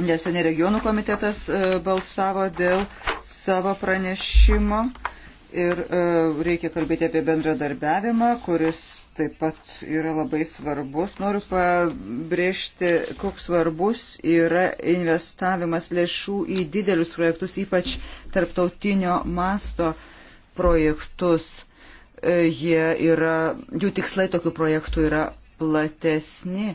Neseniai regionų komitetas e, balsavo dėl savo pranešimo ir e, reikia kalbėti apie bendradarbiavimą, kuris taip pat yra labai svarbus. Noriu pabrėžti, koks svarbus yra investavimas lėšų į didelius projektus, ypač tarptautinio masto projektus E, jie yra, jų tikslai tokių projektų yra platesni.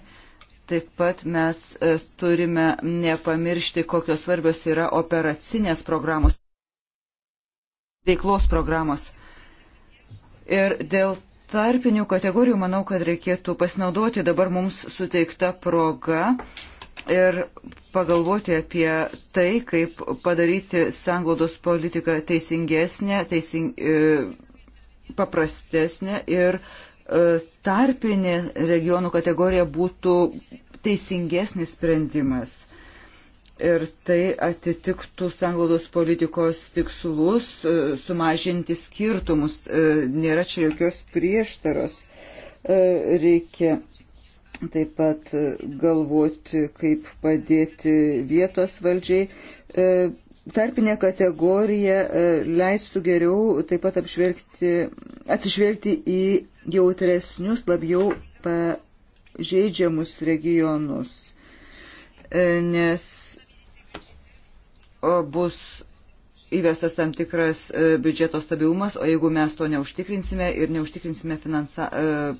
Taip pat mes e, turime nepamiršti, kokios svarbios yra operacinės programos, veiklos programos. Ir dėl tarpinių kategorijų manau, kad reikėtų pasinaudoti dabar mums suteikta proga ir pagalvoti apie tai, kaip padaryti sanglaudos politiką teisingesnę, teising, e, paprastesnė ir e, tarpinė regionų kategorija būtų teisingesnis sprendimas ir tai atitiktų sanglaudos politikos tikslus e, sumažinti skirtumus. E, nėra čia jokios prieštaros. Reikia taip pat galvoti, kaip padėti vietos valdžiai tarpinė kategorija e, leistų geriau taip pat apžvelgti, atsižvelgti į jautresnius, labiau pažeidžiamus regionus, e, nes bus įvestas tam tikras e, biudžeto stabilumas, o jeigu mes to neužtikrinsime ir neužtikrinsime finansa,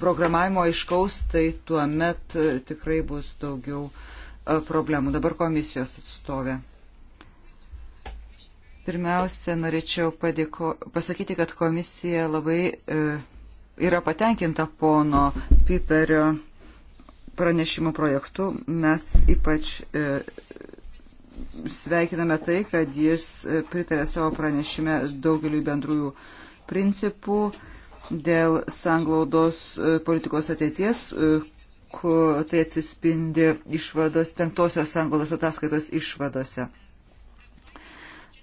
programavimo aiškaus, tai tuo met tikrai bus daugiau problemų. Dabar komisijos atstovė. Pirmiausia, norėčiau padėko, pasakyti, kad komisija labai e, yra patenkinta pono Piperio pranešimo projektu. Mes ypač e, sveikiname tai, kad jis e, pritarė savo pranešime daugeliu bendrųjų principų dėl sanglaudos e, politikos ateities, e, tai atsispindi išvados penktosios sanglaudos ataskaitos išvadose.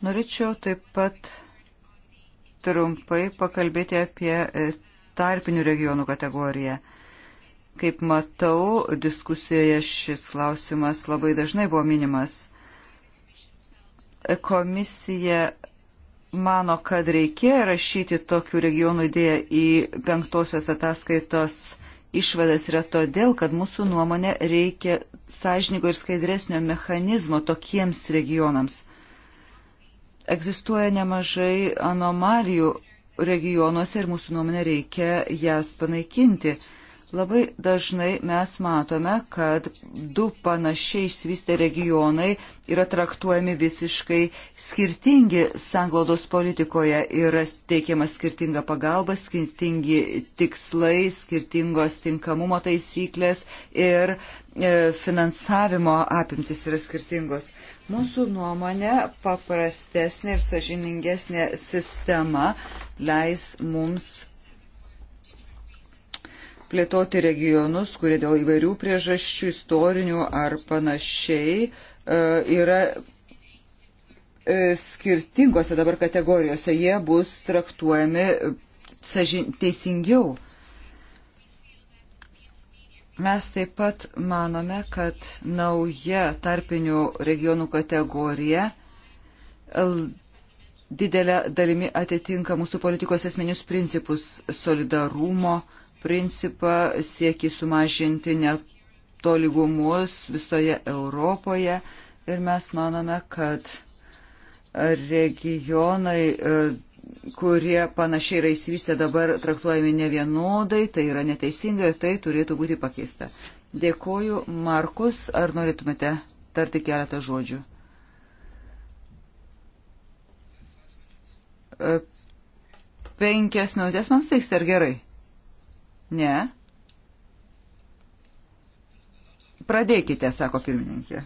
Norėčiau taip pat trumpai pakalbėti apie e, tarpinių regionų kategoriją. Kaip matau, diskusijoje šis klausimas labai dažnai buvo minimas. Komisija mano, kad reikėjo rašyti tokių regionų idėją į penktosios ataskaitos išvadas yra todėl, kad mūsų nuomonė reikia sąžininko ir skaidresnio mechanizmo tokiems regionams – Egzistuoja nemažai anomalijų regionuose ir mūsų nuomonė reikia jas panaikinti. Labai dažnai mes matome, kad du panašiai išsivystę regionai yra traktuojami visiškai skirtingi sanglaudos politikoje, yra teikiama skirtinga pagalba, skirtingi tikslai, skirtingos tinkamumo taisyklės ir e, finansavimo apimtis yra skirtingos. E, Mūsų nuomonė paprastesnė ir sažiningesnė sistema leis mums plėtoti regionus, kurie dėl įvairių priežasčių, istorinių ar panašiai, e, yra e, skirtingose dabar kategorijose. Jie bus traktuojami teisingiau. Mes taip pat manome, kad nauja tarpinių regionų kategorija didelę dalimi atitinka mūsų politikos esminius principus - solidarumo principą, siekį sumažinti netolygumus visoje Europoje. Ir mes manome, kad regionai e, kurie panašiai yra įsivystę dabar traktuojami nevienodai, tai yra neteisinga ir tai turėtų būti pakeista. Dėkoju, Markus, ar norėtumėte tarti keletą žodžių? E, penkias minutės man steiksite, ar gerai? Ne? Pradėkite, sako pirmininkė.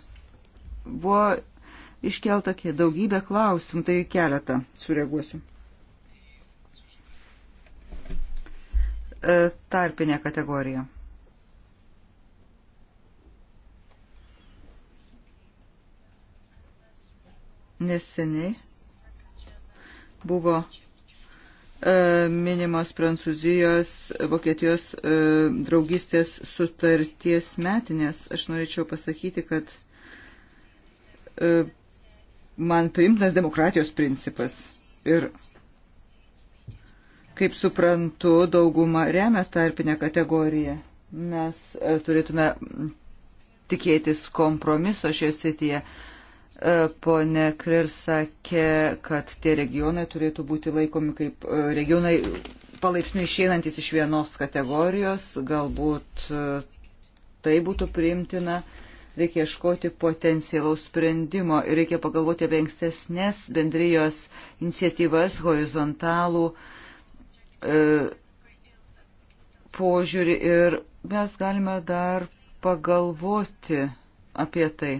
Buvo iškelta daugybė klausimų, tai keletą sureaguosiu. E, tarpinė kategorija. Neseniai buvo e, minimos Prancūzijos, Vokietijos e, draugystės sutarties metinės. Aš norėčiau pasakyti, kad man priimtas demokratijos principas ir Kaip suprantu, dauguma remia tarpinę kategoriją. Mes e, turėtume tikėtis kompromiso šioje srityje. E, pone Krir sakė, kad tie regionai turėtų būti laikomi kaip e, regionai palaipsniui išeinantis iš vienos kategorijos, galbūt tai būtų priimtina, reikia ieškoti potencialaus sprendimo ir reikia pagalvoti apie ankstesnės bendrijos iniciatyvas, horizontalų uh, E, požiūrį ir mes galime dar pagalvoti apie tai.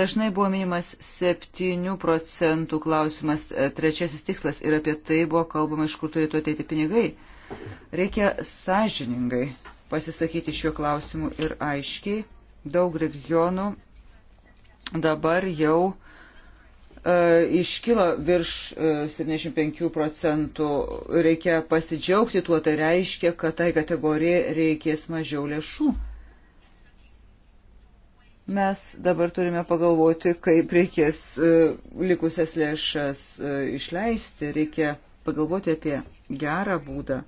Dažnai buvo minimas 7 procentų klausimas, e, trečiasis tikslas ir apie tai buvo kalbama, iš kur turėtų ateiti pinigai. Reikia sąžiningai pasisakyti šiuo klausimu ir aiškiai. Daug regionų dabar jau E, iškilo virš 75 e, procentų. Reikia pasidžiaugti tuo, tai reiškia, kad tai kategorijai reikės mažiau lėšų. Mes dabar turime pagalvoti, kaip reikės e, likusias lėšas išleisti, reikia pagalvoti apie gerą būdą.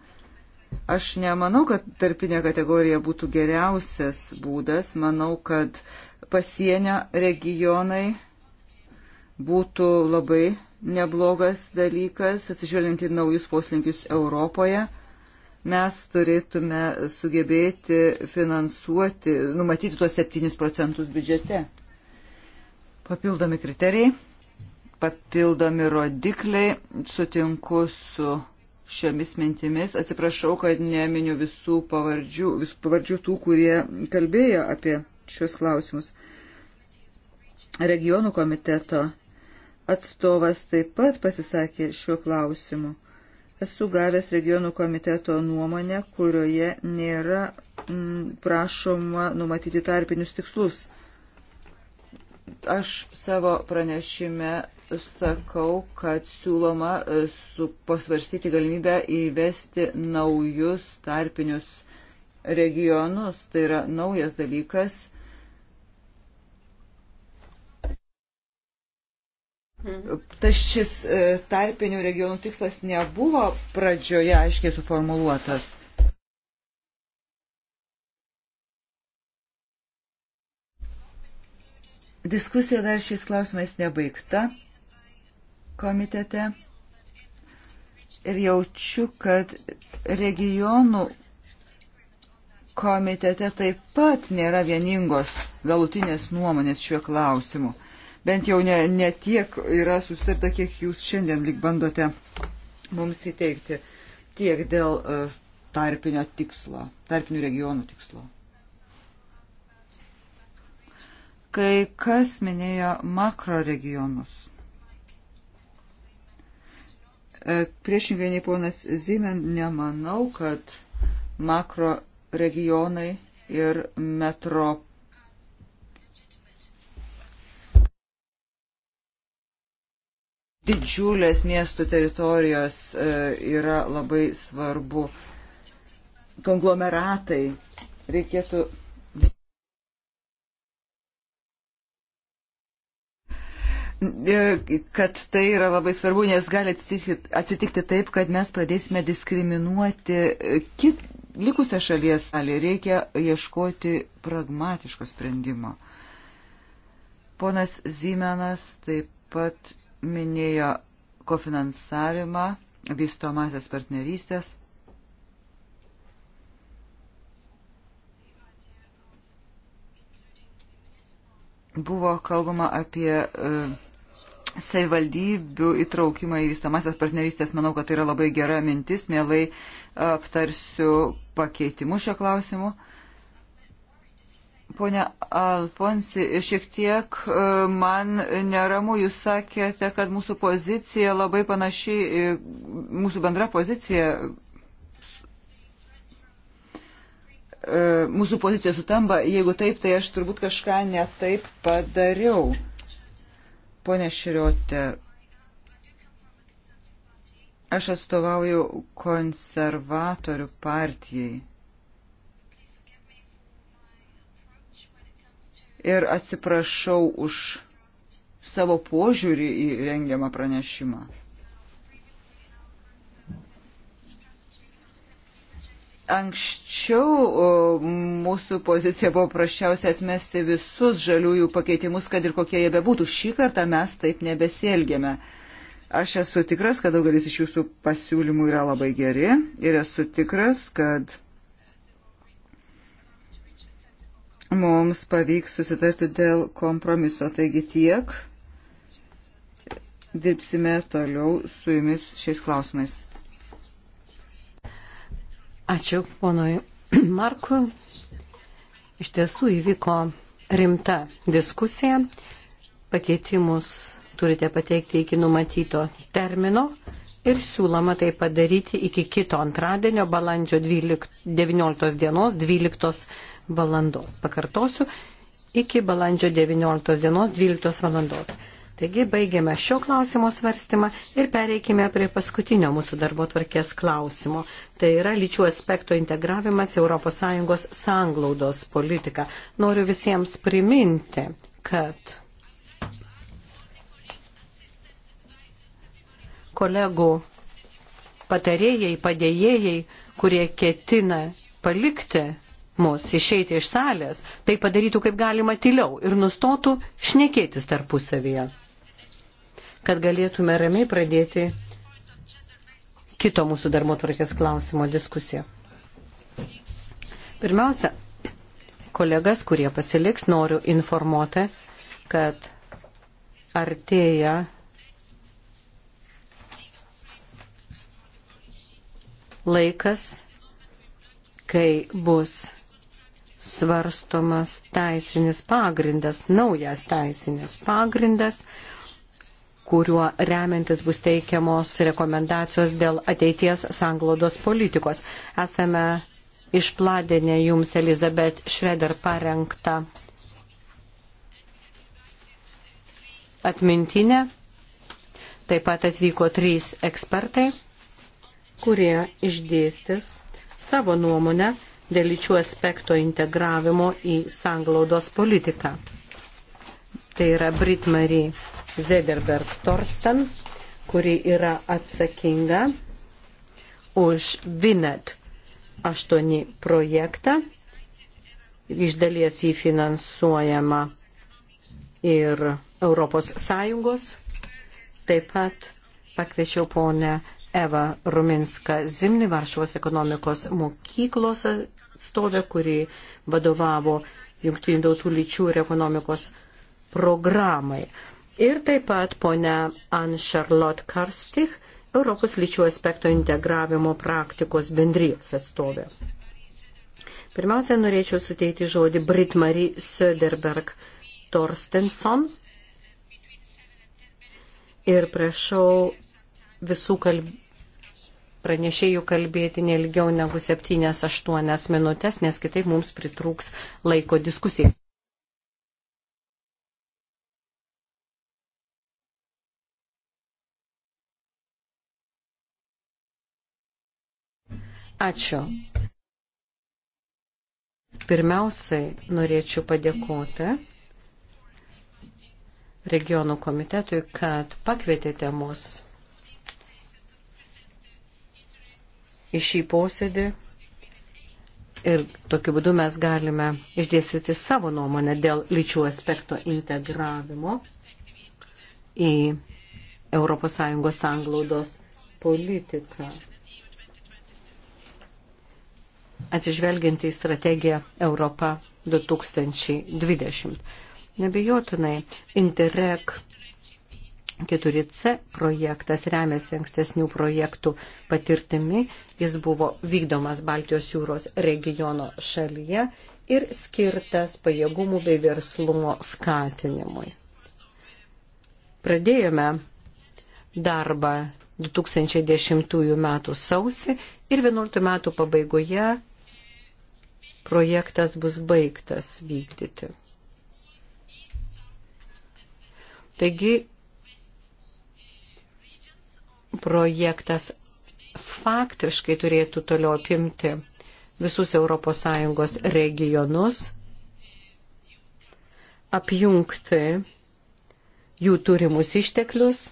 Aš nemanau, kad tarpinė kategorija būtų geriausias būdas, manau, kad pasienio regionai būtų labai neblogas dalykas, atsižvelgiant į naujus poslinkius Europoje. Mes turėtume sugebėti finansuoti, numatyti tuos 7 procentus biudžete. Papildomi kriterijai, papildomi rodikliai, sutinku su šiomis mintimis. Atsiprašau, kad neminiu visų pavardžių, visų pavardžių tų, kurie kalbėjo apie šios klausimus. Regionų komiteto atstovas taip pat pasisakė šiuo klausimu. Esu gavęs regionų komiteto nuomonę, kurioje nėra m, mm, prašoma numatyti tarpinius tikslus. Aš savo pranešime sakau, kad siūloma e, su, pasvarstyti galimybę įvesti naujus tarpinius regionus. Tai yra naujas dalykas Tas šis e, tarpinių regionų tikslas nebuvo pradžioje aiškiai suformuluotas. Diskusija dar šiais klausimais nebaigta komitete ir jaučiu, kad regionų komitete taip pat nėra vieningos galutinės nuomonės šiuo klausimu bent jau ne, ne tiek yra susitarta, kiek jūs šiandien lik bandote mums įteikti. Tiek dėl e, tarpinio tikslo, tarpinių regionų tikslo. Kai kas minėjo makro regionus. E, priešingai nei ponas Zimen, nemanau, kad makro regionai ir metropoliai didžiulės miestų teritorijos e, yra labai svarbu. Konglomeratai reikėtų. E, kad tai yra labai svarbu, nes gali atsitikti, atsitikti taip, kad mes pradėsime diskriminuoti e, kit, likusią šalies salį. Reikia ieškoti pragmatiško sprendimo. Ponas Zimenas taip pat minėjo kofinansavimą, vystomasias partnerystės. Buvo kalbama apie e, savivaldybių įtraukimą į vystomasias partnerystės. Manau, kad tai yra labai gera mintis. Mielai aptarsiu pakeitimus šio klausimu. Pone Alfonsi, šiek tiek e, man neramu, jūs sakėte, kad mūsų pozicija labai panaši, mūsų bendra pozicija, e, mūsų pozicija sutamba, jeigu taip, tai aš turbūt kažką netaip padariau. Pone Širiotė, aš atstovauju konservatorių partijai. ir atsiprašau už savo požiūrį į rengiamą pranešimą. Anksčiau mūsų pozicija buvo praščiausia atmesti visus žaliųjų pakeitimus, kad ir kokie jie bebūtų. Šį kartą mes taip nebesielgėme. Aš esu tikras, kad daugelis iš jūsų pasiūlymų yra labai geri ir esu tikras, kad mums pavyks susitarti dėl kompromiso. Taigi tiek. Dirbsime toliau su jumis šiais klausimais. Ačiū ponui Markui. Iš tiesų įvyko rimta diskusija. Pakeitimus turite pateikti iki numatyto termino ir siūloma tai padaryti iki kito antradienio, balandžio 12, 19 dienos 12 valandos. Pakartosiu, iki balandžio 19 dienos 12 valandos. Taigi baigiame šio klausimo svarstymą ir pereikime prie paskutinio mūsų darbo tvarkės klausimo. Tai yra lyčių aspekto integravimas ES sanglaudos politika. Noriu visiems priminti, kad kolegų patarėjai, padėjėjai, kurie ketina palikti mus išeiti iš salės, tai padarytų kaip galima tyliau ir nustotų šnekėtis tarpusavyje, kad galėtume ramiai pradėti kito mūsų darbo tvarkės klausimo diskusiją. Pirmiausia, kolegas, kurie pasiliks, noriu informuoti, kad artėja laikas, kai bus svarstomas teisinis pagrindas, naujas teisinis pagrindas, kuriuo remiantis bus teikiamos rekomendacijos dėl ateities sanglaudos politikos. Esame išpladinę jums Elizabet Šreder parengtą atmintinę. Taip pat atvyko trys ekspertai, kurie išdėstis savo nuomonę dėl lyčių aspekto integravimo į sanglaudos politiką. Tai yra Brit Marie Zederberg Torsten, kuri yra atsakinga už Vinet 8 projektą. Iš dalies jį finansuojama ir Europos Sąjungos. Taip pat pakviečiau ponę Eva Ruminska Zimni Varšuvos ekonomikos mokyklos atstovė, kuri vadovavo Junktinių tautų lyčių ir ekonomikos programai. Ir taip pat ponia Anne Charlotte Karstich, Europos lyčių aspekto integravimo praktikos bendrijos atstovė. Pirmiausia, norėčiau suteikti žodį Brit Marie Söderberg Torstenson ir prašau visų kalbėti pranešėjų kalbėti nelgiau negu 7-8 minutės, nes kitaip mums pritrūks laiko diskusijai. Ačiū. Pirmiausiai norėčiau padėkoti regionų komitetui, kad pakvietėte mus į šį posėdį ir tokiu būdu mes galime išdėstyti savo nuomonę dėl lyčių aspekto integravimo į ES anglaudos politiką. Atsižvelgiant į strategiją Europa 2020. Nebejotinai, Interreg 4C projektas remiasi ankstesnių projektų patirtimi, jis buvo vykdomas Baltijos jūros regiono šalyje ir skirtas pajėgumų bei verslumo skatinimui. Pradėjome darbą 2010 m. sausį ir 11 metų pabaigoje projektas bus baigtas vykdyti. Taigi projektas faktiškai turėtų toliau apimti visus ES regionus, apjungti jų turimus išteklius.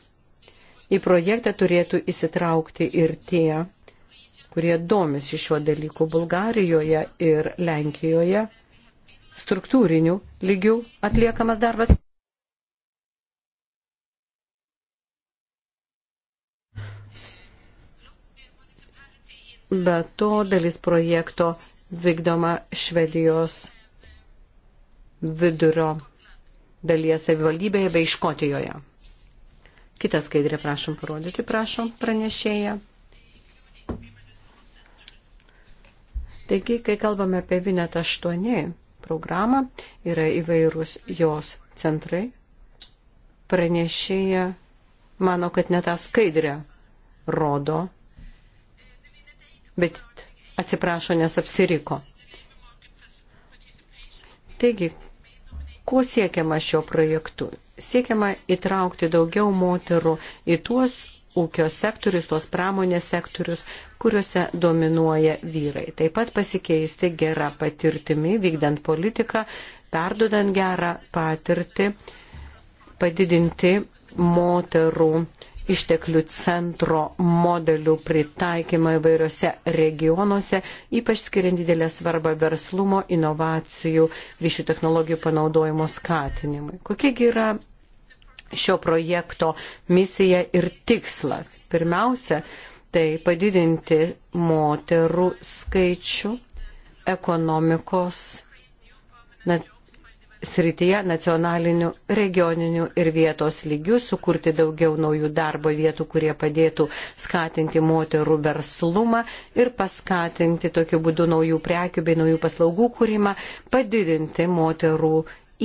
Į projektą turėtų įsitraukti ir tie, kurie domisi šiuo dalyku Bulgarijoje ir Lenkijoje struktūrinių lygių atliekamas darbas. Be to dalis projekto vykdoma Švedijos vidurio dalies savivaldybėje bei Škotijoje. Kitą skaidrę prašom parodyti, prašom pranešėją. Taigi, kai kalbame apie Vinet 8 programą, yra įvairūs jos centrai. Pranešėja mano, kad ne tą skaidrę rodo bet atsiprašo, nes apsiriko. Taigi, kuo siekiama šio projektu? Siekiama įtraukti daugiau moterų į tuos ūkio sektorius, tuos pramonės sektorius, kuriuose dominuoja vyrai. Taip pat pasikeisti gerą patirtimį, vykdant politiką, perdodant gerą patirtį, padidinti moterų išteklių centro modelių pritaikymą įvairiose regionuose, ypač skiriant didelę svarbą verslumo, inovacijų, ryšių technologijų panaudojimo skatinimui. Kokiegi yra šio projekto misija ir tikslas? Pirmiausia, tai padidinti moterų skaičių ekonomikos, net srityje nacionaliniu, regioniniu ir vietos lygiu, sukurti daugiau naujų darbo vietų, kurie padėtų skatinti moterų verslumą ir paskatinti tokiu būdu naujų prekių bei naujų paslaugų kūrimą, padidinti moterų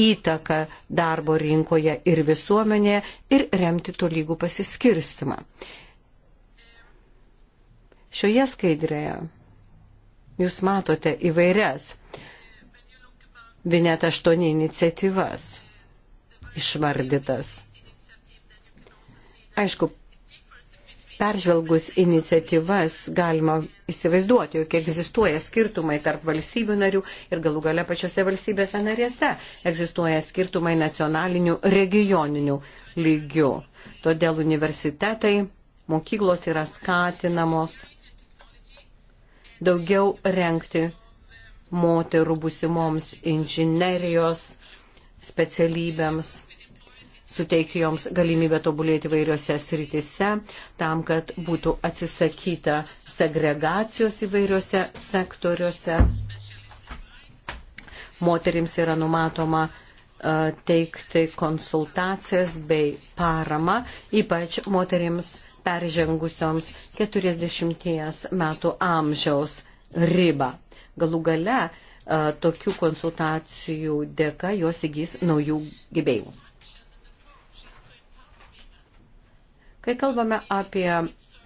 įtaką darbo rinkoje ir visuomenėje ir remti tolygų pasiskirstimą. Šioje skaidrėje jūs matote įvairias Vinet 8 iniciatyvas išvardytas. Aišku, peržvelgus iniciatyvas galima įsivaizduoti, jog egzistuoja skirtumai tarp valstybių narių ir galų gale pačiose valstybėse narėse egzistuoja skirtumai nacionalinių regioninių lygių. Todėl universitetai, mokyklos yra skatinamos daugiau renkti moterų busimoms inžinerijos specialybėms, suteikti joms galimybę tobulėti vairiose sritise, tam, kad būtų atsisakyta segregacijos įvairiose sektoriuose. Moterims yra numatoma e, teikti konsultacijas bei paramą, ypač moterims peržengusioms 40 metų amžiaus ribą galų gale tokių konsultacijų dėka jos įgys naujų gebėjimų. Kai kalbame apie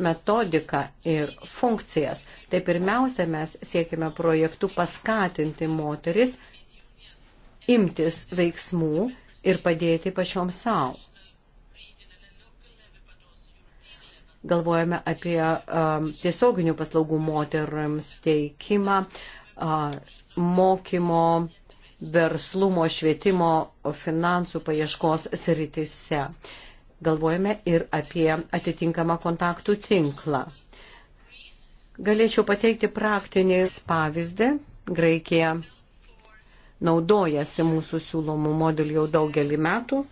metodiką ir funkcijas, tai pirmiausia mes siekime projektų paskatinti moteris imtis veiksmų ir padėti pačioms savo. galvojame apie um, tiesioginių paslaugų moteriams teikimą, uh, mokymo, verslumo, švietimo, finansų paieškos sritise. Galvojame ir apie atitinkamą kontaktų tinklą. Galėčiau pateikti praktinį pavyzdį. Graikija naudojasi mūsų siūlomų modelių jau daugelį metų,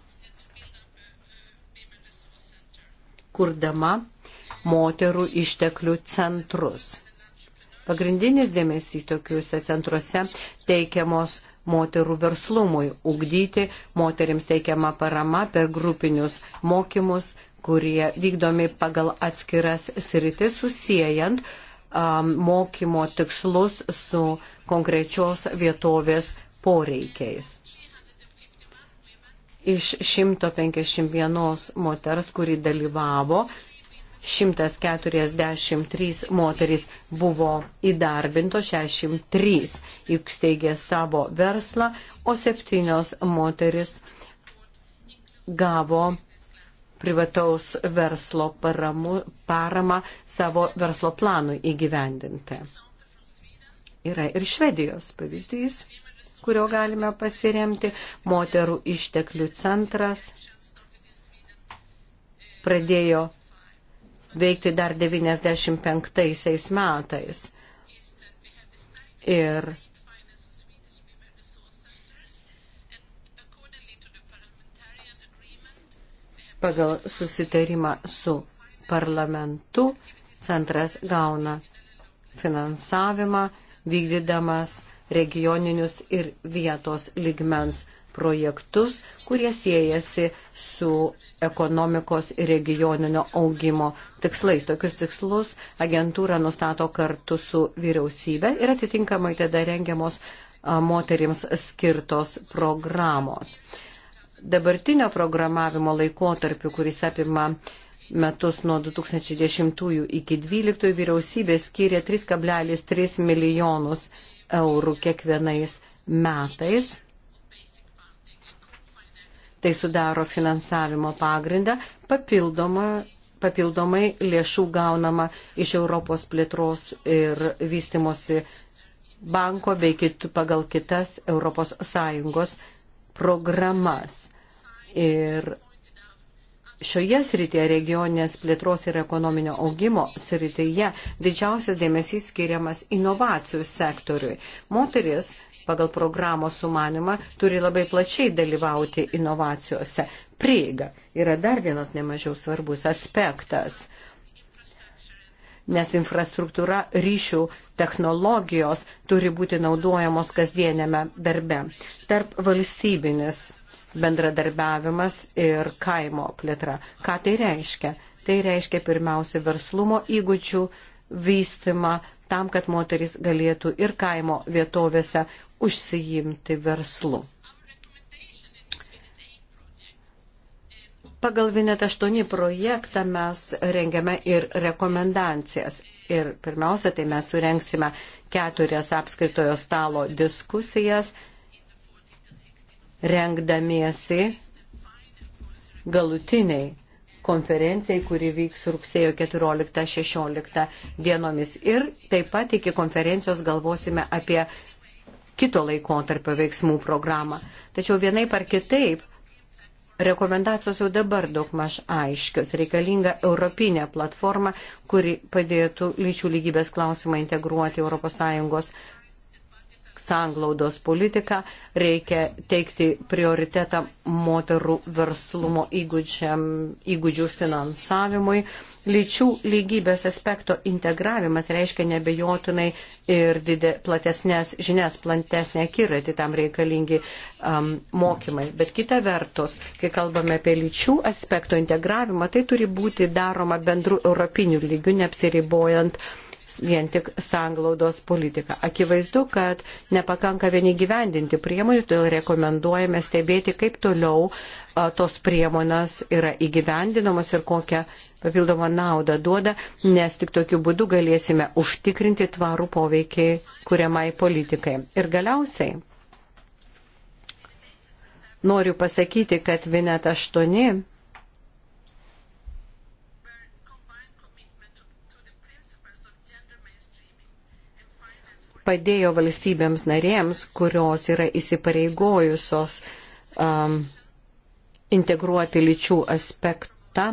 kurdama moterų išteklių centrus. Pagrindinis dėmesys tokiuose centruose teikiamos moterų verslumui ugdyti, moteriams teikiama parama per grupinius mokymus, kurie vykdomi pagal atskiras sritis, susijęjant um, mokymo tikslus su konkrečios vietovės poreikiais. Iš 151 moters, kuri dalyvavo, 143 moteris buvo įdarbinto, 63 įsteigė savo verslą, o 7 moteris gavo privataus verslo paramu, paramą savo verslo planui įgyvendinti. Yra ir Švedijos pavyzdys, kurio galime pasiremti, moterų išteklių centras pradėjo veikti dar 95 metais. Ir pagal susitarimą su parlamentu centras gauna finansavimą vykdydamas regioninius ir vietos ligmens projektus, kurie siejasi su ekonomikos ir regioninio augimo tikslais. Tokius tikslus agentūra nustato kartu su vyriausybė ir atitinkamai tada rengiamos moterims skirtos programos. Dabartinio programavimo laikotarpiu, kuris apima metus nuo 2010 iki 2012 vyriausybė skiria 3,3 milijonus eurų kiekvienais metais Tai sudaro finansavimo pagrindą papildomai lėšų gaunama iš Europos plėtros ir vystimosi banko bei kitų pagal kitas ES programas. Ir šioje srityje regioninės plėtros ir ekonominio augimo srityje didžiausias dėmesys skiriamas inovacijų sektoriui. Moteris pagal programos sumanimą turi labai plačiai dalyvauti inovacijose. Prieiga yra dar vienas nemažiau svarbus aspektas, nes infrastruktūra ryšių technologijos turi būti naudojamos kasdienėme darbe. Tarp valstybinis bendradarbiavimas ir kaimo plėtra. Ką tai reiškia? Tai reiškia pirmiausia verslumo įgūdžių vystimą tam, kad moteris galėtų ir kaimo vietovėse užsiimti verslu. Pagal Vinet 8 projektą mes rengiame ir rekomendacijas. Ir pirmiausia, tai mes surenksime keturias apskritojo stalo diskusijas, rengdamiesi galutiniai konferencijai, kuri vyks rugsėjo 14-16 dienomis. Ir taip pat iki konferencijos galvosime apie kito laikotarpio veiksmų programą. Tačiau vienai par kitaip rekomendacijos jau dabar daugmaž aiškios. Reikalinga europinė platforma, kuri padėtų lyčių lygybės klausimą integruoti ES sanglaudos politiką, reikia teikti prioritetą moterų verslumo įgūdžių finansavimui. Lyčių lygybės aspekto integravimas reiškia nebejotinai ir didė, platesnės žinias, platesnė akiratį tam reikalingi um, mokymai. Bet kita vertus, kai kalbame apie lyčių aspekto integravimą, tai turi būti daroma bendru europiniu lygiu, neapsiribojant uh, vien tik sanglaudos politiką. Akivaizdu, kad nepakanka vieni gyvendinti priemonių, todėl rekomenduojame stebėti, kaip toliau a, tos priemonės yra įgyvendinamos ir kokią papildomą naudą duoda, nes tik tokiu būdu galėsime užtikrinti tvarų poveikį kuriamai politikai. Ir galiausiai noriu pasakyti, kad Vinet 8 padėjo valstybėms narėms, kurios yra įsipareigojusios um, integruoti lyčių aspektą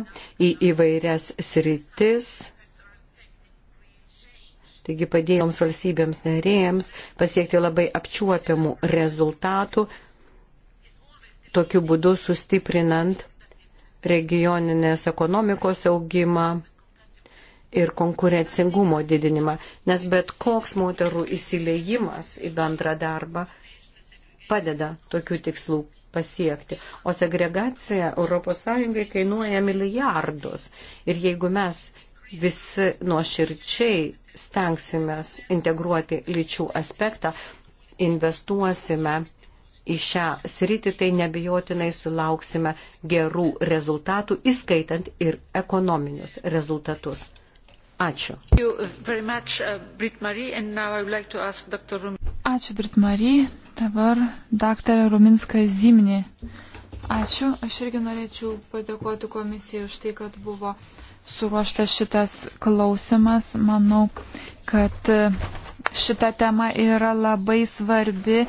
į įvairias sritis. Taigi padėjoms valstybėms narėms pasiekti labai apčiuopiamų rezultatų, tokiu būdu sustiprinant regioninės ekonomikos augimą ir konkurencingumo didinimą, nes bet koks moterų įsileijimas į bendrą darbą padeda tokių tikslų pasiekti. O segregacija ES kainuoja milijardus. Ir jeigu mes visi nuoširčiai stengsimės integruoti lyčių aspektą, investuosime į šią sritį, tai nebijotinai sulauksime gerų rezultatų, įskaitant ir ekonominius rezultatus. Ačiū. Uh, Ačiū, Britmary. Dabar daktarė Ruminska Zimni. Ačiū. Aš irgi norėčiau padėkoti komisijai už tai, kad buvo suruoštas šitas klausimas. Manau, kad e, šita tema yra labai svarbi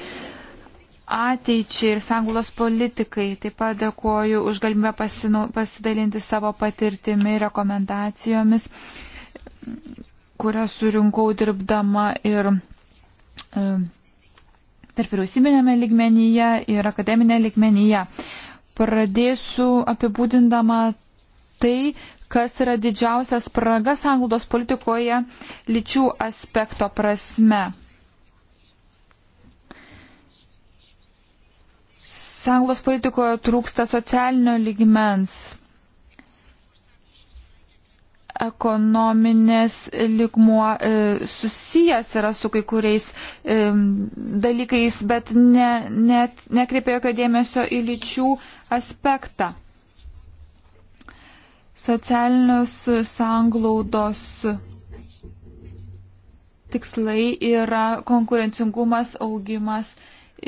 ateičiai ir sangulos politikai. Taip pat dėkoju už galimybę pasidalinti savo patirtimi ir rekomendacijomis kurią surinkau dirbdama ir e, tarp vyriausybinėme ligmenyje ir akademinė ligmenyje. Pradėsiu apibūdindama tai, kas yra didžiausias spragas anglodos politikoje lyčių aspekto prasme. Sanglos politikoje trūksta socialinio ligmens ekonominės likmuo e, susijęs yra su kai kuriais e, dalykais, bet ne, ne, nekreipia jokio dėmesio į lyčių aspektą. Socialinius sanglaudos tikslai yra konkurencingumas, augimas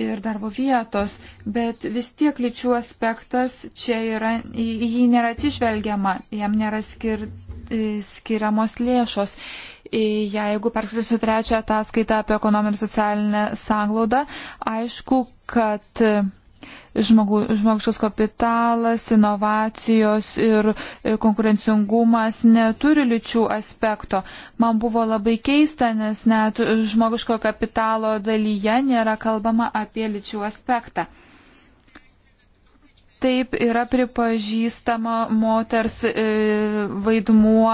ir darbo vietos, bet vis tiek lyčių aspektas čia yra, į jį nėra atsižvelgiama, jam nėra skirti E, skiriamos lėšos. E, jeigu perskaitysiu trečią ataskaitą apie ekonominę ir socialinę sanglaudą, aišku, kad e, žmogu, žmogiškas kapitalas, inovacijos ir konkurencingumas neturi lyčių aspekto. Man buvo labai keista, nes net žmogiško kapitalo dalyje nėra kalbama apie lyčių aspektą taip yra pripažįstama moters e, vaidmuo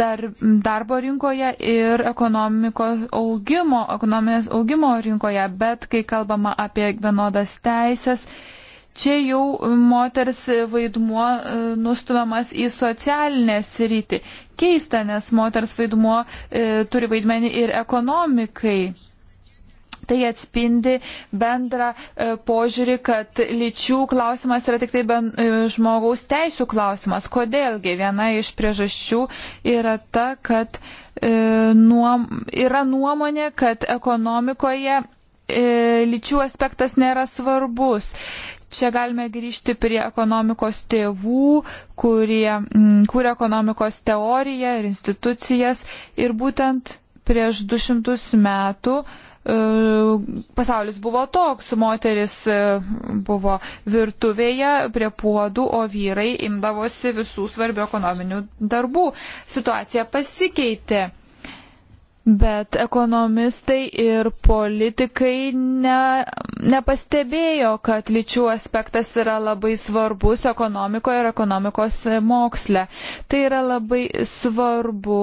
dar, darbo rinkoje ir ekonomikos augimo, ekonomijos augimo rinkoje, bet kai kalbama apie vienodas teisės, čia jau moters vaidmuo e, nustumiamas į socialinę sritį. Keista, nes moters vaidmuo e, turi vaidmenį ir ekonomikai. Tai atspindi bendrą e, požiūrį, kad lyčių klausimas yra tik tai ben, e, žmogaus teisų klausimas. Kodėlgi viena iš priežasčių yra ta, kad e, nuom, yra nuomonė, kad ekonomikoje e, lyčių aspektas nėra svarbus. Čia galime grįžti prie ekonomikos tėvų, kurie m, mm, kūrė ekonomikos teoriją ir institucijas. Ir būtent prieš 200 metų E, pasaulis buvo toks, moteris e, buvo virtuvėje prie puodų, o vyrai imdavosi visų svarbių ekonominių darbų. Situacija pasikeitė. Bet ekonomistai ir politikai ne, nepastebėjo, kad lyčių aspektas yra labai svarbus ekonomikoje ir ekonomikos moksle. Tai yra labai svarbu,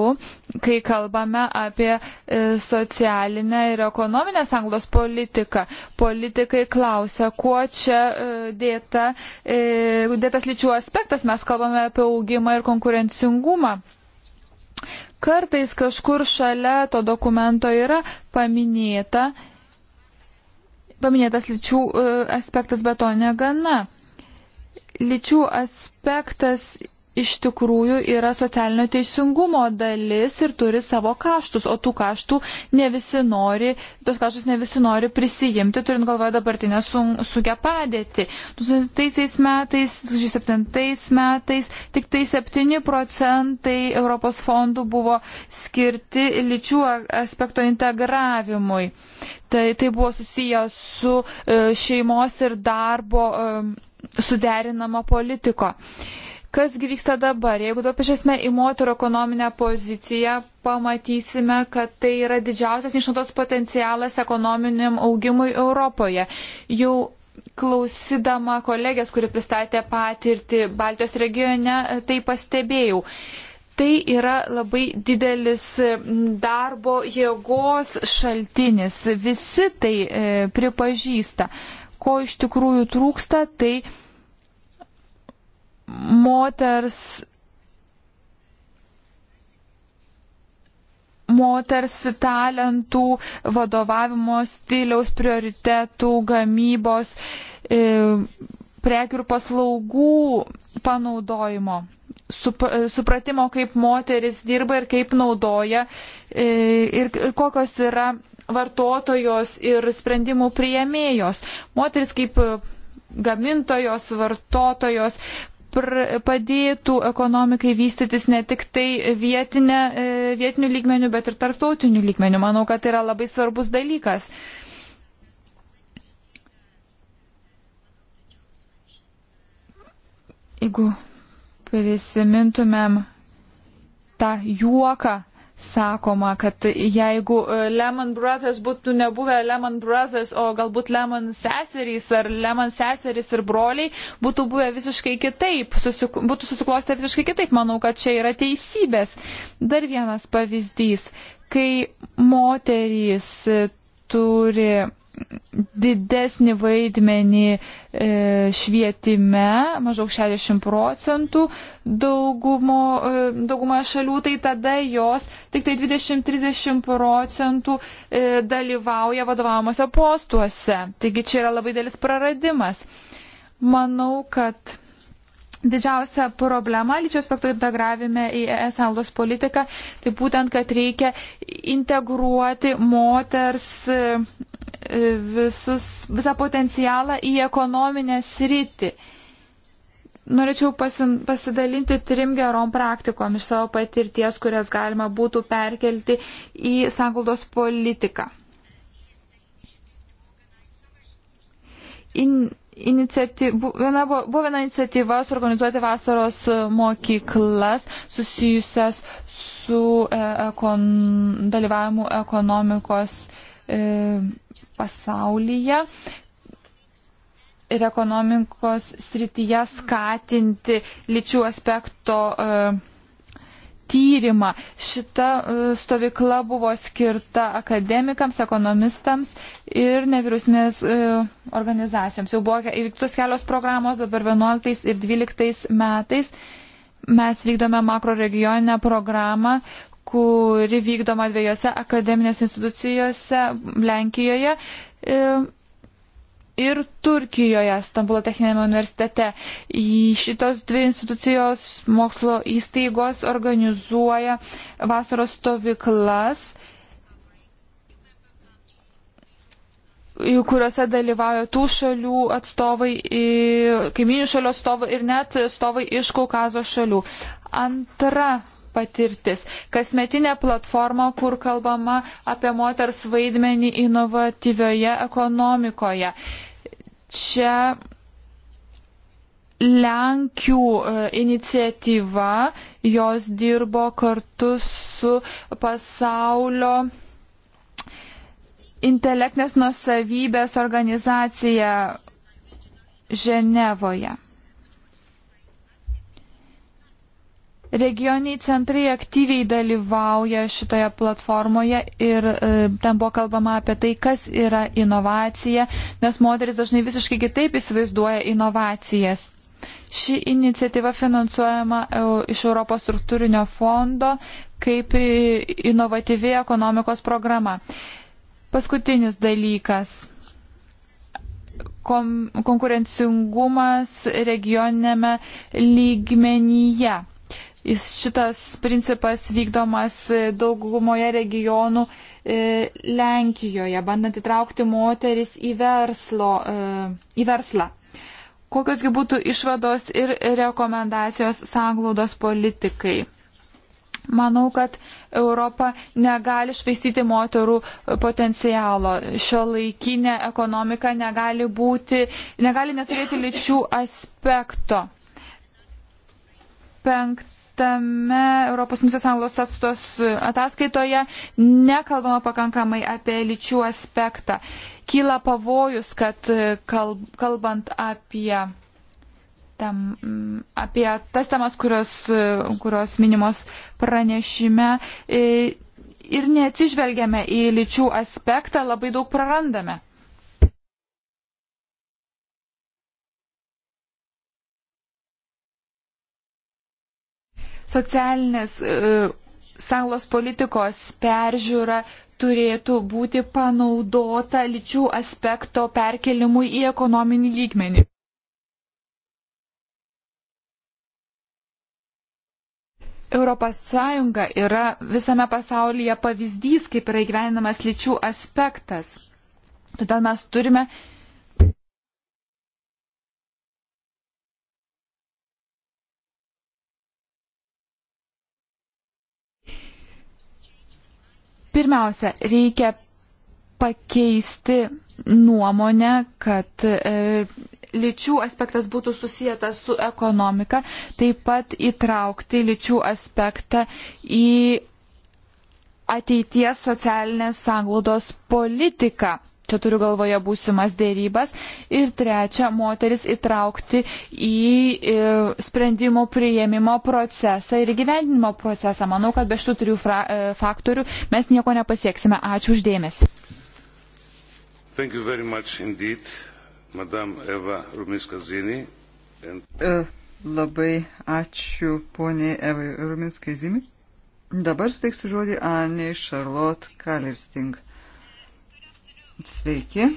kai kalbame apie e, socialinę ir ekonominę sanglos politiką. Politikai klausia, kuo čia e, dėta, e, dėtas lyčių aspektas. Mes kalbame apie augimą ir konkurencingumą. Kartais kažkur šalia to dokumento yra paminėta, paminėtas lyčių e, aspektas, bet to negana. Lyčių aspektas iš tikrųjų yra socialinio teisingumo dalis ir turi savo kaštus, o tų kaštų ne visi nori, tos kaštus ne visi nori prisijimti, turint galvoje dabartinę sunkę padėtį. 2007 metais, 2007 metais tik tai 7 procentai Europos fondų buvo skirti lyčių aspekto integravimui. Tai, tai buvo susijęs su e, šeimos ir darbo e, suderinama politiko. Kas vyksta dabar? Jeigu dabar pažiūrėsime į moterų ekonominę poziciją, pamatysime, kad tai yra didžiausias išnaudos potencialas ekonominiam augimui Europoje. Jau klausydama kolegės, kuri pristatė patirtį Baltijos regione, tai pastebėjau. Tai yra labai didelis darbo jėgos šaltinis. Visi tai e, pripažįsta. Ko iš tikrųjų trūksta, tai moters moters talentų, vadovavimo stiliaus, prioritetų, gamybos, e, prekių ir paslaugų panaudojimo, sup, e, supratimo, kaip moteris dirba ir kaip naudoja e, ir, ir kokios yra vartotojos ir sprendimų prieimėjos. Moteris kaip e, gamintojos, vartotojos, padėtų ekonomikai vystytis ne tik tai vietinė, e, vietinių lygmenių, bet ir tarptautinių lygmenių. Manau, kad tai yra labai svarbus dalykas. Jeigu prisimintumėm tą juoką, sakoma, kad jeigu e, Lemon Brothers būtų nebuvę Lemon Brothers, o galbūt Lemon seserys ar Lemon seserys ir broliai, būtų buvę visiškai kitaip, susik būtų susiklostę visiškai kitaip. Manau, kad čia yra teisybės. Dar vienas pavyzdys, kai moterys e, turi didesnį vaidmenį e, švietime, maždaug 60 procentų daugumo, e, daugumoje šalių, tai tada jos tik tai 20-30 procentų e, dalyvauja vadovavimuose postuose. Taigi čia yra labai dėlis praradimas. Manau, kad didžiausia problema lyčių aspektų integravime į ES aldos politiką, tai būtent, kad reikia integruoti moters visus, visą potencialą į ekonominę sritį. Norėčiau pasin, pasidalinti trim gerom praktikom iš savo patirties, kurias galima būtų perkelti į sanglaudos politiką. In, iniciatyv, viena, buvo, buvo viena iniciatyva suorganizuoti vasaros mokyklas susijusias su e, ekon, dalyvavimu ekonomikos e, pasaulyje ir ekonomikos srityje skatinti lyčių aspekto e, tyrimą. Šita e, stovykla buvo skirta akademikams, ekonomistams ir nevyriausybės e, organizacijoms. Jau buvo įvyktos kelios programos, dabar 11 ir 12 metais mes vykdome makroregioninę programą, kuri vykdoma dviejose akademinės institucijose Lenkijoje e, ir Turkijoje, Stambulo techninėme universitete. Į šitos dvi institucijos mokslo įstaigos organizuoja vasaros stovyklas kuriuose dalyvauja tų šalių atstovai, kaiminių šalių atstovai ir net atstovai iš Kaukazo šalių. Antra patirtis - kasmetinė platforma, kur kalbama apie moters vaidmenį inovatyvioje ekonomikoje. Čia Lenkių e, iniciatyva, jos dirbo kartu su pasaulio intelektinės nusavybės organizacija Ženevoje. Regioniai centrai aktyviai dalyvauja šitoje platformoje ir e, ten buvo kalbama apie tai, kas yra inovacija, nes moteris dažnai visiškai kitaip įsivaizduoja inovacijas. Ši iniciatyva finansuojama e, iš Europos struktūrinio fondo kaip e, inovatyvi ekonomikos programa. E, Paskutinis dalykas. Kom, konkurencingumas regioninėme lygmenyje. Jis šitas principas vykdomas daugumoje regionų e, Lenkijoje, bandant įtraukti moteris į, verslo, e, į verslą. Kokiosgi būtų išvados ir rekomendacijos sanglaudos politikai? Manau, kad Europa negali švaistyti moterų potencialo. Šio laikinė ekonomika negali būti, negali neturėti lyčių aspekto. Penktame Europos misijos anglos atstos ataskaitoje nekalbama pakankamai apie lyčių aspektą. Kyla pavojus, kad kalbant apie tem, apie tas temas, kurios, kurios minimos pranešime e, ir neatsižvelgiame į lyčių aspektą, labai daug prarandame. Socialinės e, sąjungos politikos peržiūra turėtų būti panaudota lyčių aspekto perkelimui į ekonominį lygmenį. ES yra visame pasaulyje pavyzdys, kaip yra įgyveninamas lyčių aspektas. Todėl mes turime Pirmiausia, reikia pakeisti nuomonę, kad e, lyčių aspektas būtų susijęs su ekonomika, taip pat įtraukti lyčių aspektą į ateities socialinės sanglaudos politiką. Čia turiu galvoje būsimas dėrybas. Ir trečia, moteris įtraukti į e, sprendimų prieimimo procesą ir gyvendinimo procesą. Manau, kad be šitų trijų e, faktorių mes nieko nepasieksime. Ačiū uždėmesi. Thank you very much indeed. And... E, labai ačiū poniai Evai Ruminskai Zimi. Dabar suteiksiu žodį Aniai Charlotte Kalersting. Sveiki.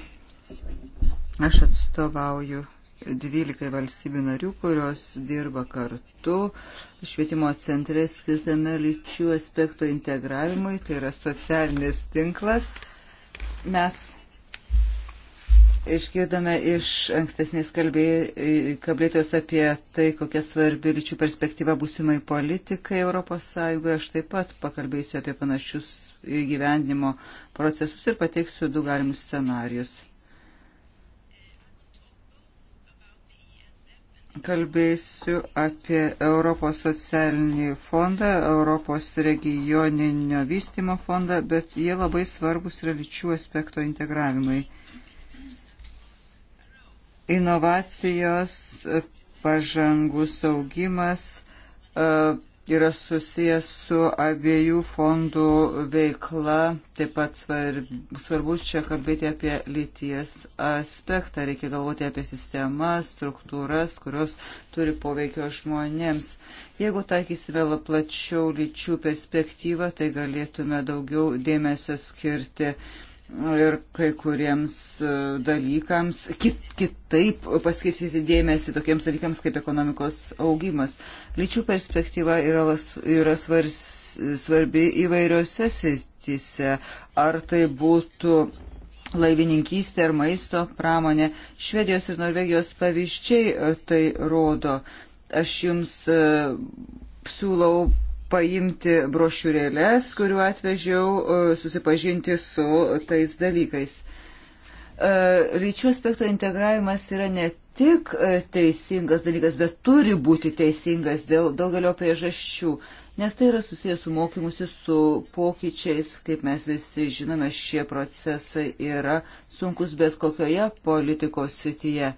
Aš atstovauju 12 valstybių narių, kurios dirba kartu švietimo centre skirtame lyčių aspekto integravimui, tai yra socialinis tinklas. Mes Išgirdome iš ankstesnės kalbėtojos apie tai, kokia svarbi lyčių perspektyva būsimai politikai ES. Aš taip pat pakalbėsiu apie panašius įgyvendinimo procesus ir pateiksiu du galimus scenarius. Kalbėsiu apie Europos socialinį fondą, Europos regioninio vystimo fondą, bet jie labai svarbus yra lyčių aspekto integravimai. Inovacijos, pažangus augimas e, yra susijęs su abiejų fondų veikla. Taip pat svarbus čia kalbėti apie lyties aspektą. Reikia galvoti apie sistemas, struktūras, kurios turi poveikio žmonėms. Jeigu taikysime plačiau lyčių perspektyvą, tai galėtume daugiau dėmesio skirti uh, ir kai kuriems e, dalykams, kit, kitaip paskirstyti dėmesį tokiems dalykams kaip ekonomikos augimas. Lyčių perspektyva yra, yra svars, svarbi įvairiose srityse, ar tai būtų laivininkystė ar maisto pramonė. Švedijos ir Norvegijos pavyzdžiai e, tai rodo. Aš jums e, siūlau paimti brošiūrėlės, kuriuo atvežiau e, susipažinti su tais dalykais. E, lyčių aspekto integravimas yra ne tik e, teisingas dalykas, bet turi būti teisingas dėl daugelio priežasčių, nes tai yra susijęs su mokymusi, su pokyčiais, kaip mes visi žinome, šie procesai yra sunkus bet kokioje politikos sityje.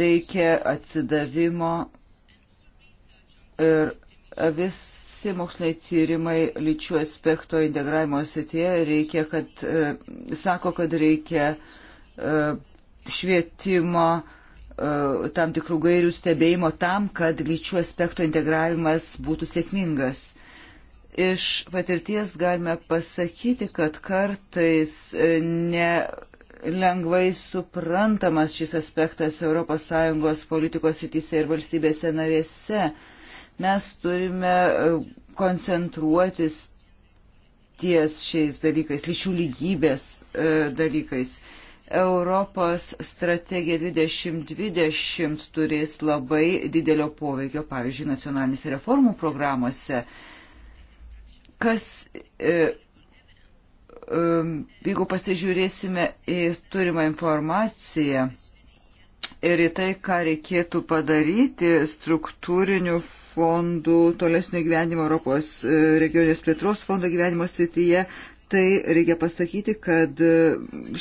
Reikia atsidavimo ir Visi moksliniai tyrimai lyčių aspekto integravimo srityje reikia, kad, e, sako, kad reikia e, švietimo, e, tam tikrų gairių stebėjimo tam, kad lyčių aspekto integravimas būtų sėkmingas. Iš patirties galime pasakyti, kad kartais nelengvai suprantamas šis aspektas ES politikos rytise ir valstybėse narėse. Mes turime e, koncentruotis ties šiais dalykais, lyčių lygybės e, dalykais. Europos strategija 2020 turės labai didelio poveikio, pavyzdžiui, nacionalinėse reformų programuose. Kas e, jeigu pasižiūrėsime į turimą informaciją, ir į tai, ką reikėtų padaryti struktūrinių fondų tolesnio gyvenimo Europos e, regionės plėtros fondo gyvenimo srityje, tai reikia pasakyti, kad e,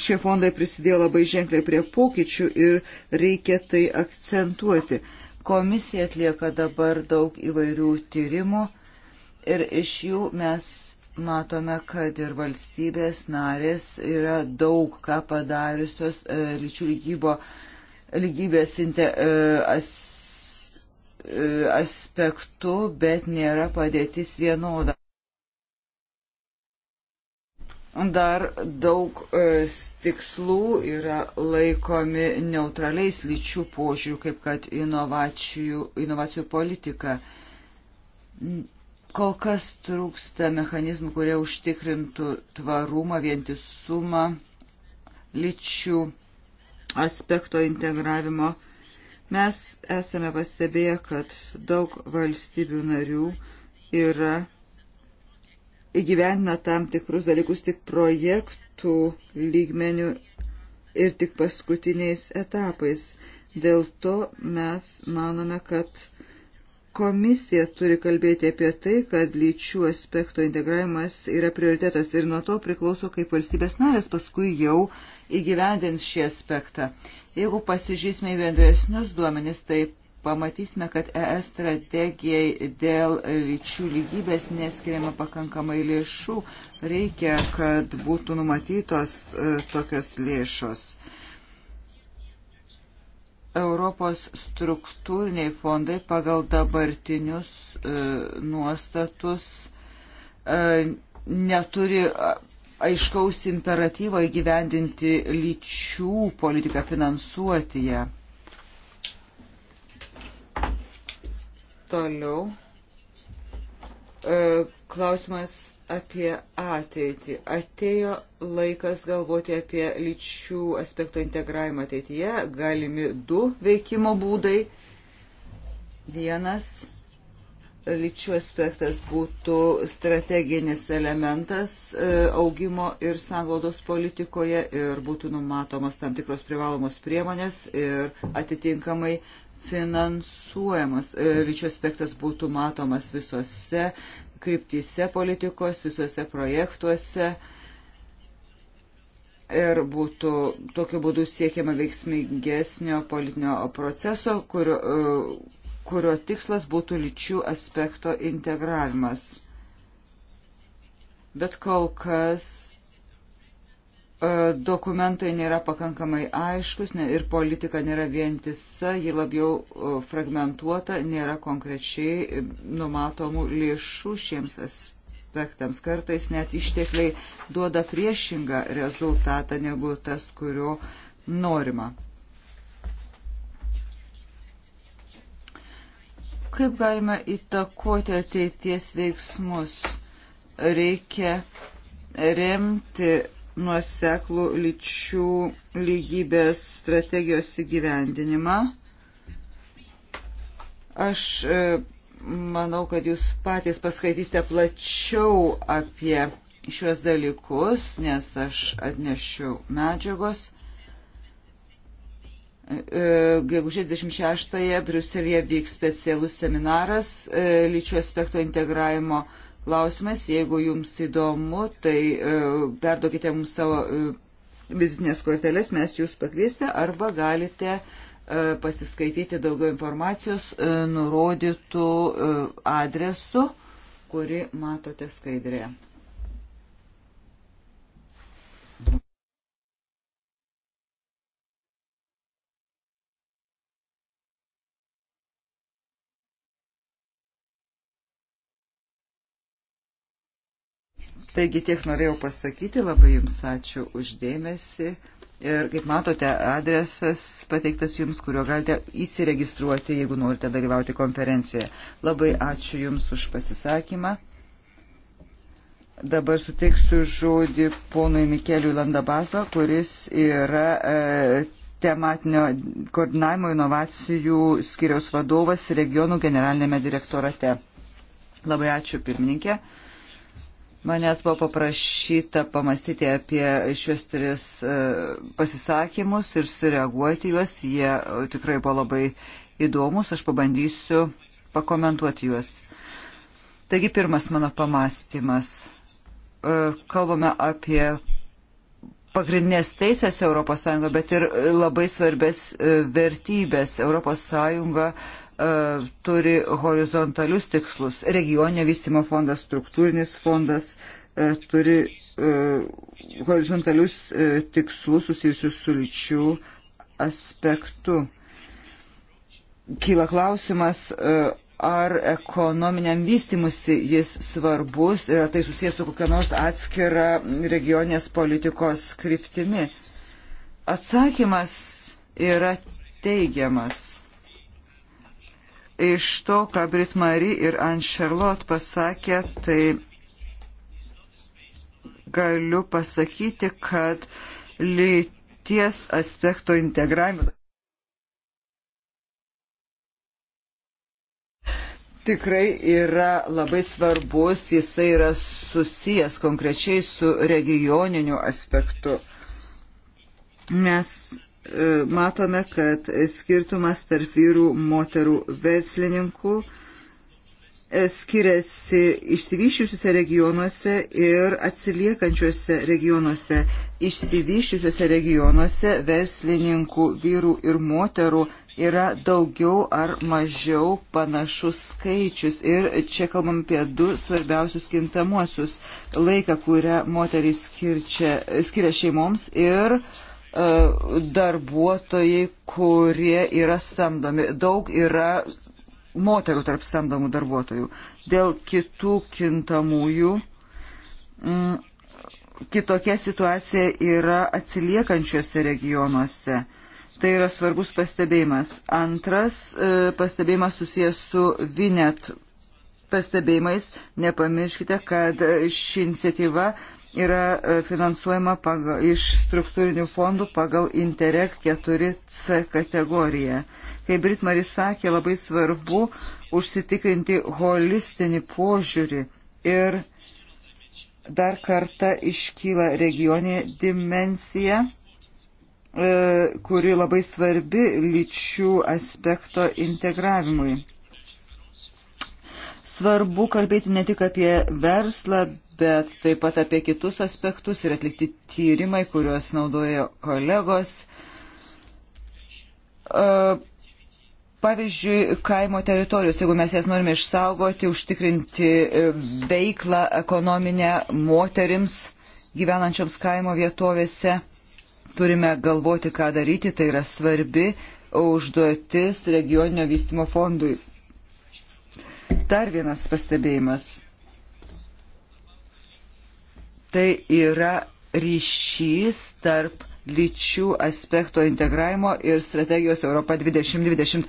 šie fondai prisidėjo labai ženkliai prie pokyčių ir reikia tai akcentuoti. Komisija atlieka dabar daug įvairių tyrimų ir iš jų mes matome, kad ir valstybės narės yra daug ką padariusios e, lyčių lygybo lygybės e, as, e, aspektu, bet nėra padėtis vienoda. Dar daug e, tikslų yra laikomi neutraliais lyčių požiūrių, kaip kad inovacijų, inovacijų politika. Kol kas trūksta mechanizmų, kurie užtikrintų tvarumą, vientisumą lyčių aspekto integravimo. Mes esame pastebėję, kad daug valstybių narių yra įgyvendina tam tikrus dalykus tik projektų lygmenių ir tik paskutiniais etapais. Dėl to mes manome, kad komisija turi kalbėti apie tai, kad lyčių aspekto integravimas yra prioritetas ir nuo to priklauso, kaip valstybės narės paskui jau įgyvendins šį aspektą. Jeigu pasižysime į bendresnius duomenis, tai pamatysime, kad ES strategijai dėl lyčių lygybės neskiriama pakankamai lėšų. Reikia, kad būtų numatytos e, tokios lėšos. Europos struktūriniai fondai pagal dabartinius e, nuostatus e, neturi aiškaus imperatyvo įgyvendinti lyčių politiką, finansuoti ją. Toliau. E, klausimas apie ateitį. Atėjo laikas galvoti apie lyčių aspekto integravimą ateityje. Galimi du veikimo būdai. Vienas lyčių aspektas būtų strateginis elementas e, augimo ir sanglaudos politikoje ir būtų numatomos tam tikros privalomos priemonės ir atitinkamai finansuojamos. E, lyčių aspektas būtų matomas visose kryptyse politikos, visuose projektuose. Ir būtų tokiu būdu siekiama veiksmingesnio politinio proceso, kurio, e, kurio tikslas būtų lyčių aspekto integravimas. Bet kol kas e, dokumentai nėra pakankamai aiškus ir politika nėra vientisa, ji labiau e, fragmentuota, nėra konkrečiai e, numatomų lėšų šiems aspektams. Kartais net ištekliai duoda priešingą rezultatą negu tas, kurio norima. Kaip galima įtakoti ateities veiksmus? Reikia remti nuoseklų lyčių lygybės strategijos įgyvendinimą. Aš e, manau, kad jūs patys paskaitysite plačiau apie šiuos dalykus, nes aš atnešiu medžiagos. E, gegužės 26-ąją Briuselėje vyks specialus seminaras e, lyčių aspekto integravimo klausimas. Jeigu jums įdomu, tai e, perduokite mums savo vizitinės korteles, mes jūs pakviesite arba galite pasiskaityti daugiau informacijos nurodytų adresu, kuri matote skaidrėje. Taigi tiek norėjau pasakyti, labai Jums ačiū uždėmesi. Ir kaip matote, adresas pateiktas Jums, kuriuo galite įsiregistruoti, jeigu norite dalyvauti konferencijoje. Labai ačiū Jums už pasisakymą. Dabar suteiksiu žodį ponui Mikeliui Landabaso, kuris yra e, tematinio koordinavimo inovacijų skiriaus vadovas regionų generalinėme direktorate. Labai ačiū pirmininkė. Manęs buvo paprašyta pamastyti apie šios tris e, pasisakymus ir sureaguoti juos. Jie e, tikrai buvo labai įdomus, aš pabandysiu pakomentuoti juos. Taigi pirmas mano pamastymas. E, kalbame apie pagrindinės teisės ES, bet ir labai svarbės vertybės. ES E, turi horizontalius tikslus. Regioninio vystimo fondas, struktūrinis fondas e, turi e, horizontalius tikslus susijusius su lyčių aspektu. Kyla klausimas, ar ekonominiam vystimusi jis svarbus ir tai susijęs su kokia nors atskira regionės politikos kryptimi. Atsakymas yra teigiamas. Iš to, ką Brit Marie ir Anne Charlotte pasakė, tai galiu pasakyti, kad lyties aspekto integravimas tikrai yra labai svarbus, jisai yra susijęs konkrečiai su regioniniu aspektu. Nes E, matome, kad skirtumas tarp vyrų moterų verslininkų e, skiriasi išsivyščiusiuose regionuose ir atsiliekančiuose regionuose. Išsivyščiusiuose regionuose verslininkų vyrų ir moterų yra daugiau ar mažiau panašus skaičius. Ir čia kalbam apie du svarbiausius kintamuosius - laiką, kurią moterys skirčia, skiria šeimoms ir uh, E, darbuotojai, kurie yra samdomi. Daug yra moterų tarp samdomų darbuotojų. Dėl kitų kintamųjų m, kitokia situacija yra atsiliekančiose regionuose. Tai yra svarbus pastebėjimas. Antras e, pastebėjimas susijęs su Vinet pastebėjimais. Nepamirškite, kad ši iniciatyva yra e, finansuojama pagal, iš struktūrinių fondų pagal Interreg 4C kategoriją. Kaip Brit Maris sakė, labai svarbu užsitikrinti holistinį požiūrį ir dar kartą iškyla regioninė dimensija, e, kuri labai svarbi lyčių aspekto integravimui. Svarbu kalbėti ne tik apie verslą, bet taip pat apie kitus aspektus ir atlikti tyrimai, kuriuos naudojo kolegos. E, pavyzdžiui, kaimo teritorijos, jeigu mes jas norime išsaugoti, užtikrinti e, veiklą ekonominę moterims gyvenančioms kaimo vietovėse, turime galvoti, ką daryti, tai yra svarbi užduotis regioninio vystimo fondui. Dar vienas pastebėjimas tai yra ryšys tarp lyčių aspekto integravimo ir strategijos Europa 2020.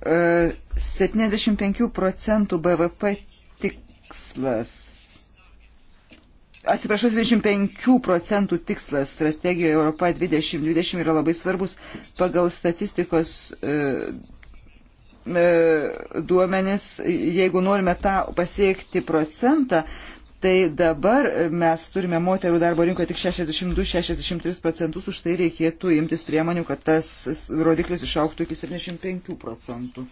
Uh, 75 procentų BVP tikslas. Atsiprašau, 25 procentų tikslas strategijoje Europa 2020 yra labai svarbus. Pagal statistikos uh, E, duomenis, jeigu norime tą pasiekti procentą, tai dabar mes turime moterų darbo rinkoje tik 62-63 procentus, už tai reikėtų imtis priemonių, kad tas rodiklis išauktų iki 75 procentų.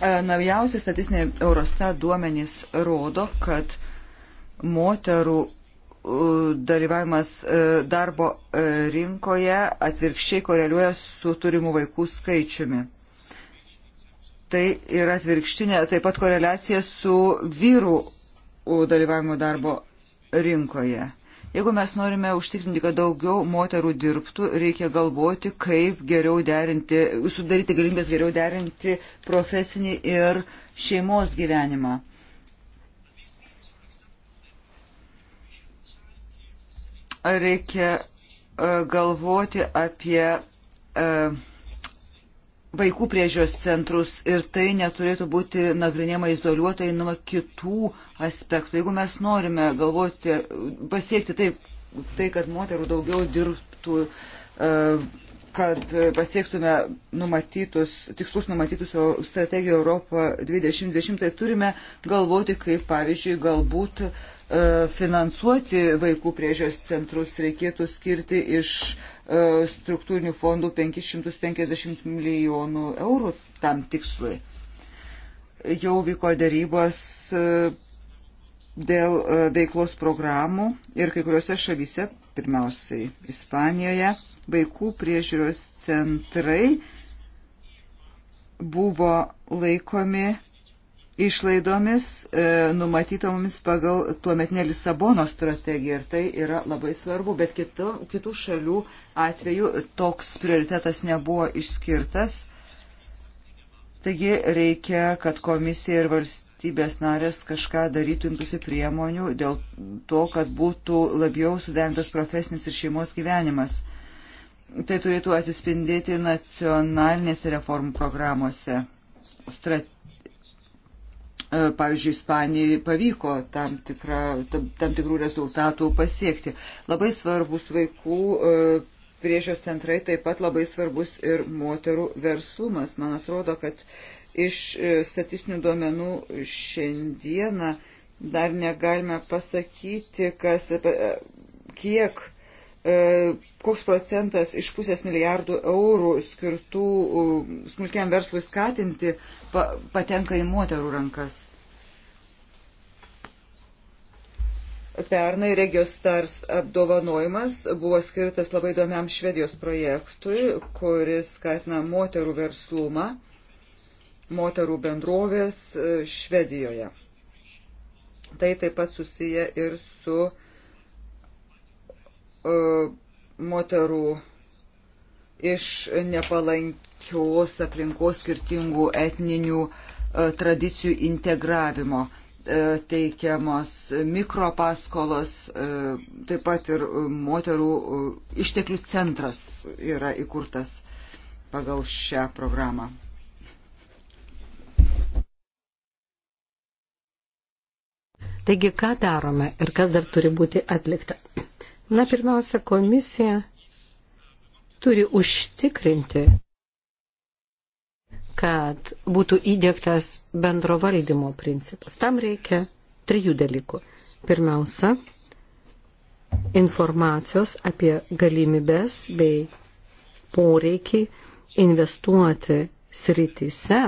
E, naujausi statistiniai Eurostat duomenys rodo, kad moterų dalyvavimas e, darbo e, rinkoje atvirkščiai koreliuoja su turimų vaikų skaičiumi. Tai yra atvirkštinė taip pat koreliacija su vyrų dalyvavimu darbo rinkoje. Jeigu mes norime užtikrinti, kad daugiau moterų dirbtų, reikia galvoti, kaip geriau derinti, sudaryti galimybės geriau derinti profesinį ir šeimos gyvenimą. reikia e, galvoti apie e, vaikų priežios centrus ir tai neturėtų būti nagrinėjama izoliuotai nuo kitų aspektų. Jeigu mes norime galvoti, pasiekti taip, tai, kad moterų daugiau dirbtų, e, kad pasiektume numatytus, tikslus numatytus strategiją Europą 2020, tai turime galvoti, kaip pavyzdžiui, galbūt uh, E, finansuoti vaikų priežios centrus reikėtų skirti iš e, struktūrinių fondų 550 milijonų eurų tam tikslui. Jau vyko darybos e, dėl veiklos programų ir kai kuriuose šalyse, pirmiausiai Ispanijoje, vaikų priežiūros centrai buvo laikomi išlaidomis e, numatytomis pagal tuometinę Lisabono strategiją ir tai yra labai svarbu, bet kitų, kitų šalių atveju toks prioritetas nebuvo išskirtas. Taigi reikia, kad komisija ir valstybės narės kažką darytų imtųsi priemonių dėl to, kad būtų labiau suderintas profesinis ir šeimos gyvenimas. Tai turėtų atsispindėti nacionalinėse reformų programuose. Strat E, pavyzdžiui, Ispanijai pavyko tam, tikra, tam, tam tikrų rezultatų pasiekti. Labai svarbus vaikų e, priežios centrai, taip pat labai svarbus ir moterų verslumas. Man atrodo, kad iš e, statistinių duomenų šiandieną dar negalime pasakyti, kas, kiek E, koks procentas iš pusės milijardų eurų skirtų smulkiam verslui skatinti pa, patenka į moterų rankas. Pernai Regijos Stars apdovanojimas buvo skirtas labai įdomiam Švedijos projektui, kuris skatina moterų verslumą, moterų bendrovės e, Švedijoje. Tai taip pat susiję ir su uh, E, moterų iš nepalankios aplinkos skirtingų etninių e, tradicijų integravimo e, teikiamos mikropaskolos, taip pat ir moterų išteklių centras yra įkurtas pagal šią programą. Taigi, ką darome ir kas dar turi būti atlikta? Na, pirmiausia, komisija turi užtikrinti, kad būtų įdėktas bendro valdymo principas. Tam reikia trijų dalykų. Pirmiausia, informacijos apie galimybės bei poreikį investuoti srityse,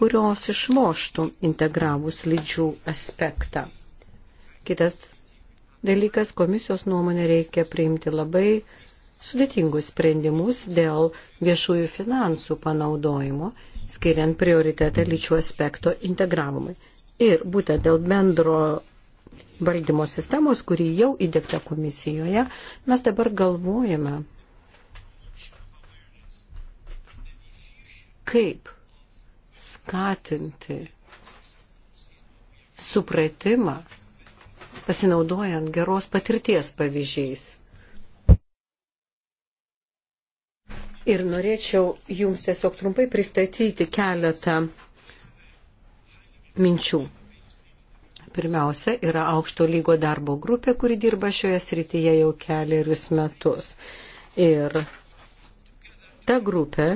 kurios išloštų integravus lydžių aspektą. Kitas dalykas. Komisijos nuomonė reikia priimti labai sudėtingus sprendimus dėl viešųjų finansų panaudojimo, skiriant prioritetą lyčių aspekto integravimui. Ir būtent dėl bendro valdymo sistemos, kuri jau įdėkta komisijoje, mes dabar galvojame, kaip skatinti supratimą pasinaudojant geros patirties pavyzdžiais. Ir norėčiau jums tiesiog trumpai pristatyti keletą minčių. Pirmiausia, yra aukšto lygo darbo grupė, kuri dirba šioje srityje jau keliarius metus. Ir ta grupė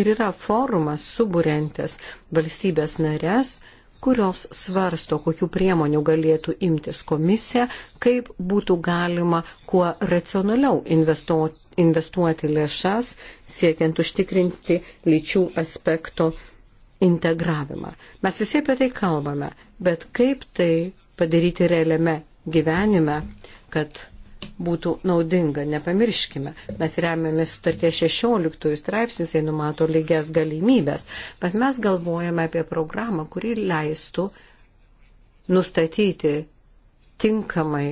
ir yra forumas suburiantis valstybės narės kurios svarsto, kokiu priemonių galėtų imtis komisija, kaip būtų galima kuo racionaliau investuoti, investuoti lėšas, siekiant užtikrinti lyčių aspekto integravimą. Mes visi apie tai kalbame, bet kaip tai padaryti realiame gyvenime, kad būtų naudinga. Nepamirškime, mes remiamės sutartie 16 straipsnius, jie numato lygias galimybės, bet mes galvojame apie programą, kuri leistų nustatyti tinkamai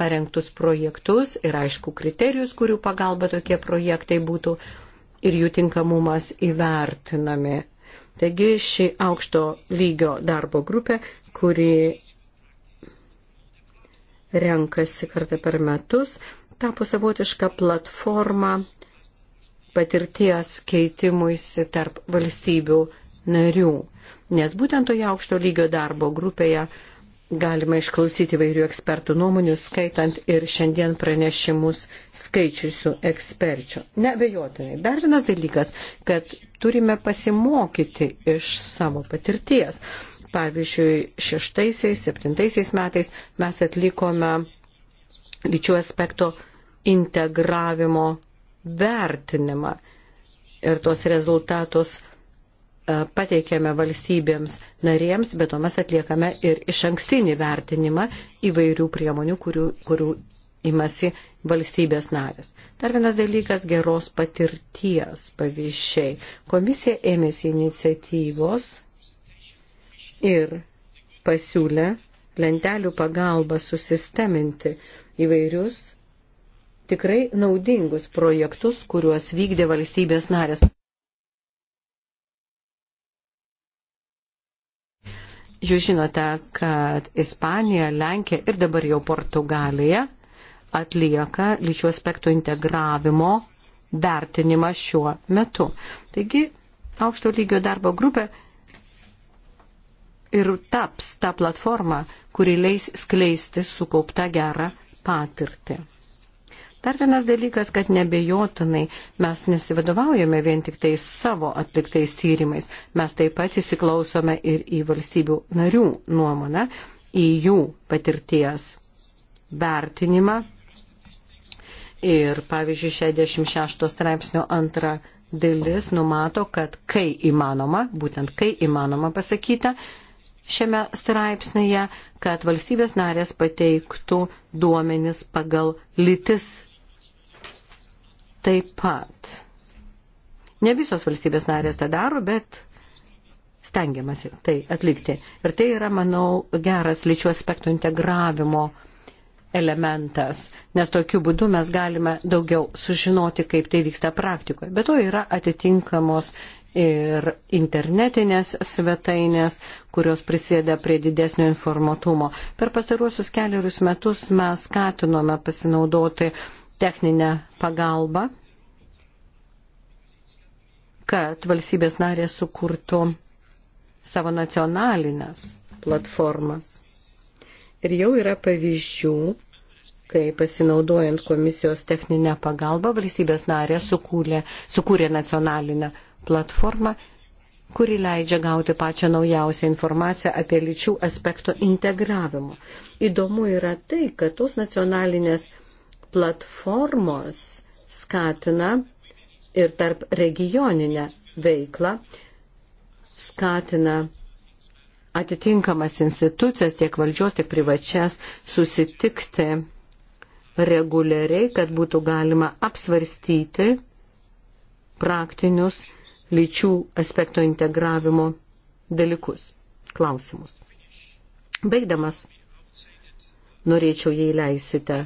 parengtus projektus ir aišku kriterijus, kurių pagalba tokie projektai būtų ir jų tinkamumas įvertinami. Taigi ši aukšto lygio darbo grupė, kuri renkasi kartą per metus, tapo savotišką platformą patirties keitimuisi tarp valstybių narių. Nes būtent toje aukšto lygio darbo grupėje galima išklausyti vairių ekspertų nuomonių, skaitant ir šiandien pranešimus skaičiusių eksperčių. Nebejotinai. Dar vienas dalykas, kad turime pasimokyti iš savo patirties. Pavyzdžiui, šeštaisiais, septintaisiais metais mes atlikome lyčių aspekto integravimo vertinimą ir tuos rezultatus e, pateikiame valstybėms narėms, bet to mes atliekame ir iš ankstinį vertinimą įvairių priemonių, kurių, kurių imasi valstybės narės. Dar vienas dalykas - geros patirties pavyzdžiai. Komisija ėmėsi iniciatyvos ir pasiūlė lentelių pagalba susisteminti įvairius tikrai naudingus projektus, kuriuos vykdė valstybės narės. Jūs žinote, kad Ispanija, Lenkija ir dabar jau Portugalija atlieka lyčių aspektų integravimo vertinimą šiuo metu. Taigi, aukšto lygio darbo grupė ir taps tą platformą, kuri leis skleisti sukauptą gerą patirtį. Dar vienas dalykas, kad nebejotinai mes nesivadovaujame vien tik tai savo atliktais tyrimais, mes taip pat įsiklausome ir į valstybių narių nuomonę, į jų patirties vertinimą. Ir pavyzdžiui, 66 straipsnio antra dalis numato, kad kai įmanoma, būtent kai įmanoma pasakyta, šiame straipsnėje, kad valstybės narės pateiktų duomenis pagal lytis taip pat. Ne visos valstybės narės tą daro, bet stengiamasi tai atlikti. Ir tai yra, manau, geras lyčių aspektų integravimo elementas, nes tokiu būdu mes galime daugiau sužinoti, kaip tai vyksta praktikoje. Be to yra atitinkamos ir internetinės svetainės, kurios prisėda prie didesnio informatumo. Per pastaruosius keliarius metus mes skatinome pasinaudoti techninę pagalbą, kad valstybės narės sukurtų savo nacionalinės platformas. Ir jau yra pavyzdžių, kai pasinaudojant komisijos techninę pagalbą valstybės narė sukūrė, sukūrė nacionalinę platformą, kuri leidžia gauti pačią naujausią informaciją apie lyčių aspekto integravimo. Įdomu yra tai, kad tos nacionalinės platformos skatina ir tarp regioninę veiklą, skatina atitinkamas institucijas, tiek valdžios, tiek privačias, susitikti reguliariai, kad būtų galima apsvarstyti praktinius lyčių aspekto integravimo dalykus, klausimus. Baigdamas, norėčiau, jei leisite,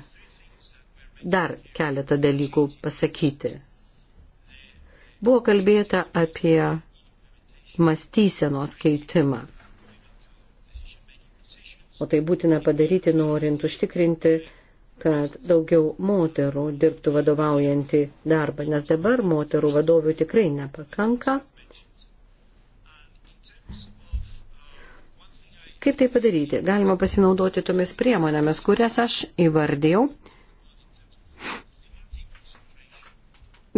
dar keletą dalykų pasakyti. Buvo kalbėta apie mąstysenos keitimą. O tai būtina padaryti, norint užtikrinti kad daugiau moterų dirbtų vadovaujantį darbą, nes dabar moterų vadovių tikrai nepakanka. Kaip tai padaryti? Galima pasinaudoti tomis priemonėmis, kurias aš įvardėjau,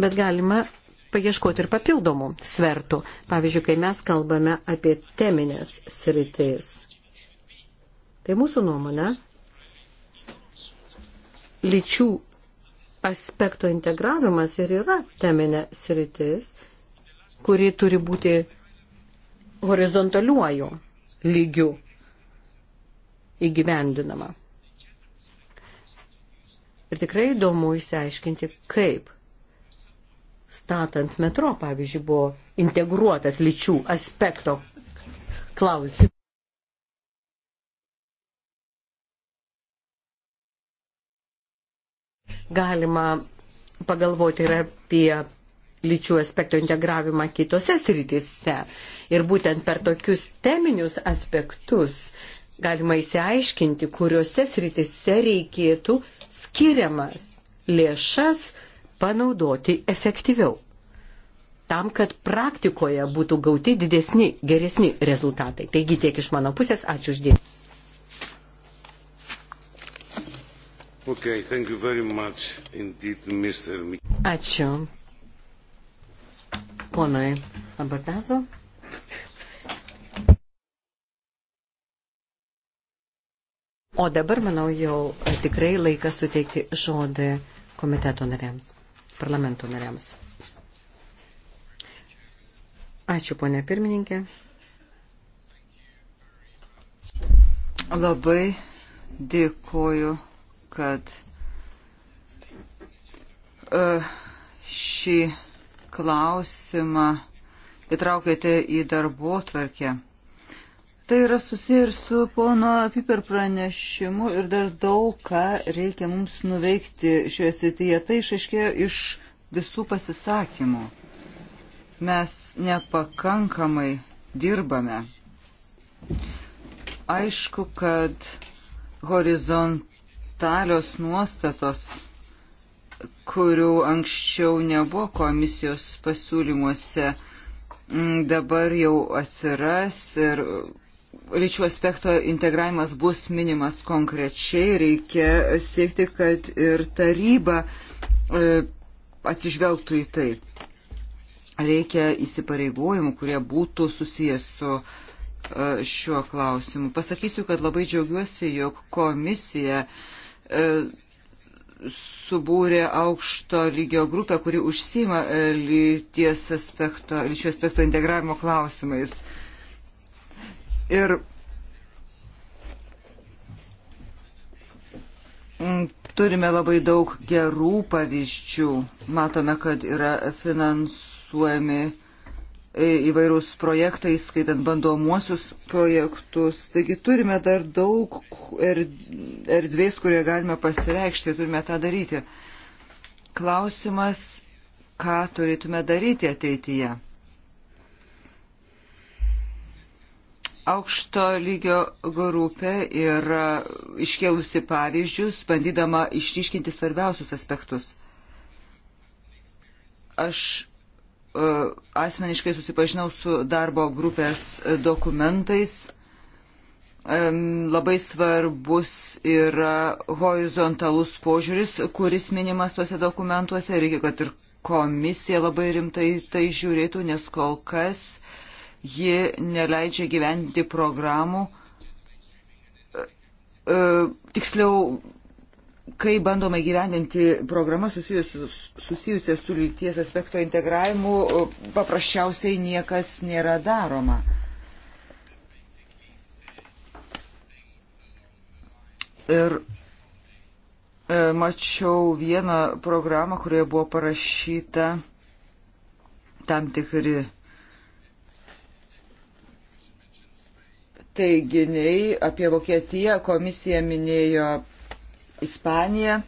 bet galima paieškoti ir papildomų svertų. Pavyzdžiui, kai mes kalbame apie teminės sritis, tai mūsų nuomonė lyčių aspekto integravimas ir yra teminė sritis, kuri turi būti horizontaliuoju lygiu įgyvendinama. Ir tikrai įdomu išsiaiškinti, kaip statant metro, pavyzdžiui, buvo integruotas lyčių aspekto klausimas. galima pagalvoti ir apie lyčių aspekto integravimą kitose srityse. Ir būtent per tokius teminius aspektus galima įsiaiškinti, kuriuose srityse reikėtų skiriamas lėšas panaudoti efektyviau. Tam, kad praktikoje būtų gauti didesni, geresni rezultatai. Taigi tiek iš mano pusės. Ačiū uždėmesi. Okay, indeed, Mr... Ačiū. Ponai Abatazo. O dabar, manau, jau tikrai laikas suteikti žodį komiteto nariams, parlamento nariams. Ačiū, ponė pirmininkė. Labai dėkoju kad e, šį klausimą įtraukėte į darbo tvarkę. Tai yra susiję ir su pono Piper pranešimu ir dar daug ką reikia mums nuveikti šioje srityje. Tai išaiškėjo iš visų pasisakymų. Mes nepakankamai dirbame. Aišku, kad horizont detalios nuostatos, kurių anksčiau nebuvo komisijos pasiūlymuose, mm, dabar jau atsiras ir lyčių aspekto integravimas bus minimas konkrečiai. Reikia siekti, kad ir taryba e, atsižvelgtų į tai. Reikia įsipareigojimų, kurie būtų susijęs su e, šiuo klausimu. Pasakysiu, kad labai džiaugiuosi, jog komisija uh, E, subūrė aukšto lygio grupę, kuri užsima e, lyties aspekto, lyčių aspekto integravimo klausimais. Ir turime labai daug gerų pavyzdžių. Matome, kad yra finansuojami E, įvairūs projektai, skaitant bandomuosius projektus. Taigi turime dar daug er, erdvės, kurie galime pasireikšti, turime tą daryti. Klausimas, ką turėtume daryti ateityje. Aukšto lygio grupė yra iškėlusi pavyzdžius, bandydama išryškinti svarbiausius aspektus. Aš E, asmeniškai susipažinau su darbo grupės dokumentais. E, labai svarbus yra horizontalus požiūris, kuris minimas tuose dokumentuose. Reikia, kad ir komisija labai rimtai tai žiūrėtų, nes kol kas ji neleidžia gyventi programų. E, tiksliau, kai bandoma įgyvendinti programas susijusias su lyties aspekto integravimu, paprasčiausiai niekas nėra daroma. Ir e, mačiau vieną programą, kurioje buvo parašyta tam tikri teiginiai apie Vokietiją. Komisija minėjo Ispanija.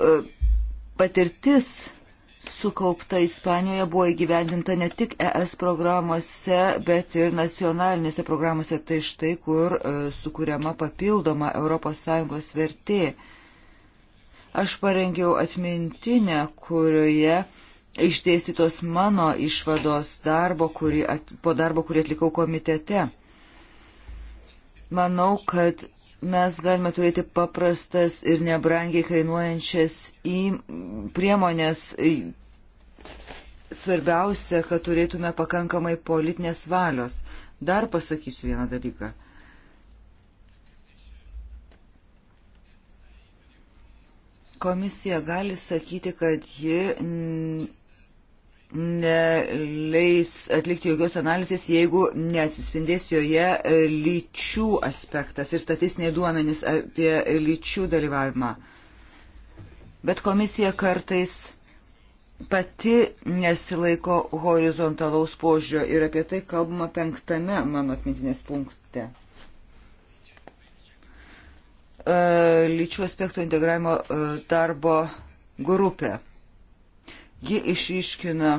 E, patirtis sukaupta Ispanijoje buvo įgyvendinta ne tik ES programuose, bet ir nacionalinėse programuose, tai štai kur e, sukūriama papildoma ES vertė. Aš parengiau atmintinę, kurioje išdėstytos mano išvados darbo, kurį, po darbo, kurį atlikau komitete. Manau, kad mes galime turėti paprastas ir nebrangiai kainuojančias į priemonės. Svarbiausia, kad turėtume pakankamai politinės valios. Dar pasakysiu vieną dalyką. Komisija gali sakyti, kad ji neleis atlikti jokios analizės, jeigu neatsispindės joje e, lyčių aspektas ir statistiniai duomenys apie lyčių dalyvavimą. Bet komisija kartais pati nesilaiko horizontalaus požiūrio ir apie tai kalbama penktame mano atmintinės punkte. E, lyčių aspektų integravimo e, darbo grupė. Ji išryškina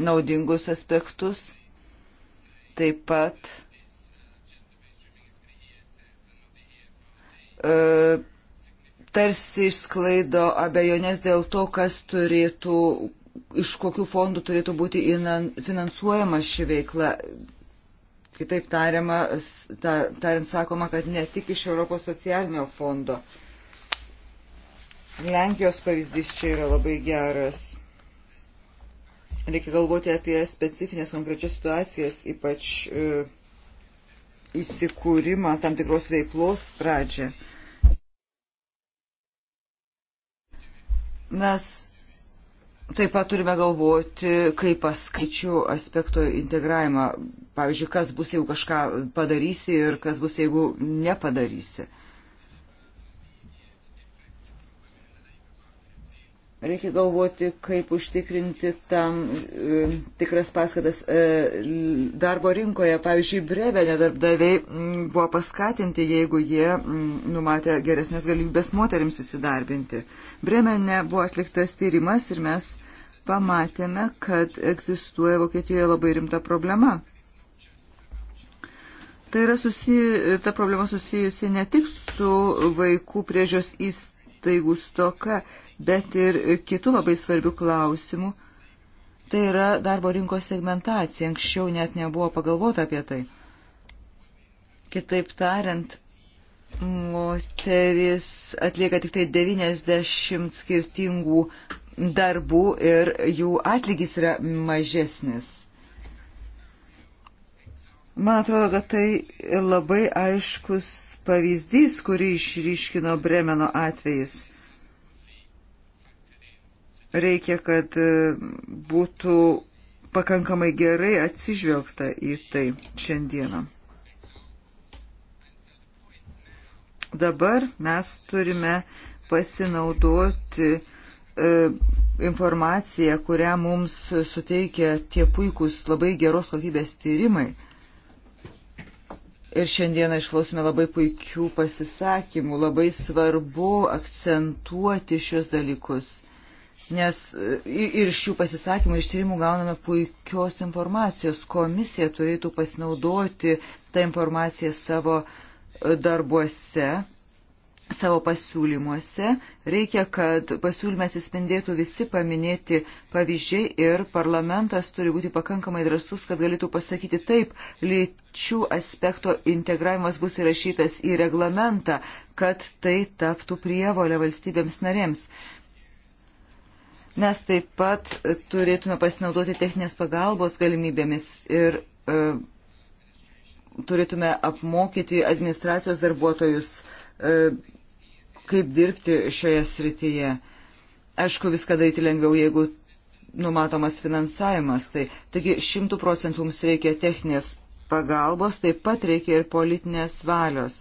naudingus aspektus, taip pat e, tarsi išsklaido abejonės dėl to, kas turėtų, iš kokių fondų turėtų būti finansuojama ši veikla. Kitaip tariama, ta, tariant sakoma, kad ne tik iš Europos socialinio fondo. Lenkijos pavyzdys čia yra labai geras. Reikia galvoti apie specifines konkrečias situacijas, ypač e, įsikūrimą tam tikros veiklos pradžią. Mes Taip pat turime galvoti, kaip paskaičių aspekto integravimą. Pavyzdžiui, kas bus, jeigu kažką padarysi ir kas bus, jeigu nepadarysi. Reikia galvoti, kaip užtikrinti tam e, tikras paskatas e, darbo rinkoje. Pavyzdžiui, brevė nedarbdaviai buvo paskatinti, jeigu jie m, numatė geresnės galimybės moteriams įsidarbinti. Bremene buvo atliktas tyrimas ir mes pamatėme, kad egzistuoja Vokietijoje labai rimta problema. Tai yra susiję, ta problema susijusi ne tik su vaikų priežios įstaigų stoka, bet ir kitų labai svarbių klausimų. Tai yra darbo rinkos segmentacija. Anksčiau net nebuvo pagalvota apie tai. Kitaip tariant, moteris atlieka tik tai 90 skirtingų darbų ir jų atlygis yra mažesnis. Man atrodo, kad tai labai aiškus pavyzdys, kurį išryškino Bremeno atvejis. Reikia, kad e, būtų pakankamai gerai atsižvelgta į tai šiandieną. Dabar mes turime pasinaudoti e, informaciją, kurią mums suteikia tie puikūs labai geros kokybės tyrimai. Ir šiandieną išklausime labai puikių pasisakymų. Labai svarbu akcentuoti šios dalykus nes e, ir iš jų pasisakymų, iš tyrimų gauname puikios informacijos. Komisija turėtų pasinaudoti tą informaciją savo e, darbuose, savo pasiūlymuose. Reikia, kad pasiūlyme atsispindėtų visi paminėti pavyzdžiai ir parlamentas turi būti pakankamai drasus, kad galėtų pasakyti taip, lyčių aspekto integravimas bus įrašytas į reglamentą, kad tai taptų prievolę valstybėms narėms. Mes taip pat e, turėtume pasinaudoti techninės pagalbos galimybėmis ir e, turėtume apmokyti administracijos darbuotojus, e, kaip dirbti šioje srityje. Aišku, viską daryti lengviau, jeigu numatomas finansavimas. Tai, taigi šimtų procentų mums reikia techninės pagalbos, taip pat reikia ir politinės valios.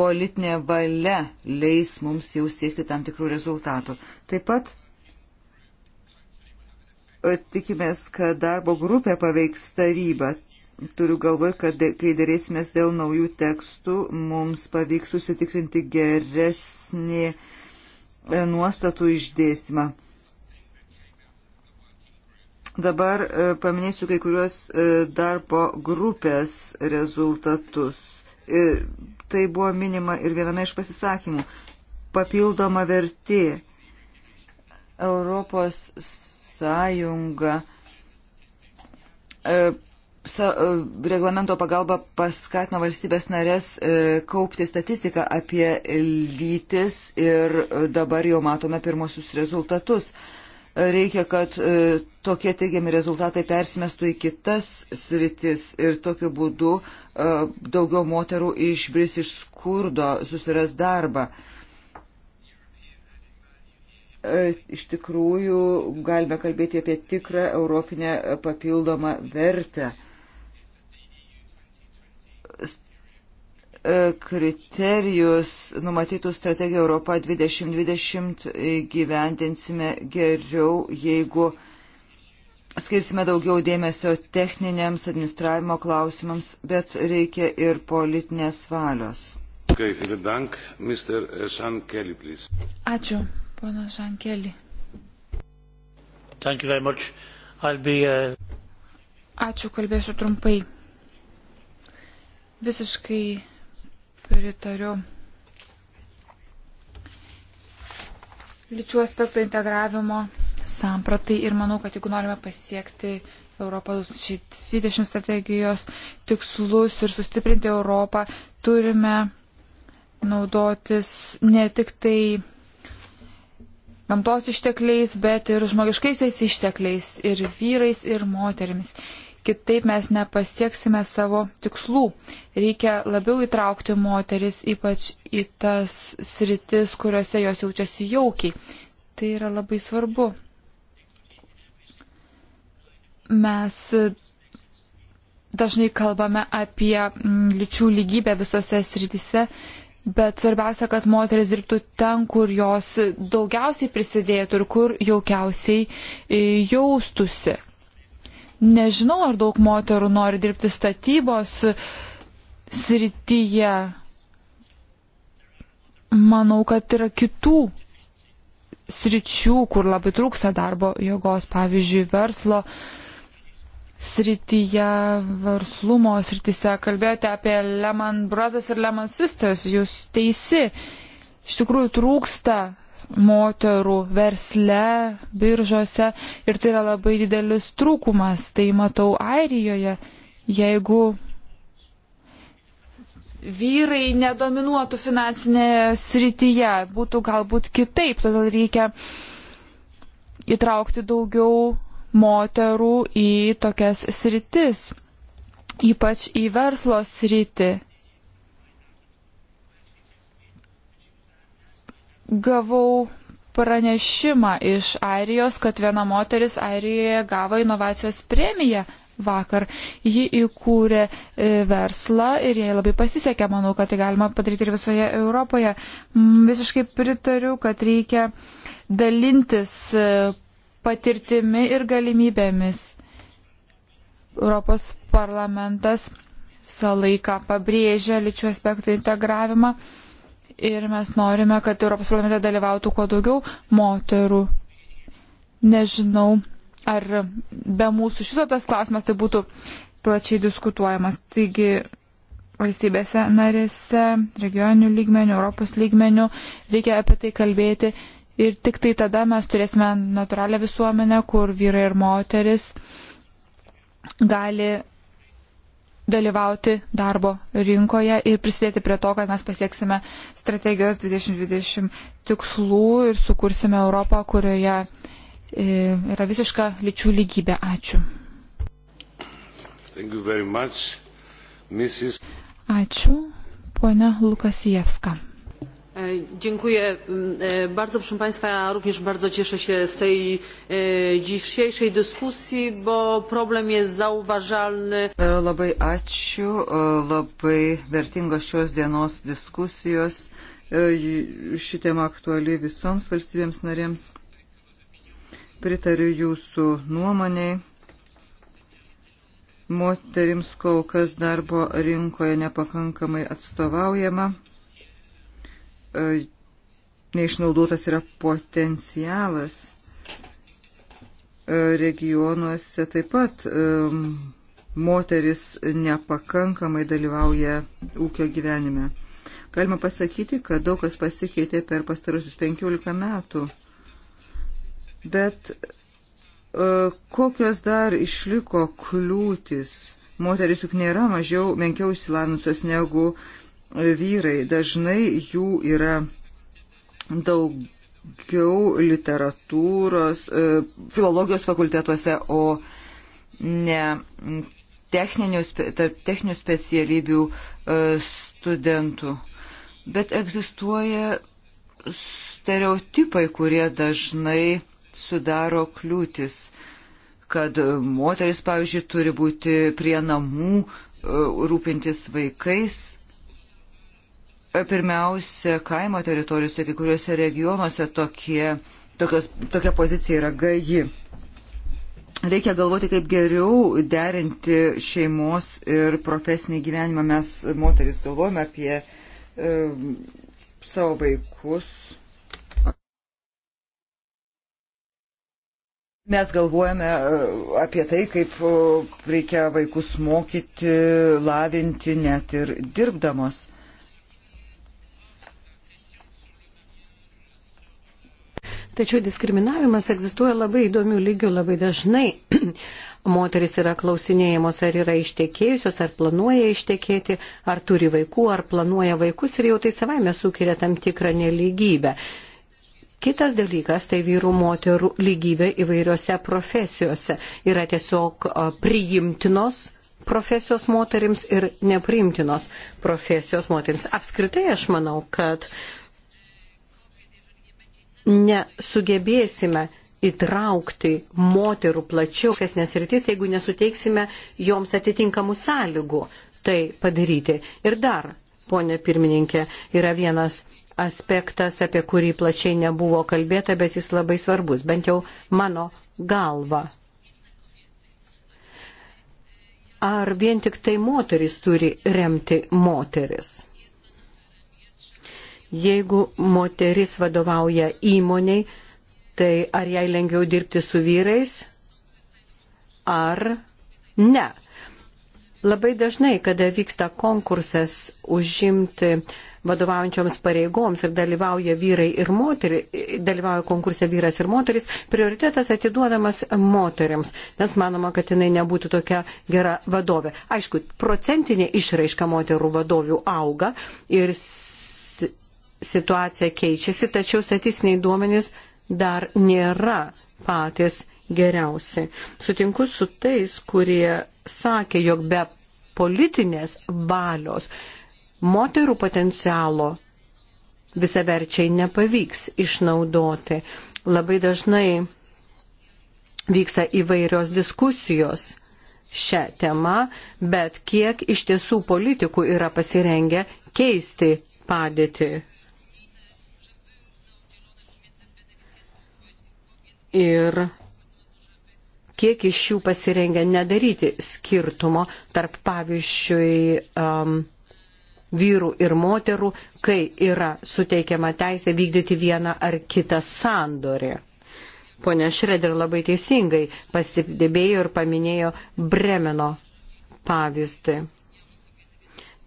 Politinė valia leis mums jau siekti tam tikrų rezultatų. Taip pat E, tikimės, kad darbo grupė paveiks tarybą. Turiu galvoj, kad kai dėrėsimės dėl naujų tekstų, mums pavyks susitikrinti geresnį e, nuostatų išdėstymą. Dabar e, paminėsiu kai kuriuos darbo grupės rezultatus. Tai buvo minima ir viename iš pasisakymų. Papildoma vertė Europos Sąjunga e, e, reglamento pagalba paskatino valstybės narės e, kaupti statistiką apie lytis ir dabar jau matome pirmosius rezultatus. Reikia, kad tokie teigiami rezultatai persimestų į kitas sritis ir tokiu būdu daugiau moterų išbris iš skurdo susiras darbą. E, iš tikrųjų galime kalbėti apie tikrą europinę papildomą vertę. E, kriterijus numatytų strategiją Europą 2020 gyvendinsime geriau, jeigu skirsime daugiau dėmesio techniniams administravimo klausimams, bet reikia ir politinės valios. Okay, dank, Kelly, Ačiū. Pana Žankelį. Be... Uh, Ačiū, kalbėsiu trumpai. Visiškai pritariu lyčių aspektų integravimo sampratai ir manau, kad jeigu norime pasiekti Europos 20 strategijos tikslus ir sustiprinti Europą, turime naudotis ne tik tai gamtos ištekliais, bet ir žmogiškaisiais ištekliais, ir vyrais, ir moterimis. Kitaip mes nepasieksime savo tikslų. Reikia labiau įtraukti moteris, ypač į tas sritis, kuriuose jos jaučiasi jaukiai. Tai yra labai svarbu. Mes dažnai kalbame apie mm, lyčių lygybę visose sritise bet svarbiausia, kad moteris dirbtų ten, kur jos daugiausiai prisidėtų ir kur jaukiausiai e, jaustusi. Nežinau, ar daug moterų nori dirbti statybos srityje. Manau, kad yra kitų sričių, kur labai trūksa darbo jėgos, pavyzdžiui, verslo uh, srityje, verslumo srityse. Kalbėjote apie Lehman Brothers ir Lehman Sisters, jūs teisi. Iš tikrųjų trūksta moterų versle, biržose ir tai yra labai didelis trūkumas. Tai matau Airijoje, jeigu vyrai nedominuotų finansinėje srityje, būtų galbūt kitaip, todėl reikia įtraukti daugiau moterų į tokias sritis, ypač į verslo sritį. Gavau pranešimą iš Airijos, kad viena moteris Airijoje gavo inovacijos premiją vakar. Ji įkūrė e, verslą ir jai labai pasisekė, manau, kad tai galima padaryti ir visoje Europoje. Visiškai pritariu, kad reikia dalintis e, patirtimi ir galimybėmis. Europos parlamentas visą laiką pabrėžia lyčių aspektų integravimą ir mes norime, kad Europos parlamente dalyvautų kuo daugiau moterų. Nežinau, ar be mūsų šis tas klausimas tai būtų plačiai diskutuojamas. Taigi valstybėse narėse, regioninių lygmenių, Europos lygmenių reikia apie tai kalbėti Ir tik tai tada mes turėsime natūralią visuomenę, kur vyrai ir moteris gali dalyvauti darbo rinkoje ir prisidėti prie to, kad mes pasieksime strategijos 2020 tikslų ir sukursime Europą, kurioje e, yra visiška lyčių lygybė. Ačiū. Much, Ačiū, ponia Lukasievska. E, dziękuję e, bardzo. Proszę Państwa, ja również bardzo cieszę się z tej e, dzisiejszej dyskusji, bo problem jest zauważalny. Labai ačiū, labai vertingos šios dienos diskusijos. Ši tema aktuali visoms valstybėms narėms. Pritariu jūsų nuomoniai. Moterims kol kas darbo rinkoje nepakankamai atstovaujama. E, neišnaudotas yra potencialas. E, regionuose taip pat e, moteris nepakankamai dalyvauja ūkio gyvenime. Galima pasakyti, kad daug kas pasikeitė per pastarusius 15 metų. Bet kokios dar išliko kliūtis? Moteris juk nėra mažiau menkiau įsilavinusios negu uh, vyrai. Dažnai jų yra daugiau literatūros, e, filologijos fakultetuose, o ne techninių, tarp techninių specialybių e, studentų. Bet egzistuoja stereotipai, kurie dažnai sudaro kliūtis, kad moteris, pavyzdžiui, turi būti prie namų, e, rūpintis vaikais, Pirmiausia, kaimo teritorijose, kai kuriuose regionuose tokie, tokios, tokia pozicija yra gaji. Reikia galvoti, kaip geriau derinti šeimos ir profesinį gyvenimą. Mes, moteris, galvojame apie e, savo vaikus. Mes galvojame e, apie tai, kaip e, reikia vaikus mokyti, lavinti net ir dirbdamos. Tačiau diskriminavimas egzistuoja labai įdomių lygių labai dažnai. Moteris yra klausinėjimos, ar yra ištekėjusios, ar planuoja ištekėti, ar turi vaikų, ar planuoja vaikus ir jau tai savaime sukiria tam tikrą neligybę. Kitas dalykas tai vyrų moterų lygybė įvairiose profesijose yra tiesiog priimtinos profesijos moterims ir nepriimtinos profesijos moterims. Apskritai aš manau, kad nesugebėsime įtraukti moterų plačiau, kas nesritis, jeigu nesuteiksime joms atitinkamų sąlygų tai padaryti. Ir dar, ponė pirmininkė, yra vienas aspektas, apie kurį plačiai nebuvo kalbėta, bet jis labai svarbus, bent jau mano galva. Ar vien tik tai moteris turi remti moteris? Jeigu moteris vadovauja įmoniai, tai ar jai lengviau dirbti su vyrais, ar ne. Labai dažnai, kada vyksta konkursas užimti vadovaujančioms pareigoms ir dalyvauja vyrai ir moterį, dalyvauja konkurse vyras ir moteris, prioritetas atiduodamas moteriams, nes manoma, kad jinai nebūtų tokia gera vadovė. Aišku, procentinė išraiška moterų vadovių auga ir situacija keičiasi, tačiau statistiniai duomenys dar nėra patys geriausi. Sutinku su tais, kurie sakė, jog be politinės valios moterų potencialo visaverčiai nepavyks išnaudoti. Labai dažnai vyksta įvairios diskusijos šią temą, bet kiek iš tiesų politikų yra pasirengę keisti padėtį ir kiek iš jų pasirengia nedaryti skirtumo tarp, pavyzdžiui, um, vyrų ir moterų, kai yra suteikiama teisė vykdyti vieną ar kitą sandorį. Pone Šreder labai teisingai pastebėjo ir paminėjo Bremeno pavyzdį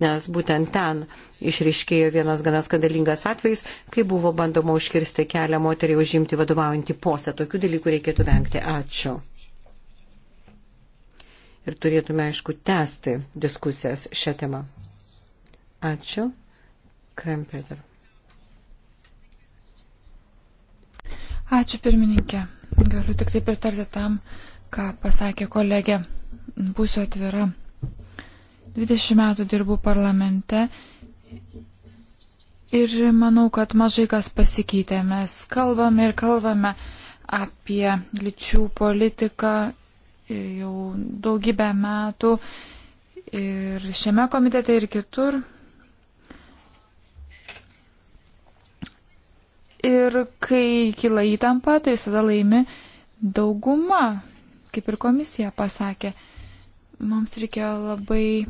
nes būtent ten išriškėjo vienas ganas skadalingas atvejs, kai buvo bandoma užkirsti kelią moteriai užimti vadovaujantį postą. Tokių dalykų reikėtų vengti. Ačiū. Ir turėtume, aišku, tęsti diskusijas šią temą. Ačiū. Krempeter. Ačiū pirmininkė. Galiu tik tai pritarti tam, ką pasakė kolegė. Būsiu atvira. 20 metų dirbu parlamente ir manau, kad mažai kas pasikeitė. Mes kalbame ir kalbame apie lyčių politiką jau daugybę metų ir šiame komitete ir kitur. Ir kai kyla įtampa, tai tada laimi dauguma, kaip ir komisija pasakė. Mums reikia labai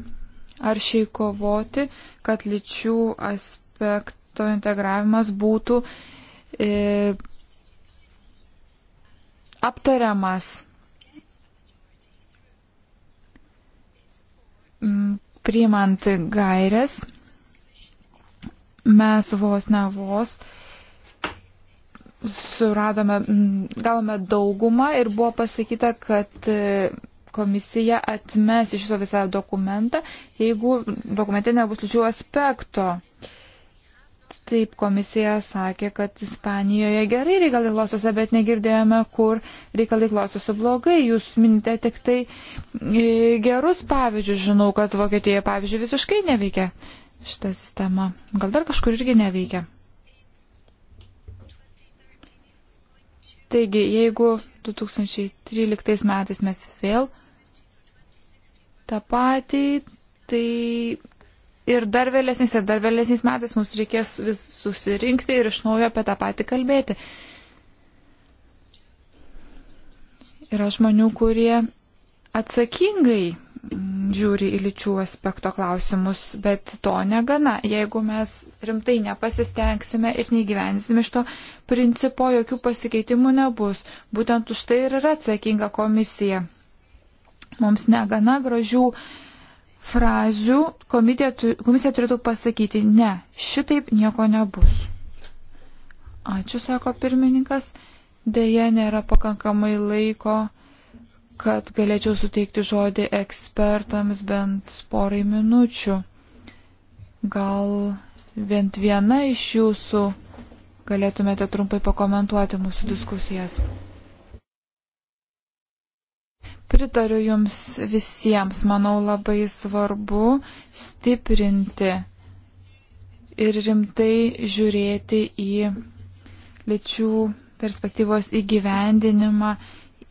aršiai kovoti, kad lyčių aspekto integravimas būtų e, aptariamas priimant gairias, mes vos ne vos suradome, gavome daugumą ir buvo pasakyta, kad e, komisija atmes iš viso visą dokumentą, jeigu dokumente nebus lyčių aspekto. Taip, komisija sakė, kad Ispanijoje gerai reikalai klostosi, bet negirdėjome, kur reikalai klostosi blogai. Jūs minite tik tai e, gerus pavyzdžius. Žinau, kad Vokietijoje, pavyzdžiui, visiškai neveikia šita sistema. Gal dar kažkur irgi neveikia. Taigi, jeigu 2013 metais mes vėl tą patį, tai ir dar vėlesnis, ir dar vėlesnis metais mums reikės vis susirinkti ir iš naujo apie tą patį kalbėti. Yra žmonių, kurie atsakingai žiūri į lyčių aspekto klausimus, bet to negana. Jeigu mes rimtai nepasistengsime ir neįgyvensime šito principo, jokių pasikeitimų nebus. Būtent už tai ir yra atsakinga komisija. Mums negana gražių frazių, komisija, komisija turėtų pasakyti, ne, šitaip nieko nebus. Ačiū, sako pirmininkas, dėje nėra pakankamai laiko kad galėčiau suteikti žodį ekspertams bent porai minučių. Gal bent viena iš jūsų galėtumėte trumpai pakomentuoti mūsų diskusijas. Pritariu Jums visiems, manau labai svarbu stiprinti ir rimtai žiūrėti į lyčių perspektyvos įgyvendinimą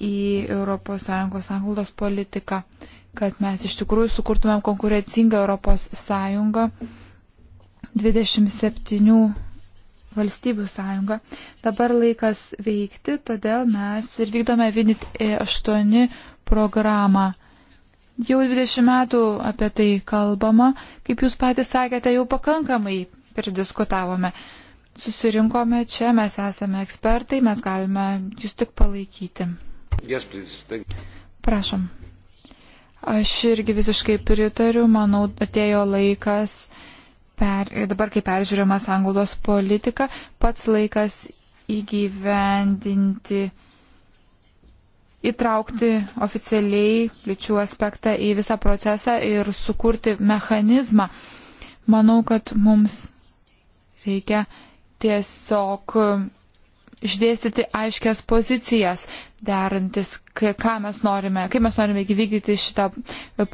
į ES anglos politiką, kad mes iš tikrųjų sukurtumėm konkurencingą ES 27 valstybių sąjunga. Dabar laikas veikti, todėl mes ir vykdome Vinit E8 programą. Jau 20 metų apie tai kalbama, kaip jūs patys sakėte, jau pakankamai pridiskutavome. Susirinkome čia, mes esame ekspertai, mes galime jūs tik palaikyti. Yes, Prašom. Aš irgi visiškai pritariu, manau, atėjo laikas, per, dabar kai peržiūrimas anglos politika, pats laikas įgyvendinti, įtraukti oficialiai lyčių aspektą į visą procesą ir sukurti mechanizmą. Manau, kad mums reikia tiesiog išdėstyti aiškias pozicijas, derantis, ką mes norime, kaip mes norime įvykdyti šitą e,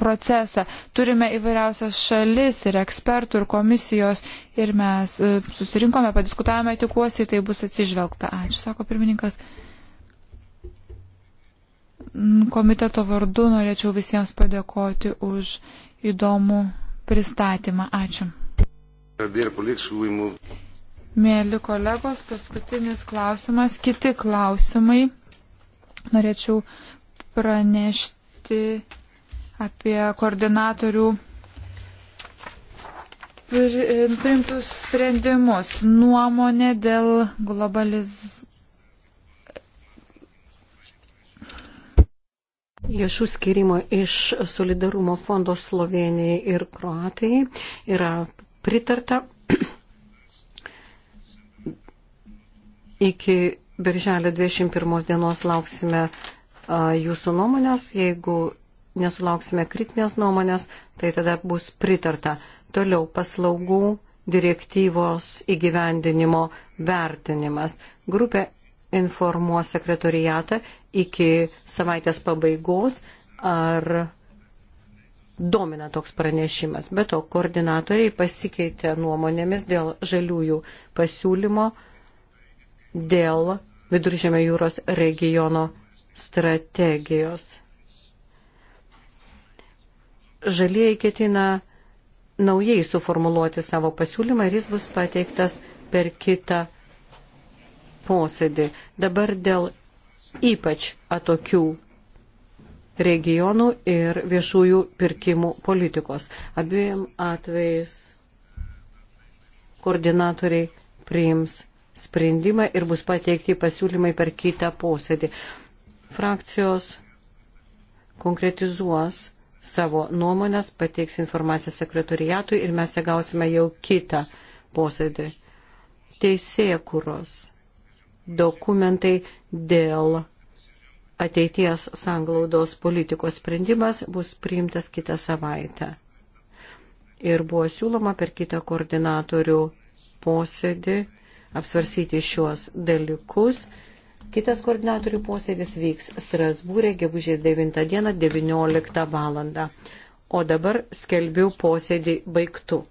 procesą. Turime įvairiausias šalis ir ekspertų, ir komisijos, ir mes e, susirinkome, padiskutavome, tikiuosi, tai bus atsižvelgta. Ačiū, sako pirmininkas. Komiteto vardu norėčiau visiems padėkoti už įdomų pristatymą. Ačiū. Mėly kolegos, paskutinis klausimas. Kiti klausimai. Norėčiau pranešti apie koordinatorių primtus sprendimus. Nuomonė dėl globaliz... Lėšų skirimo iš solidarumo fondo Slovenijai ir Kroatijai yra pritarta iki birželio 21 dienos lauksime jūsų nuomonės. Jeigu nesulauksime kritinės nuomonės, tai tada bus pritarta. Toliau paslaugų direktyvos įgyvendinimo vertinimas. Grupė informuos sekretorijatą iki savaitės pabaigos, ar domina toks pranešimas. Be to, koordinatoriai pasikeitė nuomonėmis dėl žaliųjų pasiūlymo dėl Viduržėmio jūros regiono strategijos. Žalieji ketina naujai suformuluoti savo pasiūlymą ir jis bus pateiktas per kitą posėdį. Dabar dėl ypač atokių regionų ir viešųjų pirkimų politikos. Abiem atvejais koordinatoriai priims sprendimą ir bus pateikti pasiūlymai per kitą posėdį. Frakcijos konkretizuos savo nuomonės, pateiks informaciją sekretoriatui ir mes ją gausime jau kitą posėdį. Teisėkuros dokumentai dėl ateities sanglaudos politikos sprendimas bus priimtas kitą savaitę. Ir buvo siūloma per kitą koordinatorių posėdį apsvarsyti šios dalykus. Kitas koordinatorių posėdis vyks Strasbūrė gegužės 9 dieną 19 val. O dabar skelbiu posėdį baigtų.